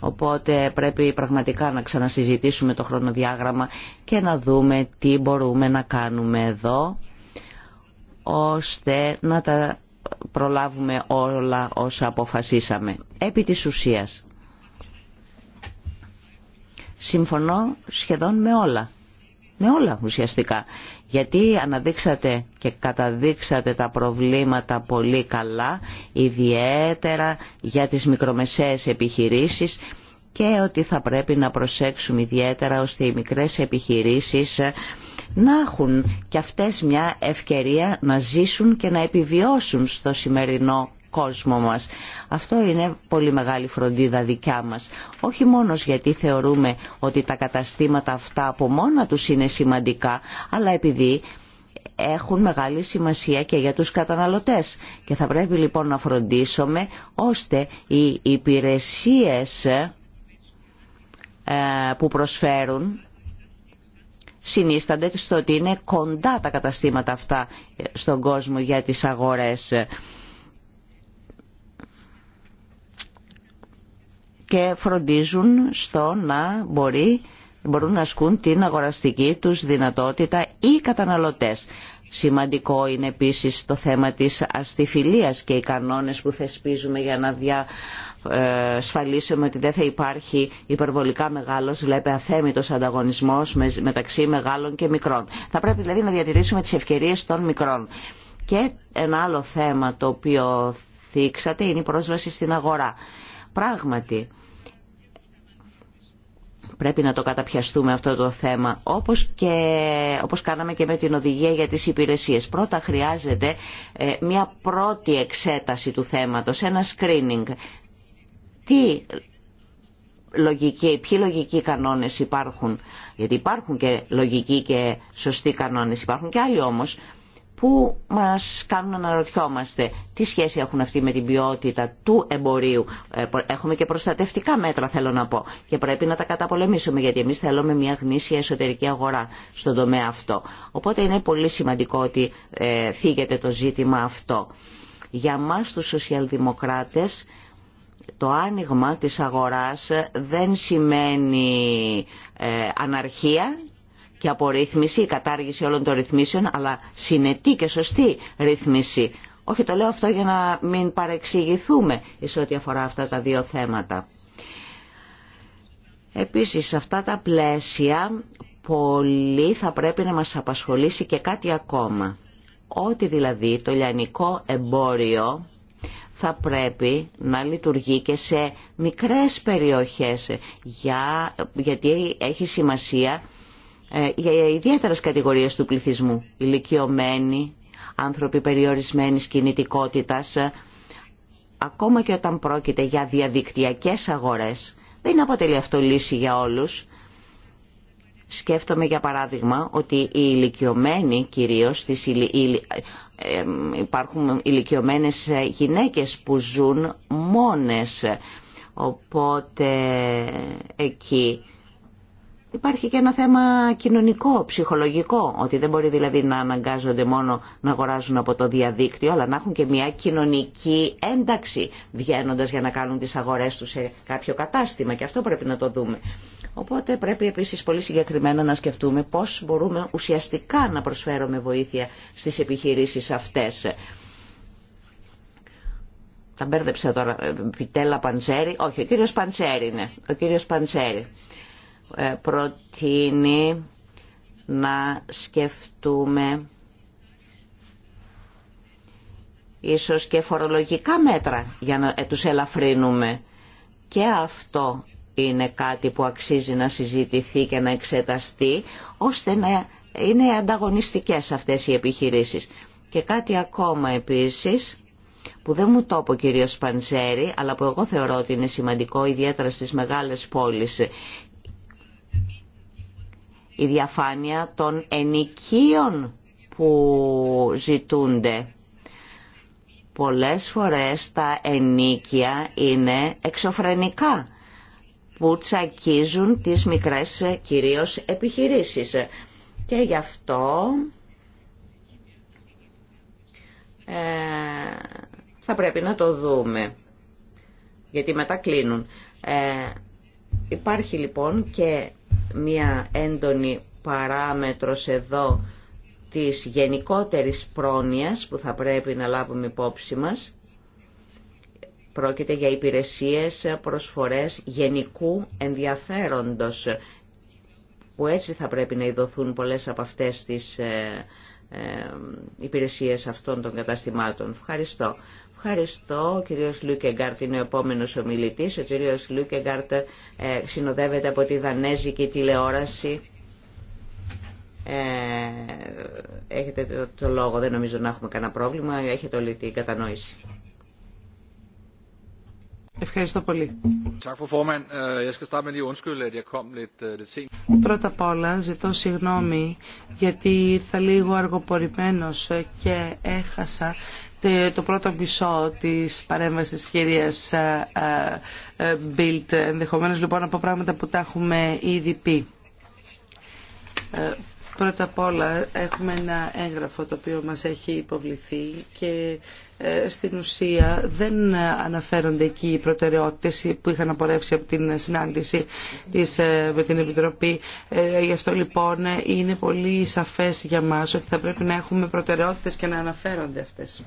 Οπότε πρέπει πραγματικά να ξανασυζητήσουμε το χρονοδιάγραμμα και να δούμε τι μπορούμε να κάνουμε εδώ ώστε να τα προλάβουμε όλα όσα αποφασίσαμε. Επί της ουσίας. Συμφωνώ σχεδόν με όλα. Με όλα ουσιαστικά γιατί αναδείξατε και καταδείξατε τα προβλήματα πολύ καλά, ιδιαίτερα για τις μικρομεσαίες επιχειρήσεις και ότι θα πρέπει να προσέξουμε ιδιαίτερα ώστε οι μικρές επιχειρήσεις να έχουν και αυτές μια ευκαιρία να ζήσουν και να επιβιώσουν στο σημερινό αυτό είναι πολύ μεγάλη φροντίδα δικιά μας. Όχι μόνος γιατί θεωρούμε ότι τα καταστήματα αυτά από μόνα τους είναι σημαντικά, αλλά επειδή έχουν μεγάλη σημασία και για τους καταναλωτές. Και θα πρέπει λοιπόν να φροντίσουμε ώστε οι υπηρεσίες ε, που προσφέρουν συνίστανται στο ότι είναι κοντά τα καταστήματα αυτά στον κόσμο για τις αγορές. και φροντίζουν στο να μπορεί, μπορούν να ασκούν την αγοραστική τους δυνατότητα οι καταναλωτές. Σημαντικό είναι επίσης το θέμα της αστιφιλίας και οι κανόνες που θεσπίζουμε για να διασφαλίσουμε ε, ότι δεν θα υπάρχει υπερβολικά μεγάλος, βλέπε αθέμητος ανταγωνισμός μεταξύ μεγάλων και μικρών. Θα πρέπει δηλαδή να διατηρήσουμε τις ευκαιρίες των μικρών. Και ένα άλλο θέμα το οποίο θίξατε είναι η πρόσβαση στην αγορά. Πράγματι, Πρέπει να το καταπιαστούμε αυτό το θέμα, όπως, και, όπως κάναμε και με την οδηγία για τις υπηρεσίες. Πρώτα χρειάζεται ε, μια πρώτη εξέταση του θέματος, ένα screening. Τι λογική, ποιοι λογικοί κανόνες υπάρχουν, γιατί υπάρχουν και λογικοί και σωστοί κανόνες, υπάρχουν και άλλοι όμως που μας κάνουν να αναρωτιόμαστε τι σχέση έχουν αυτοί με την ποιότητα του εμπορίου. Ε, έχουμε και προστατευτικά μέτρα θέλω να πω και πρέπει να τα καταπολεμήσουμε γιατί εμείς θέλουμε μια γνήσια εσωτερική αγορά στον τομέα αυτό. Οπότε είναι πολύ σημαντικό ότι ε, θίγεται το ζήτημα αυτό. Για μας τους σοσιαλδημοκράτες το άνοιγμα της αγοράς δεν σημαίνει ε, αναρχία και απορρίθμιση, η κατάργηση όλων των ρυθμίσεων, αλλά συνετή και σωστή ρύθμιση. Όχι το λέω αυτό για να μην παρεξηγηθούμε σε ό,τι αφορά αυτά τα δύο θέματα. Επίσης, σε αυτά τα πλαίσια πολύ θα πρέπει να μας απασχολήσει και κάτι ακόμα. Ότι δηλαδή το λιανικό εμπόριο θα πρέπει να λειτουργεί και σε μικρές περιοχές για, γιατί έχει σημασία ε, για ιδιαίτερε κατηγορίε του πληθυσμού, ηλικιωμένοι, άνθρωποι περιορισμένη, κινητικότητα, ε, ακόμα και όταν πρόκειται για διαδικτυακέ αγορέ, δεν αποτελεί αυτό λύση για όλους. Σκέφτομαι για παράδειγμα ότι οι ηλικιωμένοι κυρίως, ε, υπάρχουν ηλικιωμένες γυναίκες που ζουν μόνες, οπότε εκεί Υπάρχει και ένα θέμα κοινωνικό, ψυχολογικό, ότι δεν μπορεί δηλαδή να αναγκάζονται μόνο να αγοράζουν από το διαδίκτυο, αλλά να έχουν και μια κοινωνική ένταξη βγαίνοντα για να κάνουν τις αγορές τους σε κάποιο κατάστημα και αυτό πρέπει να το δούμε. Οπότε πρέπει επίσης πολύ συγκεκριμένα να σκεφτούμε πώς μπορούμε ουσιαστικά να προσφέρουμε βοήθεια στις επιχειρήσεις αυτές. Τα μπέρδεψα τώρα, Πιτέλα ε, Παντσέρη, όχι, ο κύριος Παντσέρι, είναι, ο κύριος Παντσέρι. Ε, προτείνει να σκεφτούμε ίσως και φορολογικά μέτρα για να ε, τους ελαφρύνουμε. Και αυτό είναι κάτι που αξίζει να συζητηθεί και να εξεταστεί, ώστε να είναι ανταγωνιστικές αυτές οι επιχειρήσεις. Και κάτι ακόμα επίσης, που δεν μου το πω ο κύριος αλλά που εγώ θεωρώ ότι είναι σημαντικό, ιδιαίτερα στις μεγάλες πόλεις η διαφάνεια των ενοικίων που ζητούνται. Πολλές φορές τα ενίκια είναι εξωφρενικά που τσακίζουν τις μικρές κυρίως επιχειρήσεις. Και γι' αυτό ε, θα πρέπει να το δούμε, γιατί μετά κλείνουν. Ε, υπάρχει λοιπόν και μια έντονη παράμετρος εδώ της γενικότερης πρόνοιας που θα πρέπει να λάβουμε υπόψη μας. Πρόκειται για υπηρεσίες, προσφορές γενικού ενδιαφέροντος που έτσι θα πρέπει να ειδωθούν πολλές από αυτές τις ε, ε, υπηρεσίες αυτών των καταστημάτων. Ευχαριστώ. Ευχαριστώ. Ο κύριος Λούκεγκάρτ είναι ο επόμενος ομιλητής. Ο κύριος Λούκεγκάρτ ε, συνοδεύεται από τη Δανέζικη τηλεόραση. Ε, έχετε το, λόγο, δεν νομίζω να έχουμε κανένα πρόβλημα. Έχετε όλη την κατανόηση. Ευχαριστώ πολύ. Πρώτα απ' όλα ζητώ συγγνώμη γιατί ήρθα λίγο αργοπορημένος και έχασα το πρώτο μισό της παρέμβασης της κυρίας ε, ε, Μπίλτ. Ενδεχομένως λοιπόν από πράγματα που τα έχουμε ήδη πει. Ε, πρώτα απ' όλα έχουμε ένα έγγραφο το οποίο μας έχει υποβληθεί και στην ουσία δεν αναφέρονται εκεί οι προτεραιότητες που είχαν απορρεύσει από την συνάντηση της, με την Επιτροπή. Γι' αυτό λοιπόν είναι πολύ σαφές για μας ότι θα πρέπει να έχουμε προτεραιότητες και να αναφέρονται αυτές.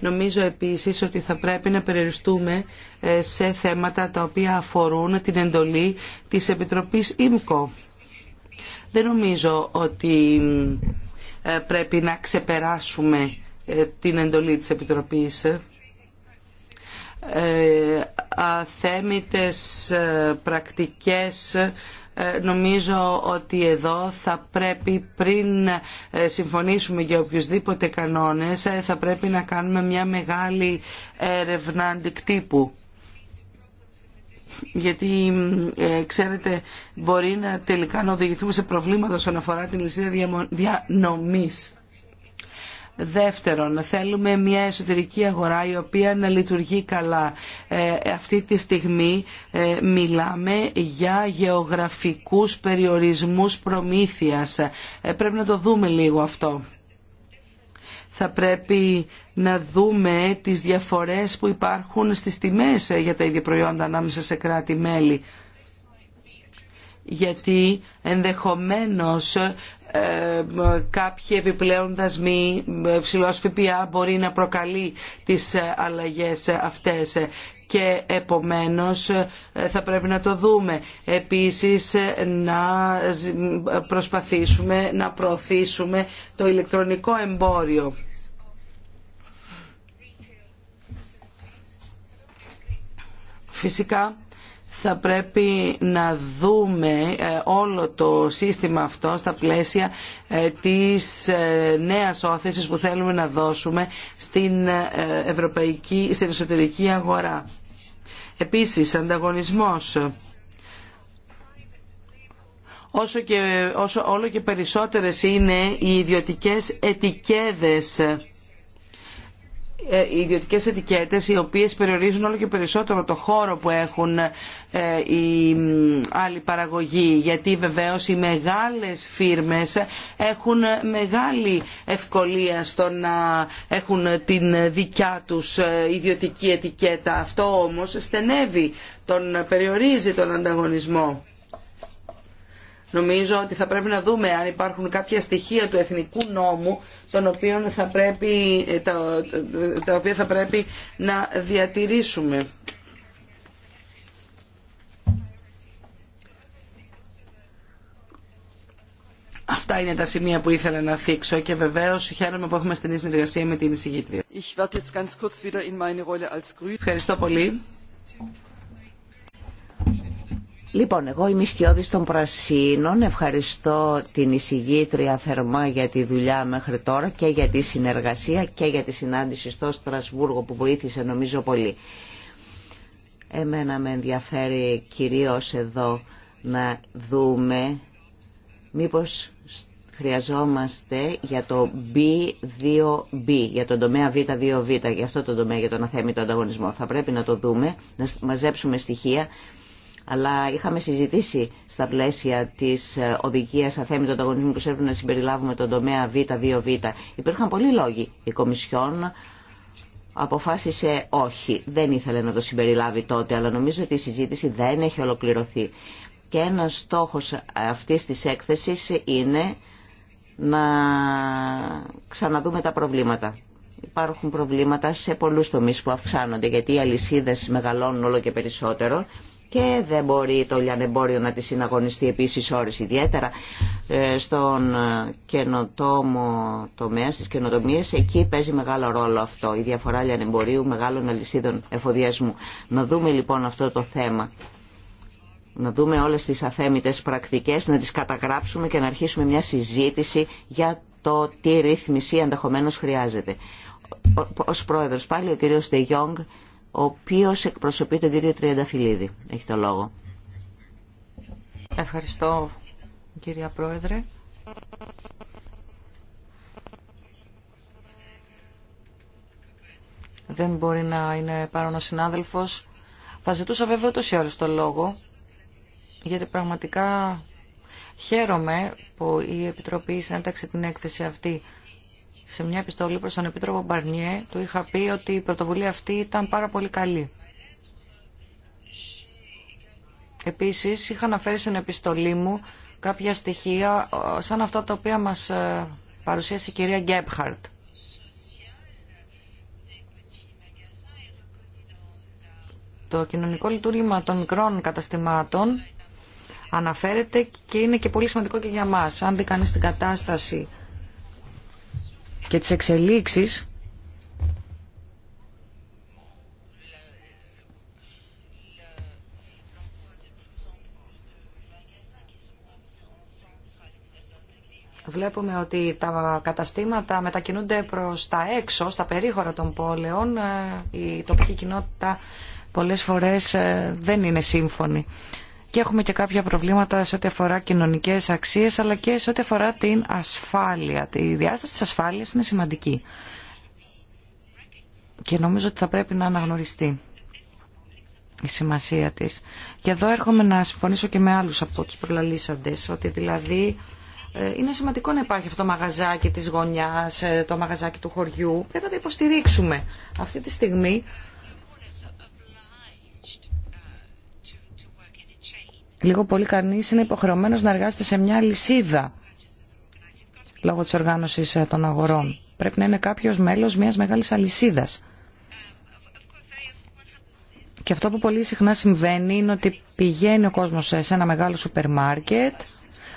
Νομίζω επίσης ότι θα πρέπει να περιοριστούμε ε, σε θέματα τα οποία αφορούν την εντολή της Επιτροπής ΙΜΚΟ. Δεν νομίζω ότι ε, πρέπει να ξεπεράσουμε ε, την εντολή της Επιτροπής αθέμητες πρακτικές ε, νομίζω ότι εδώ θα πρέπει πριν ε, συμφωνήσουμε για οποιουσδήποτε κανόνες ε, θα πρέπει να κάνουμε μια μεγάλη έρευνα αντικτύπου γιατί ξέρετε μπορεί να τελικά να οδηγηθούμε σε προβλήματα όσον αφορά την λυσίδα διανομής. Δεύτερον, θέλουμε μια εσωτερική αγορά η οποία να λειτουργεί καλά. Ε, αυτή τη στιγμή ε, μιλάμε για γεωγραφικούς περιορισμούς προμήθειας. Ε, πρέπει να το δούμε λίγο αυτό. Θα πρέπει να δούμε τις διαφορές που υπάρχουν στις τιμές ε, για τα ίδια προϊόντα ανάμεσα σε κράτη-μέλη γιατί ενδεχομένως κάποιοι επιπλέον δασμοί, ψηλός ΦΠΑ μπορεί να προκαλεί τις ε, αλλαγές αυτές και επομένως ε, θα πρέπει να το δούμε. Επίσης ε, να προσπαθήσουμε να προωθήσουμε το ηλεκτρονικό εμπόριο. Φυσικά θα πρέπει να δούμε ε, όλο το σύστημα αυτό στα πλαίσια ε, της ε, νέας όθησης που θέλουμε να δώσουμε στην, ευρωπαϊκή, στην εσωτερική αγορά. Επίσης, ανταγωνισμός όσο και, όσο όλο και περισσότερες είναι οι ιδιωτικές ετικέδες οι ε, ιδιωτικές ετικέτες οι οποίες περιορίζουν όλο και περισσότερο το χώρο που έχουν ε, οι άλλοι παραγωγοί γιατί βεβαίως οι μεγάλες φίρμες έχουν μεγάλη ευκολία στο να έχουν την δικιά τους ε, ιδιωτική ετικέτα. Αυτό όμως στενεύει, τον περιορίζει τον ανταγωνισμό. Νομίζω ότι θα πρέπει να δούμε αν υπάρχουν κάποια στοιχεία του εθνικού νόμου οποίο θα πρέπει, ε, τα, ε, τα οποία θα πρέπει να διατηρήσουμε. Αυτά είναι τα σημεία που ήθελα να θίξω και βεβαίω χαίρομαι που έχουμε στενή συνεργασία με την εισηγήτρια. Ευχαριστώ πολύ. Λοιπόν, εγώ είμαι σκιώδης των Πρασίνων. Ευχαριστώ την εισηγήτρια θερμά για τη δουλειά μέχρι τώρα και για τη συνεργασία και για τη συνάντηση στο Στρασβούργο που βοήθησε νομίζω πολύ. Εμένα με ενδιαφέρει κυρίως εδώ να δούμε μήπως χρειαζόμαστε για το B2B, για τον τομέα Β2Β, για αυτό το τομέα, για τον αθέμητο ανταγωνισμό. Θα πρέπει να το δούμε, να μαζέψουμε στοιχεία αλλά είχαμε συζητήσει στα πλαίσια της ε, οδηγίας των ανταγωνισμού που έπρεπε να συμπεριλάβουμε τον τομέα Β2Β. Υπήρχαν πολλοί λόγοι. Η Κομισιόν αποφάσισε όχι, δεν ήθελε να το συμπεριλάβει τότε, αλλά νομίζω ότι η συζήτηση δεν έχει ολοκληρωθεί. Και ένας στόχος ε, αυτής της έκθεσης είναι να ξαναδούμε τα προβλήματα. Υπάρχουν προβλήματα σε πολλούς τομείς που αυξάνονται, γιατί οι αλυσίδες μεγαλώνουν όλο και περισσότερο και δεν μπορεί το λιανεμπόριο να τη συναγωνιστεί επίσης ώρες ιδιαίτερα ε, στον ε, καινοτόμο τομέα, στις καινοτομίες εκεί παίζει μεγάλο ρόλο αυτό η διαφορά λιανεμπορίου μεγάλων αλυσίδων εφοδιασμού να δούμε λοιπόν αυτό το θέμα να δούμε όλες τις αθέμητες πρακτικές, να τις καταγράψουμε και να αρχίσουμε μια συζήτηση για το τι ρύθμιση ενδεχομένω χρειάζεται. Ως πρόεδρος πάλι ο κύριος De ο οποίο εκπροσωπεί τον κύριο Τριανταφυλλίδη. Έχει το λόγο. Ευχαριστώ κυρία Πρόεδρε. Δεν μπορεί να είναι παρόν ο συνάδελφος. Θα ζητούσα βέβαια ούτως ή άλλως το λόγο, γιατί πραγματικά χαίρομαι που η Επιτροπή συνέταξε την έκθεση αυτή σε μια επιστολή προς τον Επίτροπο Μπαρνιέ του είχα πει ότι η πρωτοβουλία αυτή ήταν πάρα πολύ καλή. Επίσης είχα αναφέρει στην επιστολή μου κάποια στοιχεία ε, σαν αυτά τα οποία μας ε, παρουσίασε η κυρία Γκέμπχαρτ. Το κοινωνικό λειτουργήμα των μικρών καταστημάτων αναφέρεται και είναι και πολύ σημαντικό και για μας. Αν δει κανείς την κατάσταση και τις εξελίξεις Βλέπουμε ότι τα καταστήματα μετακινούνται προς τα έξω, στα περίχωρα των πόλεων. Ε, η τοπική κοινότητα πολλές φορές ε, δεν είναι σύμφωνη και έχουμε και κάποια προβλήματα σε ό,τι αφορά κοινωνικές αξίες αλλά και σε ό,τι αφορά την ασφάλεια. Η διάσταση της ασφάλειας είναι σημαντική και νομίζω ότι θα πρέπει να αναγνωριστεί η σημασία της. Και εδώ έρχομαι να συμφωνήσω και με άλλους από τους προλαλήσαντες, ότι δηλαδή ε, είναι σημαντικό να υπάρχει αυτό το μαγαζάκι της γωνιάς, ε, το μαγαζάκι του χωριού. Πρέπει να το υποστηρίξουμε. Αυτή τη στιγμή λίγο πολύ κανείς είναι υποχρεωμένος να εργάζεται σε μια λυσίδα λόγω της οργάνωσης ε, των αγορών. Πρέπει να είναι κάποιος μέλος μιας μεγάλης αλυσίδας. Και αυτό που πολύ συχνά συμβαίνει είναι ότι πηγαίνει ο κόσμος σε ένα μεγάλο σούπερ μάρκετ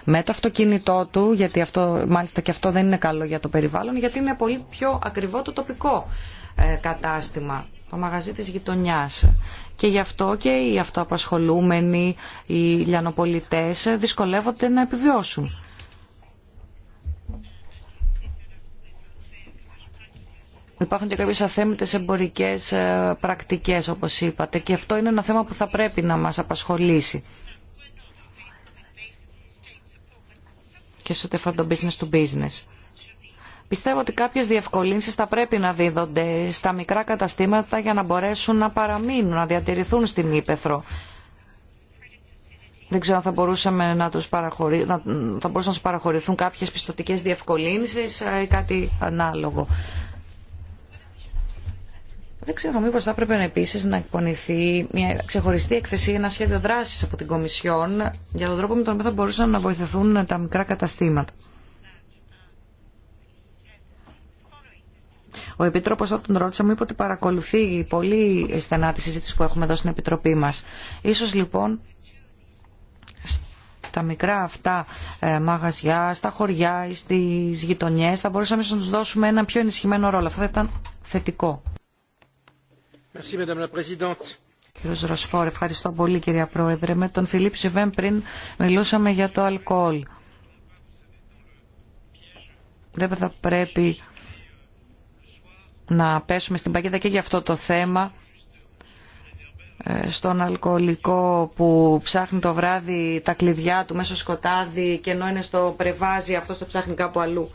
με το αυτοκίνητό του, γιατί αυτό, μάλιστα και αυτό δεν είναι καλό για το περιβάλλον, γιατί είναι πολύ πιο ακριβό το τοπικό ε, κατάστημα το μαγαζί της γειτονιάς. Και γι' αυτό και οι αυτοαπασχολούμενοι, οι λιανοπολιτές δυσκολεύονται να επιβιώσουν. Υπάρχουν και κάποιες αθέμητες εμπορικές ε, πρακτικές, όπως είπατε, και αυτό είναι ένα θέμα που θα πρέπει να μας απασχολήσει. Και στο το business to business. Πιστεύω ότι κάποιες διευκολύνσεις θα πρέπει να δίδονται στα μικρά καταστήματα για να μπορέσουν να παραμείνουν, να διατηρηθούν στην Ήπεθρο. Δεν ξέρω αν θα, μπορούσαμε να τους παραχωρη... να... θα μπορούσαν να τους παραχωρηθούν κάποιες πιστοτικές διευκολύνσεις ε, ή κάτι ανάλογο. Δεν ξέρω, μήπω θα έπρεπε επίση να εκπονηθεί μια ξεχωριστή έκθεση, ένα σχέδιο δράση από την Κομισιόν για τον τρόπο με τον οποίο θα μπορούσαν να βοηθηθούν τα μικρά καταστήματα. Ο Επίτροπος όταν τον ρώτησα μου είπε ότι παρακολουθεί πολύ στενά τη συζήτηση που έχουμε εδώ στην Επιτροπή μας. Ίσως λοιπόν στα μικρά αυτά ε, μαγαζιά, στα χωριά ή στις γειτονιές θα μπορούσαμε να τους δώσουμε ένα πιο ενισχυμένο ρόλο. Αυτό θα ήταν θετικό. Κύριος Ροσφόρ, ευχαριστώ πολύ κυρία Πρόεδρε. Με τον Φιλίπ Σιβέν πριν μιλούσαμε για το αλκοόλ. Δεν θα πρέπει να πέσουμε στην παγίδα και για αυτό το θέμα ε, στον αλκοολικό που ψάχνει το βράδυ τα κλειδιά του μέσω σκοτάδι και ενώ είναι στο πρεβάζι αυτός το ψάχνει κάπου αλλού.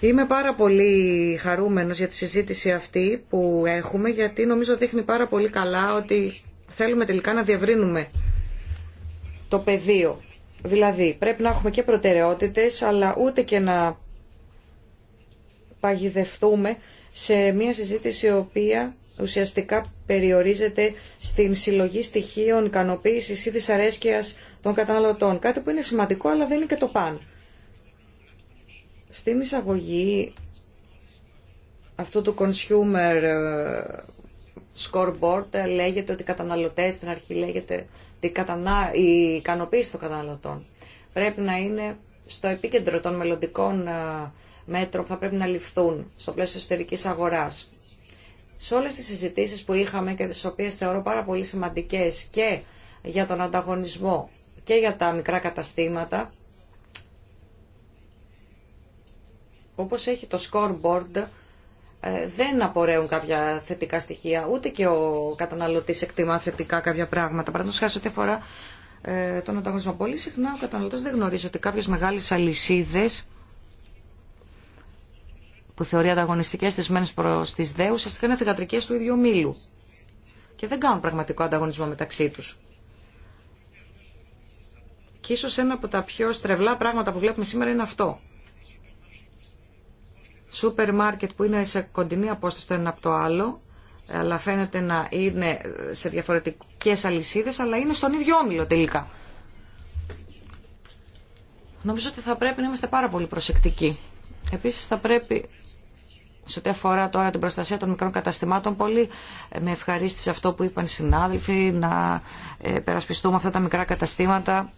Είμαι πάρα πολύ χαρούμενος για τη συζήτηση αυτή που έχουμε γιατί νομίζω δείχνει πάρα πολύ καλά ότι θέλουμε τελικά να διευρύνουμε το πεδίο. Δηλαδή πρέπει να έχουμε και προτεραιότητες αλλά ούτε και να παγιδευτούμε σε μια συζήτηση η οποία ουσιαστικά περιορίζεται στην συλλογή στοιχείων ικανοποίηση ή δυσαρέσκεια των καταναλωτών. Κάτι που είναι σημαντικό, αλλά δεν είναι και το παν. Στην εισαγωγή αυτού του consumer ε, scoreboard ε, λέγεται ότι οι καταναλωτές στην αρχή λέγεται ότι η ικανοποίηση των καταναλωτών πρέπει να είναι στο επίκεντρο των μελλοντικών ε, μέτρων που θα πρέπει να ληφθούν στο πλαίσιο εσωτερική αγορά. Σε όλε τι συζητήσει που είχαμε και τι οποίε θεωρώ πάρα πολύ σημαντικέ και για τον ανταγωνισμό και για τα μικρά καταστήματα, όπως έχει το scoreboard, ε, δεν απορρέουν κάποια θετικά στοιχεία, ούτε και ο καταναλωτής εκτιμά θετικά κάποια πράγματα. Παραδείγματος χάρη ό,τι αφορά ε, τον ανταγωνισμό. Πολύ συχνά ο καταναλωτής δεν γνωρίζει ότι κάποιε μεγάλε αλυσίδε που θεωρεί ανταγωνιστικέ θεσμένε προ τι ΔΕ, ουσιαστικά είναι θηγατρικέ του ίδιου ομίλου Και δεν κάνουν πραγματικό ανταγωνισμό μεταξύ του. Και ίσω ένα από τα πιο στρεβλά πράγματα που βλέπουμε σήμερα είναι αυτό. Σούπερ μάρκετ που είναι σε κοντινή απόσταση το ένα από το άλλο, αλλά φαίνεται να είναι σε διαφορετικέ αλυσίδε, αλλά είναι στον ίδιο όμιλο τελικά. Νομίζω ότι θα πρέπει να είμαστε πάρα πολύ προσεκτικοί. Επίσης θα πρέπει σε ό,τι αφορά τώρα την προστασία των μικρών καταστημάτων, πολύ ε, με ευχαρίστησε αυτό που είπαν οι συνάδελφοι, να ε, περασπιστούμε αυτά τα μικρά καταστήματα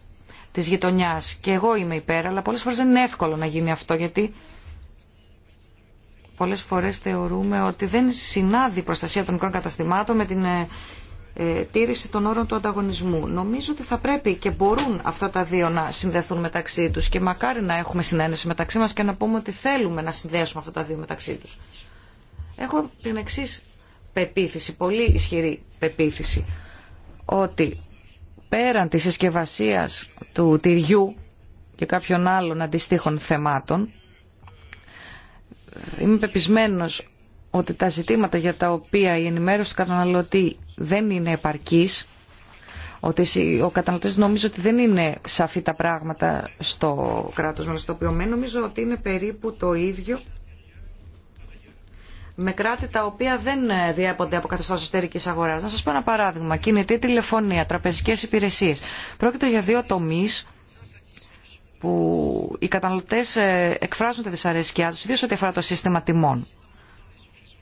τη γειτονιά. Και εγώ είμαι υπέρ, αλλά πολλέ φορέ δεν είναι εύκολο να γίνει αυτό, γιατί πολλές φορές θεωρούμε ότι δεν συνάδει η προστασία των μικρών καταστημάτων με την ε, ε, τήρηση των όρων του ανταγωνισμού. Νομίζω ότι θα πρέπει και μπορούν αυτά τα δύο να συνδεθούν μεταξύ τους και μακάρι να έχουμε συνένεση μεταξύ μας και να πούμε ότι θέλουμε να συνδέσουμε αυτά τα δύο μεταξύ τους. Έχω την εξή πεποίθηση, πολύ ισχυρή πεποίθηση, ότι πέραν της συσκευασία του τυριού και κάποιων άλλων αντιστοίχων θεμάτων, είμαι πεπισμένος ότι τα ζητήματα για τα οποία η ενημέρωση του καταναλωτή δεν είναι επαρκής, ότι ο καταναλωτής νομίζω ότι δεν είναι σαφή τα πράγματα στο κράτος με το οποίο μένει, νομίζω ότι είναι περίπου το ίδιο με κράτη τα οποία δεν διέπονται από καθεστώ εσωτερική αγορά. Να σα πω ένα παράδειγμα. Κινητή τηλεφωνία, τραπεζικέ υπηρεσίε. Πρόκειται για δύο τομεί που οι καταναλωτέ ε, εκφράζουν τη δυσαρέσκειά του, ιδίω ό,τι αφορά το σύστημα τιμών.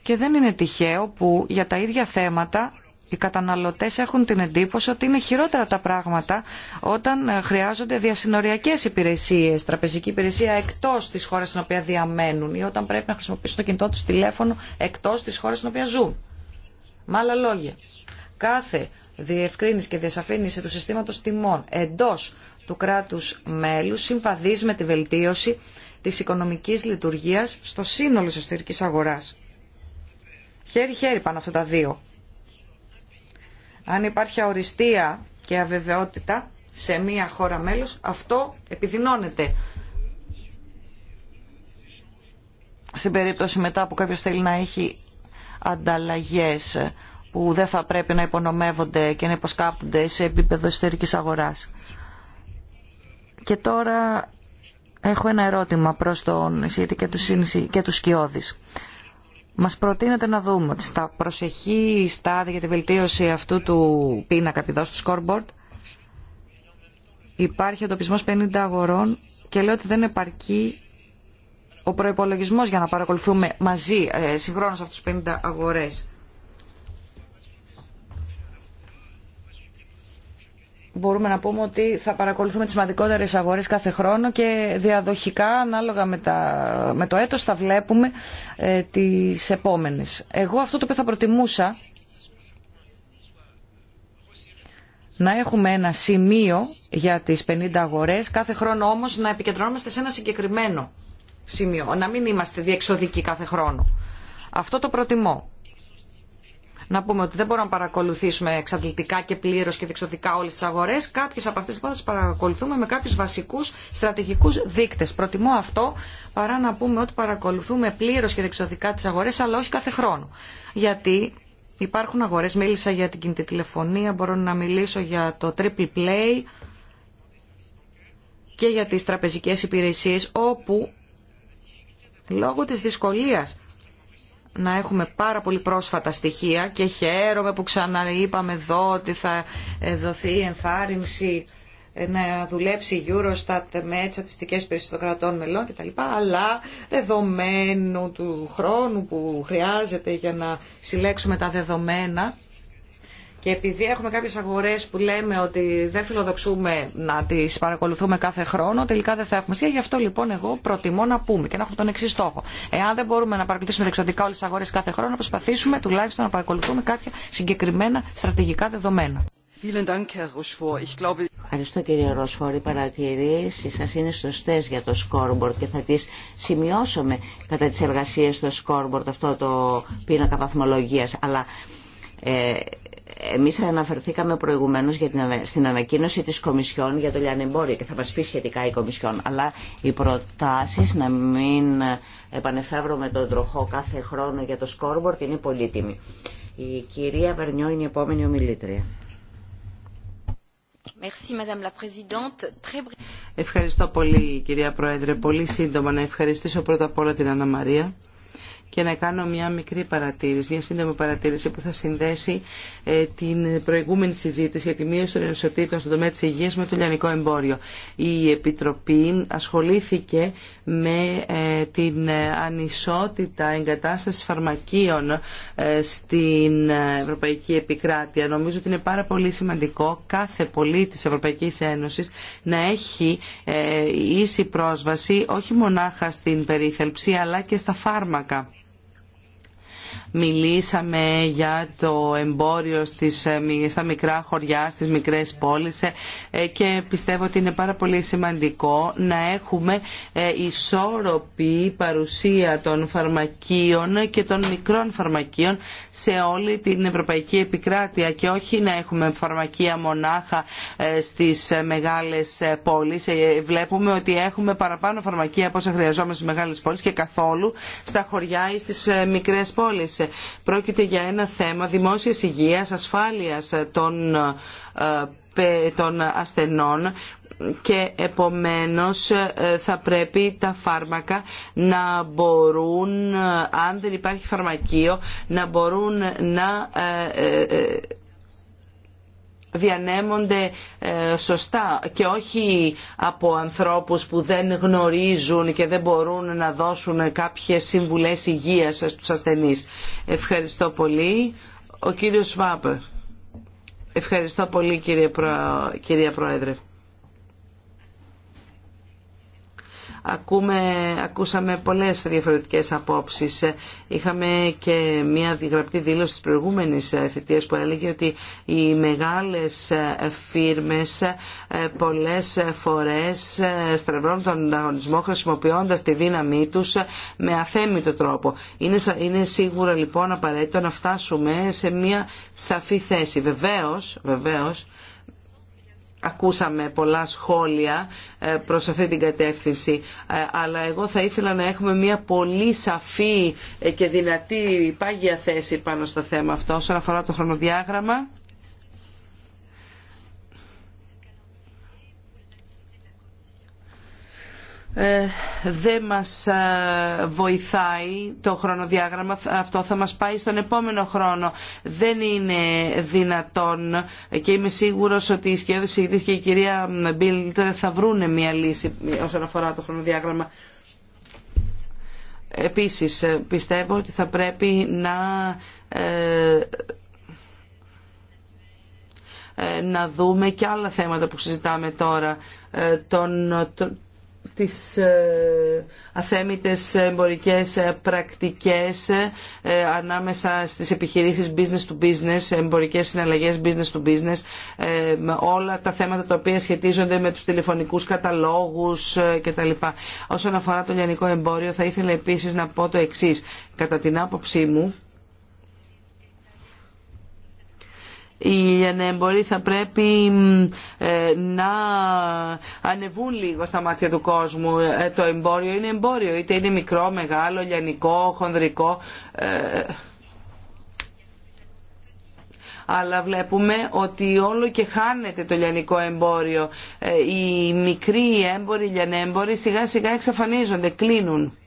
Και δεν είναι τυχαίο που για τα ίδια θέματα οι καταναλωτές έχουν την εντύπωση ότι είναι χειρότερα τα πράγματα όταν ε, χρειάζονται διασυνοριακές υπηρεσίες, τραπεζική υπηρεσία εκτός της χώρας στην οποία διαμένουν ή όταν πρέπει να χρησιμοποιήσουν το κινητό τους τηλέφωνο εκτός της χώρας στην οποία ζουν. Με άλλα λόγια, κάθε διευκρίνηση και διασαφήνιση του συστήματος τιμών εντός του κράτους μέλους συμβαδίζει με τη βελτίωση της οικονομικής λειτουργίας στο σύνολο της εσωτερικής αγοράς χέρι-χέρι πάνω αυτά τα δύο. Αν υπάρχει αοριστία και αβεβαιότητα σε μία χώρα μέλος, αυτό επιδεινώνεται. Στην περίπτωση μετά που κάποιος θέλει να έχει ανταλλαγές που δεν θα πρέπει να υπονομεύονται και να υποσκάπτονται σε επίπεδο εσωτερικής αγοράς. Και τώρα έχω ένα ερώτημα προς τον Ισίτη και τους, και τους Σκιώδης. Μας προτείνεται να δούμε ότι στα προσεχή στάδια για τη βελτίωση αυτού του πίνακα επιδός του scoreboard υπάρχει εντοπισμός 50 αγορών και λέω ότι δεν επαρκεί ο προϋπολογισμός για να παρακολουθούμε μαζί ε, συγχρόνως αυτούς τους 50 αγορές. μπορούμε να πούμε ότι θα παρακολουθούμε τις σημαντικότερες αγορές κάθε χρόνο και διαδοχικά ανάλογα με, τα, με το έτος θα βλέπουμε ε, τις επόμενες. Εγώ αυτό το οποίο θα προτιμούσα να έχουμε ένα σημείο για τις 50 αγορές, κάθε χρόνο όμως να επικεντρωνόμαστε σε ένα συγκεκριμένο σημείο, να μην είμαστε διεξοδικοί κάθε χρόνο. Αυτό το προτιμώ να πούμε ότι δεν μπορούμε να παρακολουθήσουμε εξαντλητικά και πλήρω και διεξοδικά όλε τι αγορέ. Κάποιε από αυτέ τι τι παρακολουθούμε με κάποιου βασικού στρατηγικού δείκτε. Προτιμώ αυτό παρά να πούμε ότι παρακολουθούμε πλήρω και διεξοδικά τι αγορέ, αλλά όχι κάθε χρόνο. Γιατί υπάρχουν αγορέ, μίλησα για την κινητή τηλεφωνία, μπορώ να μιλήσω για το triple play και για τις τραπεζικές υπηρεσίες όπου λόγω της δυσκολίας να έχουμε πάρα πολύ πρόσφατα στοιχεία και χαίρομαι που ξαναείπαμε εδώ ότι θα ε, δοθεί ενθάρρυνση ε, να δουλέψει η Eurostat με τις στατιστικές των κρατών μελών κτλ. Αλλά δεδομένου του χρόνου που χρειάζεται για να συλλέξουμε τα δεδομένα και επειδή έχουμε κάποιε αγορέ που λέμε ότι δεν φιλοδοξούμε να τι παρακολουθούμε κάθε χρόνο, τελικά δεν θα έχουμε σχέση. Γι' αυτό λοιπόν εγώ προτιμώ να πούμε και να έχουμε τον εξή στόχο. Εάν δεν μπορούμε να παρακολουθήσουμε δεξιωτικά όλε τι αγορέ κάθε χρόνο, να προσπαθήσουμε τουλάχιστον να παρακολουθούμε κάποια συγκεκριμένα στρατηγικά δεδομένα. Ευχαριστώ κύριε Ροσφόρη. Οι παρατηρήσει σα είναι σωστέ για το scoreboard και θα τι σημειώσουμε κατά τι εργασίε στο scoreboard αυτό το πίνακα βαθμολογία. Αλλά ε, εμείς αναφερθήκαμε προηγουμένως για την, στην ανακοίνωση της Κομισιόν για το λιανεμπόριο και θα μας πει σχετικά η Κομισιόν, αλλά οι προτάσεις να μην επανεφεύρουμε τον τροχό κάθε χρόνο για το σκόρμπορτ είναι πολύτιμη. Η κυρία Βερνιό είναι η επόμενη ομιλήτρια. Ευχαριστώ πολύ κυρία Πρόεδρε. Πολύ σύντομα να ευχαριστήσω πρώτα απ' όλα την Αναμαρία. Μαρία και να κάνω μια μικρή παρατήρηση, μια σύντομη παρατήρηση που θα συνδέσει ε, την προηγούμενη συζήτηση για τη μείωση των ενισοτήτων στον τομέα τη Υγεία με το λιανικό εμπόριο. Η Επιτροπή ασχολήθηκε με ε, την ε, ανισότητα εγκατάστασης φαρμακείων στην Ευρωπαϊκή Επικράτεια. Νομίζω ότι είναι πάρα πολύ σημαντικό κάθε πολίτης Ευρωπαϊκή Ένωση να έχει ίση πρόσβαση όχι μονάχα στην περίθαλψη αλλά και στα φάρμακα Μιλήσαμε για το εμπόριο στις, ε, στα μικρά χωριά, στις μικρές πόλεις ε, ε, και πιστεύω ότι είναι πάρα πολύ σημαντικό να έχουμε ισόρροπη παρουσία των φαρμακείων και των μικρών φαρμακείων σε όλη την ευρωπαϊκή επικράτεια και όχι να έχουμε φαρμακεία μονάχα στις μεγάλες πόλεις. Βλέπουμε ότι έχουμε παραπάνω φαρμακεία από όσα χρειαζόμαστε στις μεγάλες πόλεις και καθόλου στα χωριά ή στις μικρές πόλεις Πρόκειται για ένα θέμα δημόσιας υγείας, ασφάλειας των, ε, των ασθενών και επομένως ε, θα πρέπει τα φάρμακα να μπορούν, ε, αν δεν υπάρχει φαρμακείο, να μπορούν να διανέμονται ε, σωστά και όχι από ανθρώπους που δεν γνωρίζουν και δεν μπορούν να δώσουν κάποιες συμβουλές υγείας στους ασθενείς. Ευχαριστώ πολύ. Ο κύριος Σβάπε. Ευχαριστώ πολύ κύριε Πρόεδρε. Ακούμε, ακούσαμε πολλές διαφορετικές απόψεις. Είχαμε και μια γραπτή δήλωση της προηγούμενης ε, θητείας που έλεγε ότι οι μεγάλες ε, φύρμες ε, πολλές φορές στρεβρώνουν τον ανταγωνισμό χρησιμοποιώντας τη δύναμή τους με αθέμητο τρόπο. Είναι, είναι σίγουρα λοιπόν απαραίτητο να φτάσουμε σε μια σαφή θέση. Βεβαίως, βεβαίως ακούσαμε πολλά σχόλια ε, προς αυτή την κατεύθυνση ε, αλλά εγώ θα ήθελα να έχουμε μια πολύ σαφή ε, και δυνατή πάγια θέση πάνω στο θέμα αυτό όσον αφορά το χρονοδιάγραμμα Ε, δεν μας ε, βοηθάει το χρονοδιάγραμμα, αυτό θα μας πάει στον επόμενο χρόνο. Δεν είναι δυνατόν και είμαι σίγουρος ότι η σχέδιες και η κυρία Μπίλτ θα βρούνε μια λύση όσον αφορά το χρονοδιάγραμμα. Επίσης ε, πιστεύω ότι θα πρέπει να... να δούμε και άλλα θέματα που συζητάμε τώρα, τον, τις ε, αθέμητες εμπορικές ε, πρακτικές ε, ανάμεσα στις επιχειρήσεις business to business, εμπορικές συναλλαγές business to business, όλα τα θέματα τα οποία σχετίζονται με τους τηλεφωνικούς καταλόγους κτλ. Όσον αφορά το λιανικό εμπόριο θα ήθελα επίσης να πω το εξής. Κατά την άποψή μου, οι λιανέμποροι θα πρέπει ε, να ανεβούν λίγο στα μάτια του κόσμου. Ε, το εμπόριο είναι εμπόριο, είτε είναι μικρό, μεγάλο, λιανικό, χονδρικό ε, αλλά βλέπουμε ότι όλο και χάνεται το λιανικό εμπόριο. Οι μικροί έμποροι, οι λιανέμποροι σιγά σιγά εξαφανίζονται, κλείνουν.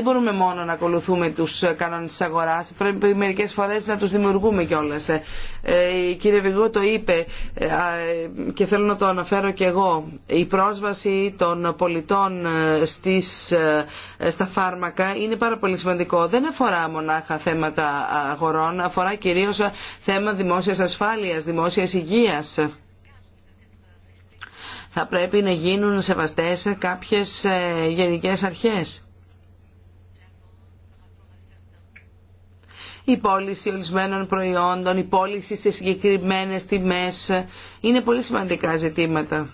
Δεν μπορούμε μόνο να ακολουθούμε τους ε, κανόνες της αγοράς, πρέπει μερικές φορές να τους δημιουργούμε κιόλας. Ε, ε, η κύριε Βηγό το είπε και θέλω να το αναφέρω κι εγώ. Η πρόσβαση των πολιτών στις, στα φάρμακα είναι πάρα πολύ σημαντικό. Δεν αφορά μονάχα θέματα αγορών, αφορά κυρίως θέμα δημόσιας ασφάλειας, δημόσιας υγείας θα πρέπει να γίνουν σεβαστές κάποιες γενικές αρχές. η πώληση ολισμένων προϊόντων, η πώληση σε συγκεκριμένες τιμές. Είναι πολύ σημαντικά ζητήματα.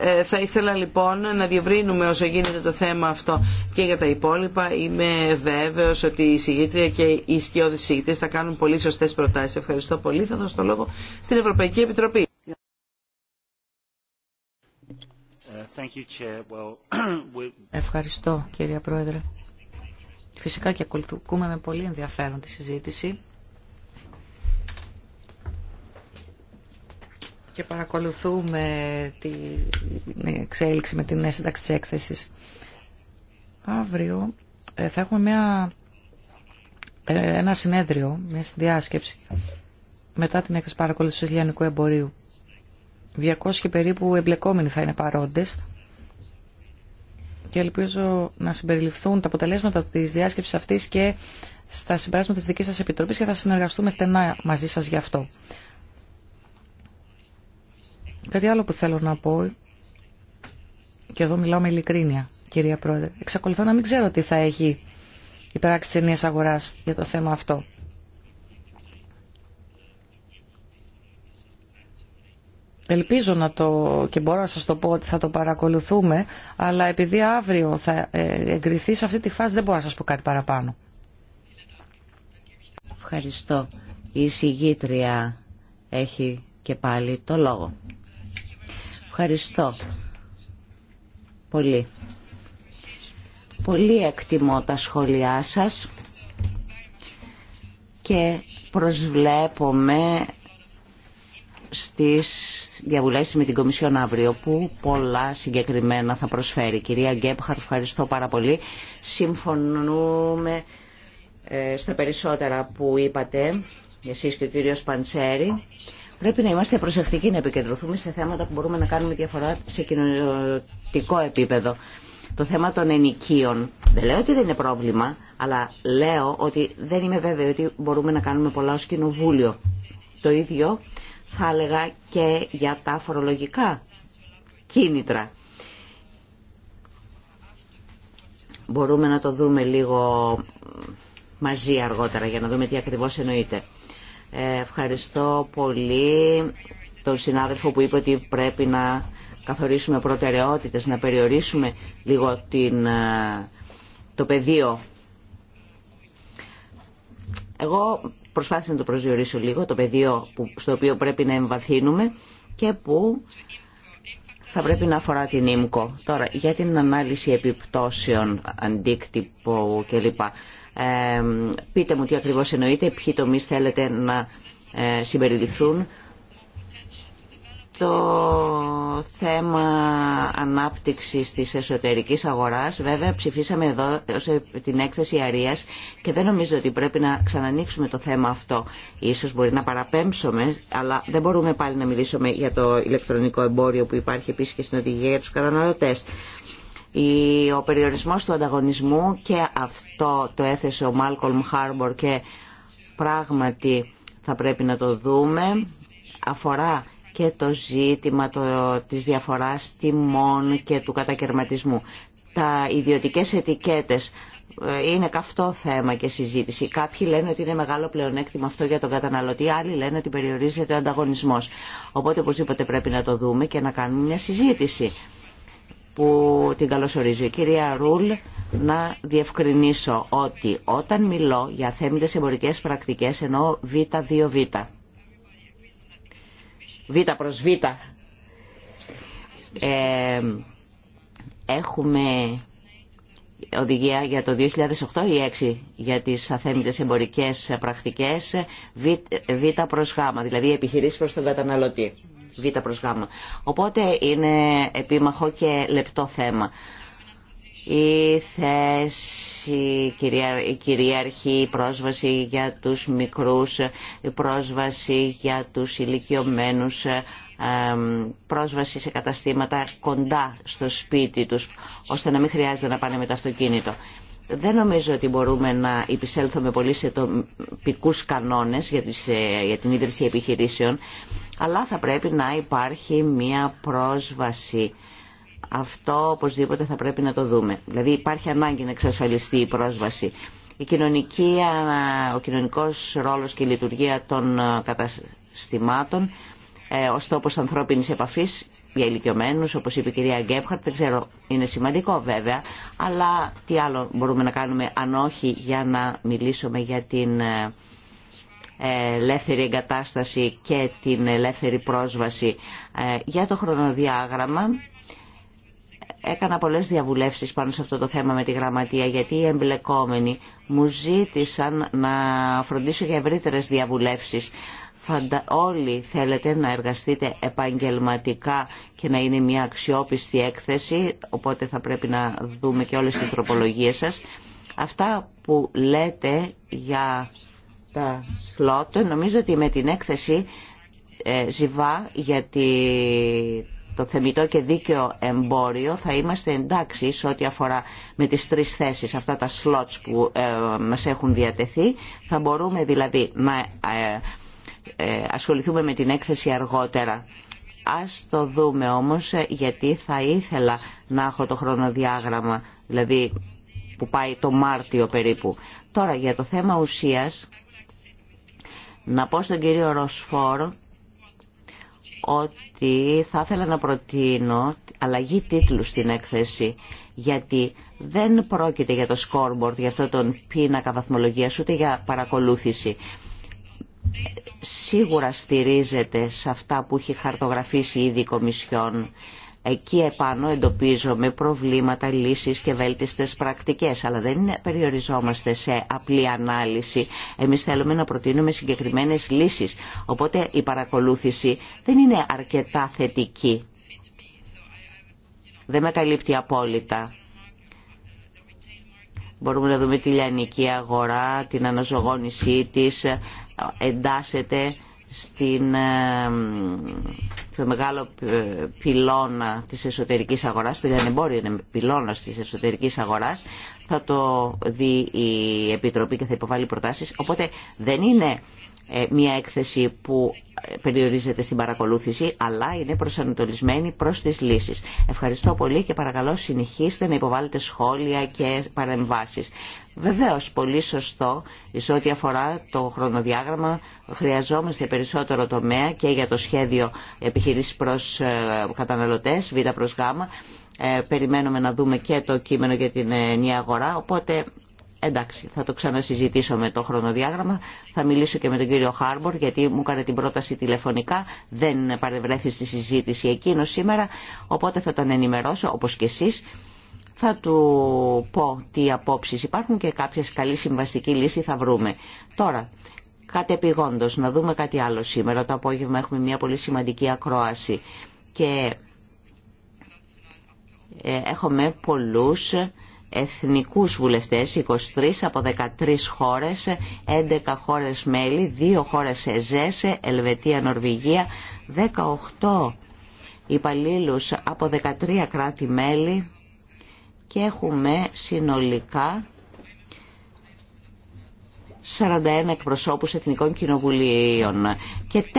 Ε, θα ήθελα λοιπόν να διευρύνουμε όσο γίνεται το θέμα αυτό και για τα υπόλοιπα. Είμαι βέβαιος ότι η συγγήτρια και οι σκιώδης συγγήτρες θα κάνουν πολύ σωστές προτάσεις. Ευχαριστώ πολύ. Θα δώσω το λόγο στην Ευρωπαϊκή Επιτροπή. Ε, Ευχαριστώ κύριε Πρόεδρε. Φυσικά και ακολουθούμε με πολύ ενδιαφέρον τη συζήτηση. Και παρακολουθούμε την εξέλιξη με την ένταξη τη έκθεσης. Αύριο ε, θα έχουμε μια, ε, ένα συνέδριο, μια συνδιάσκεψη μετά την έκθεση του Ελληνικού εμπορίου. 200 περίπου εμπλεκόμενοι θα είναι παρόντες και ελπίζω να συμπεριληφθούν τα αποτελέσματα της διάσκεψης αυτής και στα συμπεράσματα τη δική σας επιτροπή και θα συνεργαστούμε στενά μαζί σας γι' αυτό. Κάτι άλλο που θέλω να πω, και εδώ μιλάω με ειλικρίνεια, κυρία Πρόεδρε, εξακολουθώ να μην ξέρω τι θα έχει η πράξη της ενίας για το θέμα αυτό. ελπίζω να το και μπορώ να σας το πω ότι θα το παρακολουθούμε, αλλά επειδή αύριο θα ε, εγκριθεί σε αυτή τη φάση δεν μπορώ να σας πω κάτι παραπάνω. Ευχαριστώ. Η συγγήτρια έχει και πάλι το λόγο. Ευχαριστώ πολύ. Πολύ εκτιμώ τα σχόλιά σας και προσβλέπουμε στις διαβουλεύσεις με την Κομισιόν αύριο που πολλά συγκεκριμένα θα προσφέρει. Κυρία Γκέπχαρ, ευχαριστώ πάρα πολύ. Συμφωνούμε ε, στα περισσότερα που είπατε, εσείς και ο κύριος Παντσέρη. Πρέπει να είμαστε προσεκτικοί να επικεντρωθούμε σε θέματα που μπορούμε να κάνουμε διαφορά σε κοινωνικό επίπεδο. Το θέμα των ενοικίων. Δεν λέω ότι δεν είναι πρόβλημα, αλλά λέω ότι δεν είμαι βέβαιη ότι μπορούμε να κάνουμε πολλά ως κοινοβούλιο. Το ίδιο θα έλεγα και για τα φορολογικά κίνητρα. Μπορούμε να το δούμε λίγο μαζί αργότερα για να δούμε τι ακριβώς εννοείται. Ε, ευχαριστώ πολύ τον συνάδελφο που είπε ότι πρέπει να καθορίσουμε προτεραιότητες, να περιορίσουμε λίγο την, ε, το πεδίο. Εγώ προσπάθησα να το προσδιορίσω λίγο, το πεδίο που, στο οποίο πρέπει να εμβαθύνουμε και που θα πρέπει να αφορά την ΙΜΚΟ. Τώρα, για την ανάλυση επιπτώσεων, αντίκτυπο κλπ. Ε, πείτε μου τι ακριβώς εννοείτε, ποιοι τομείς θέλετε να ε, συμπεριληφθούν το θέμα ανάπτυξης της εσωτερικής αγοράς. Βέβαια ψηφίσαμε εδώ ε, την έκθεση Αρίας και δεν νομίζω ότι πρέπει να ξανανοίξουμε το θέμα αυτό. Ίσως μπορεί να παραπέμψουμε, αλλά δεν μπορούμε πάλι να μιλήσουμε για το ηλεκτρονικό εμπόριο που υπάρχει επίσης και στην οδηγία για τους καταναλωτές. Ο περιορισμός του ανταγωνισμού και αυτό το έθεσε ο Μάλκολμ Χάρμπορ και πράγματι θα πρέπει να το δούμε. Αφορά και το ζήτημα το, της διαφοράς τιμών και του κατακαιρματισμού. Τα ιδιωτικές ετικέτες ε, είναι καυτό θέμα και συζήτηση. Κάποιοι λένε ότι είναι μεγάλο πλεονέκτημα αυτό για τον καταναλωτή, άλλοι λένε ότι περιορίζεται ο ανταγωνισμός. Οπότε οπωσδήποτε πρέπει να το δούμε και να κάνουμε μια συζήτηση που την καλωσορίζω. Η κυρία Ρούλ, να διευκρινίσω ότι όταν μιλώ για θέμητες εμπορικές πρακτικές εννοώ Β2Β β προς β. Ε, έχουμε οδηγία για το 2008 ή 6 για τις αθέμητες εμπορικές πρακτικές β, προς γ, δηλαδή επιχειρήσεις προς τον καταναλωτή. Β προς γ. Οπότε είναι επίμαχο και λεπτό θέμα η θέση, η κυρίαρχη η πρόσβαση για τους μικρούς, η πρόσβαση για τους ηλικιωμένους, πρόσβαση σε καταστήματα κοντά στο σπίτι τους, ώστε να μην χρειάζεται να πάνε με το αυτοκίνητο. Δεν νομίζω ότι μπορούμε να υπησέλθουμε πολύ σε τοπικού κανόνες ε, για την ίδρυση επιχειρήσεων, αλλά θα πρέπει να υπάρχει μία πρόσβαση αυτό οπωσδήποτε θα πρέπει να το δούμε. Δηλαδή υπάρχει ανάγκη να εξασφαλιστεί η πρόσβαση. Η κοινωνική, ο κοινωνικός ρόλος και η λειτουργία των ε, καταστημάτων ως ε, τόπος ανθρώπινης επαφής για ηλικιωμένους, όπως είπε η κυρία Γκέμχαρτ, δεν ξέρω, είναι σημαντικό βέβαια, αλλά τι άλλο μπορούμε να κάνουμε αν όχι για να μιλήσουμε για την ε, ελεύθερη εγκατάσταση και την ελεύθερη πρόσβαση. Για το χρονοδιάγραμμα έκανα πολλές διαβουλεύσεις πάνω σε αυτό το θέμα με τη γραμματεία γιατί οι εμπλεκόμενοι μου ζήτησαν να φροντίσω για ευρύτερες διαβουλεύσεις. Όλοι θέλετε να εργαστείτε επαγγελματικά και να είναι μια αξιόπιστη έκθεση, οπότε θα πρέπει να δούμε και όλες τις τροπολογίες σας. Αυτά που λέτε για τα σλότ, νομίζω ότι με την έκθεση ε, ζυβά γιατί το θεμητό και δίκαιο εμπόριο θα είμαστε εντάξει σε ό,τι αφορά με τις τρεις θέσεις, αυτά τα slots που ε, μας έχουν διατεθεί. Θα μπορούμε δηλαδή να ε, ε, ασχοληθούμε με την έκθεση αργότερα. Ας το δούμε όμως γιατί θα ήθελα να έχω το χρονοδιάγραμμα, δηλαδή που πάει το Μάρτιο περίπου. Τώρα για το θέμα ουσίας, να πω στον κύριο Ροσφόρο ότι θα ήθελα να προτείνω αλλαγή τίτλου στην έκθεση γιατί δεν πρόκειται για το scoreboard, για αυτό τον πίνακα βαθμολογίας, ούτε για παρακολούθηση. Σίγουρα στηρίζεται σε αυτά που έχει χαρτογραφήσει ήδη η Κομισιόν Εκεί επάνω εντοπίζομαι προβλήματα, λύσεις και βέλτιστες πρακτικές, αλλά δεν περιοριζόμαστε σε απλή ανάλυση. Εμείς θέλουμε να προτείνουμε συγκεκριμένες λύσεις, οπότε η παρακολούθηση δεν είναι αρκετά θετική. Δεν με καλύπτει απόλυτα. Μπορούμε να δούμε τη λιανική αγορά, την αναζωγόνησή της, εντάσσεται στην, ε, στο μεγάλο ε, πυλώνα της εσωτερικής αγοράς, στο λιανεμπόριο είναι πυλώνας της εσωτερικής αγοράς, θα το δει η Επιτροπή και θα υποβάλει προτάσεις. Οπότε δεν είναι ε, μια έκθεση που περιορίζεται στην παρακολούθηση, αλλά είναι προσανατολισμένη προς τις λύσεις. Ευχαριστώ πολύ και παρακαλώ συνεχίστε να υποβάλλετε σχόλια και παρεμβάσεις. Βεβαίως, πολύ σωστό, σε ό,τι αφορά το χρονοδιάγραμμα, χρειαζόμαστε περισσότερο τομέα και για το σχέδιο επιχειρήσης προς ε, καταναλωτές, β' προς γ. Ε, περιμένουμε να δούμε και το κείμενο για την ε, νέα αγορά, οπότε εντάξει, θα το ξανασυζητήσω με το χρονοδιάγραμμα. Θα μιλήσω και με τον κύριο Χάρμπορ, γιατί μου έκανε την πρόταση τηλεφωνικά. Δεν παρευρέθη στη συζήτηση εκείνο σήμερα, οπότε θα τον ενημερώσω, όπως και εσείς θα του πω τι απόψεις υπάρχουν και κάποια καλή συμβαστική λύση θα βρούμε. Τώρα, κατεπηγόντως, να δούμε κάτι άλλο σήμερα. Το απόγευμα έχουμε μια πολύ σημαντική ακρόαση και ε, έχουμε πολλούς εθνικούς βουλευτές, 23 από 13 χώρες, 11 χώρες μέλη, 2 χώρες ΕΖΕΣ, Ελβετία, Νορβηγία, 18 υπαλλήλους από 13 κράτη-μέλη, και έχουμε συνολικά 41 εκπροσώπους εθνικών κοινοβουλίων και 4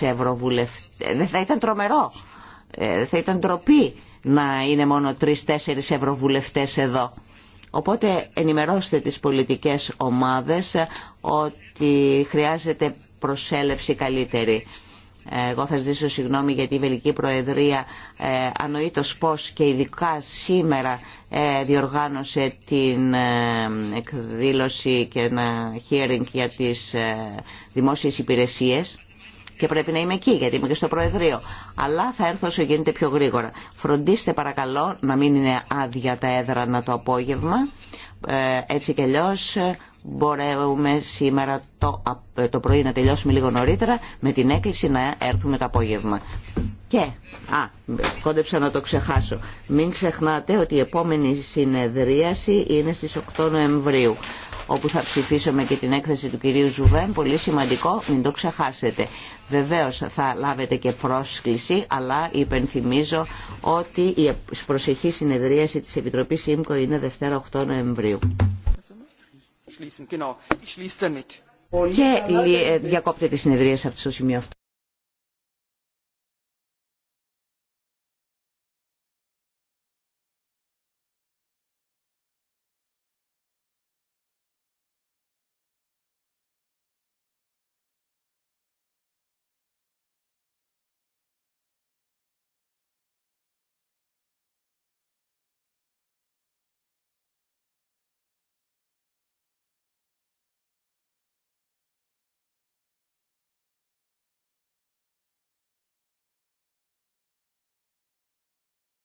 ευρωβουλευτές. Ε, δεν θα ήταν τρομερό, ε, δεν θα ήταν ντροπή να είναι μόνο 3-4 ευρωβουλευτές εδώ. Οπότε ενημερώστε τις πολιτικές ομάδες ότι χρειάζεται προσέλευση καλύτερη. Εγώ θα ζητήσω συγγνώμη γιατί η Βελική Προεδρία ε, ανοήτως πώς και ειδικά σήμερα ε, διοργάνωσε την ε, εκδήλωση και ένα hearing για τις ε, δημόσιες υπηρεσίες και πρέπει να είμαι εκεί γιατί είμαι και στο Προεδρείο. Αλλά θα έρθω όσο γίνεται πιο γρήγορα. Φροντίστε παρακαλώ να μην είναι άδεια τα έδρανα το απόγευμα. Έτσι κι αλλιώς μπορούμε σήμερα το, πρωί να τελειώσουμε λίγο νωρίτερα με την έκκληση να έρθουμε το απόγευμα. Και, α, κόντεψα να το ξεχάσω. Μην ξεχνάτε ότι η επόμενη συνεδρίαση είναι στις 8 Νοεμβρίου όπου θα ψηφίσουμε και την έκθεση του κυρίου Ζουβέν, πολύ σημαντικό, μην το ξεχάσετε. Βεβαίως θα λάβετε και πρόσκληση, αλλά υπενθυμίζω ότι η προσεχή συνεδρίαση της Επιτροπής ΣΥΜΚΟ είναι Δευτέρα 8 Νοεμβρίου. Και ε, διακόπτεται τη σε αυτό το σημείο αυτό.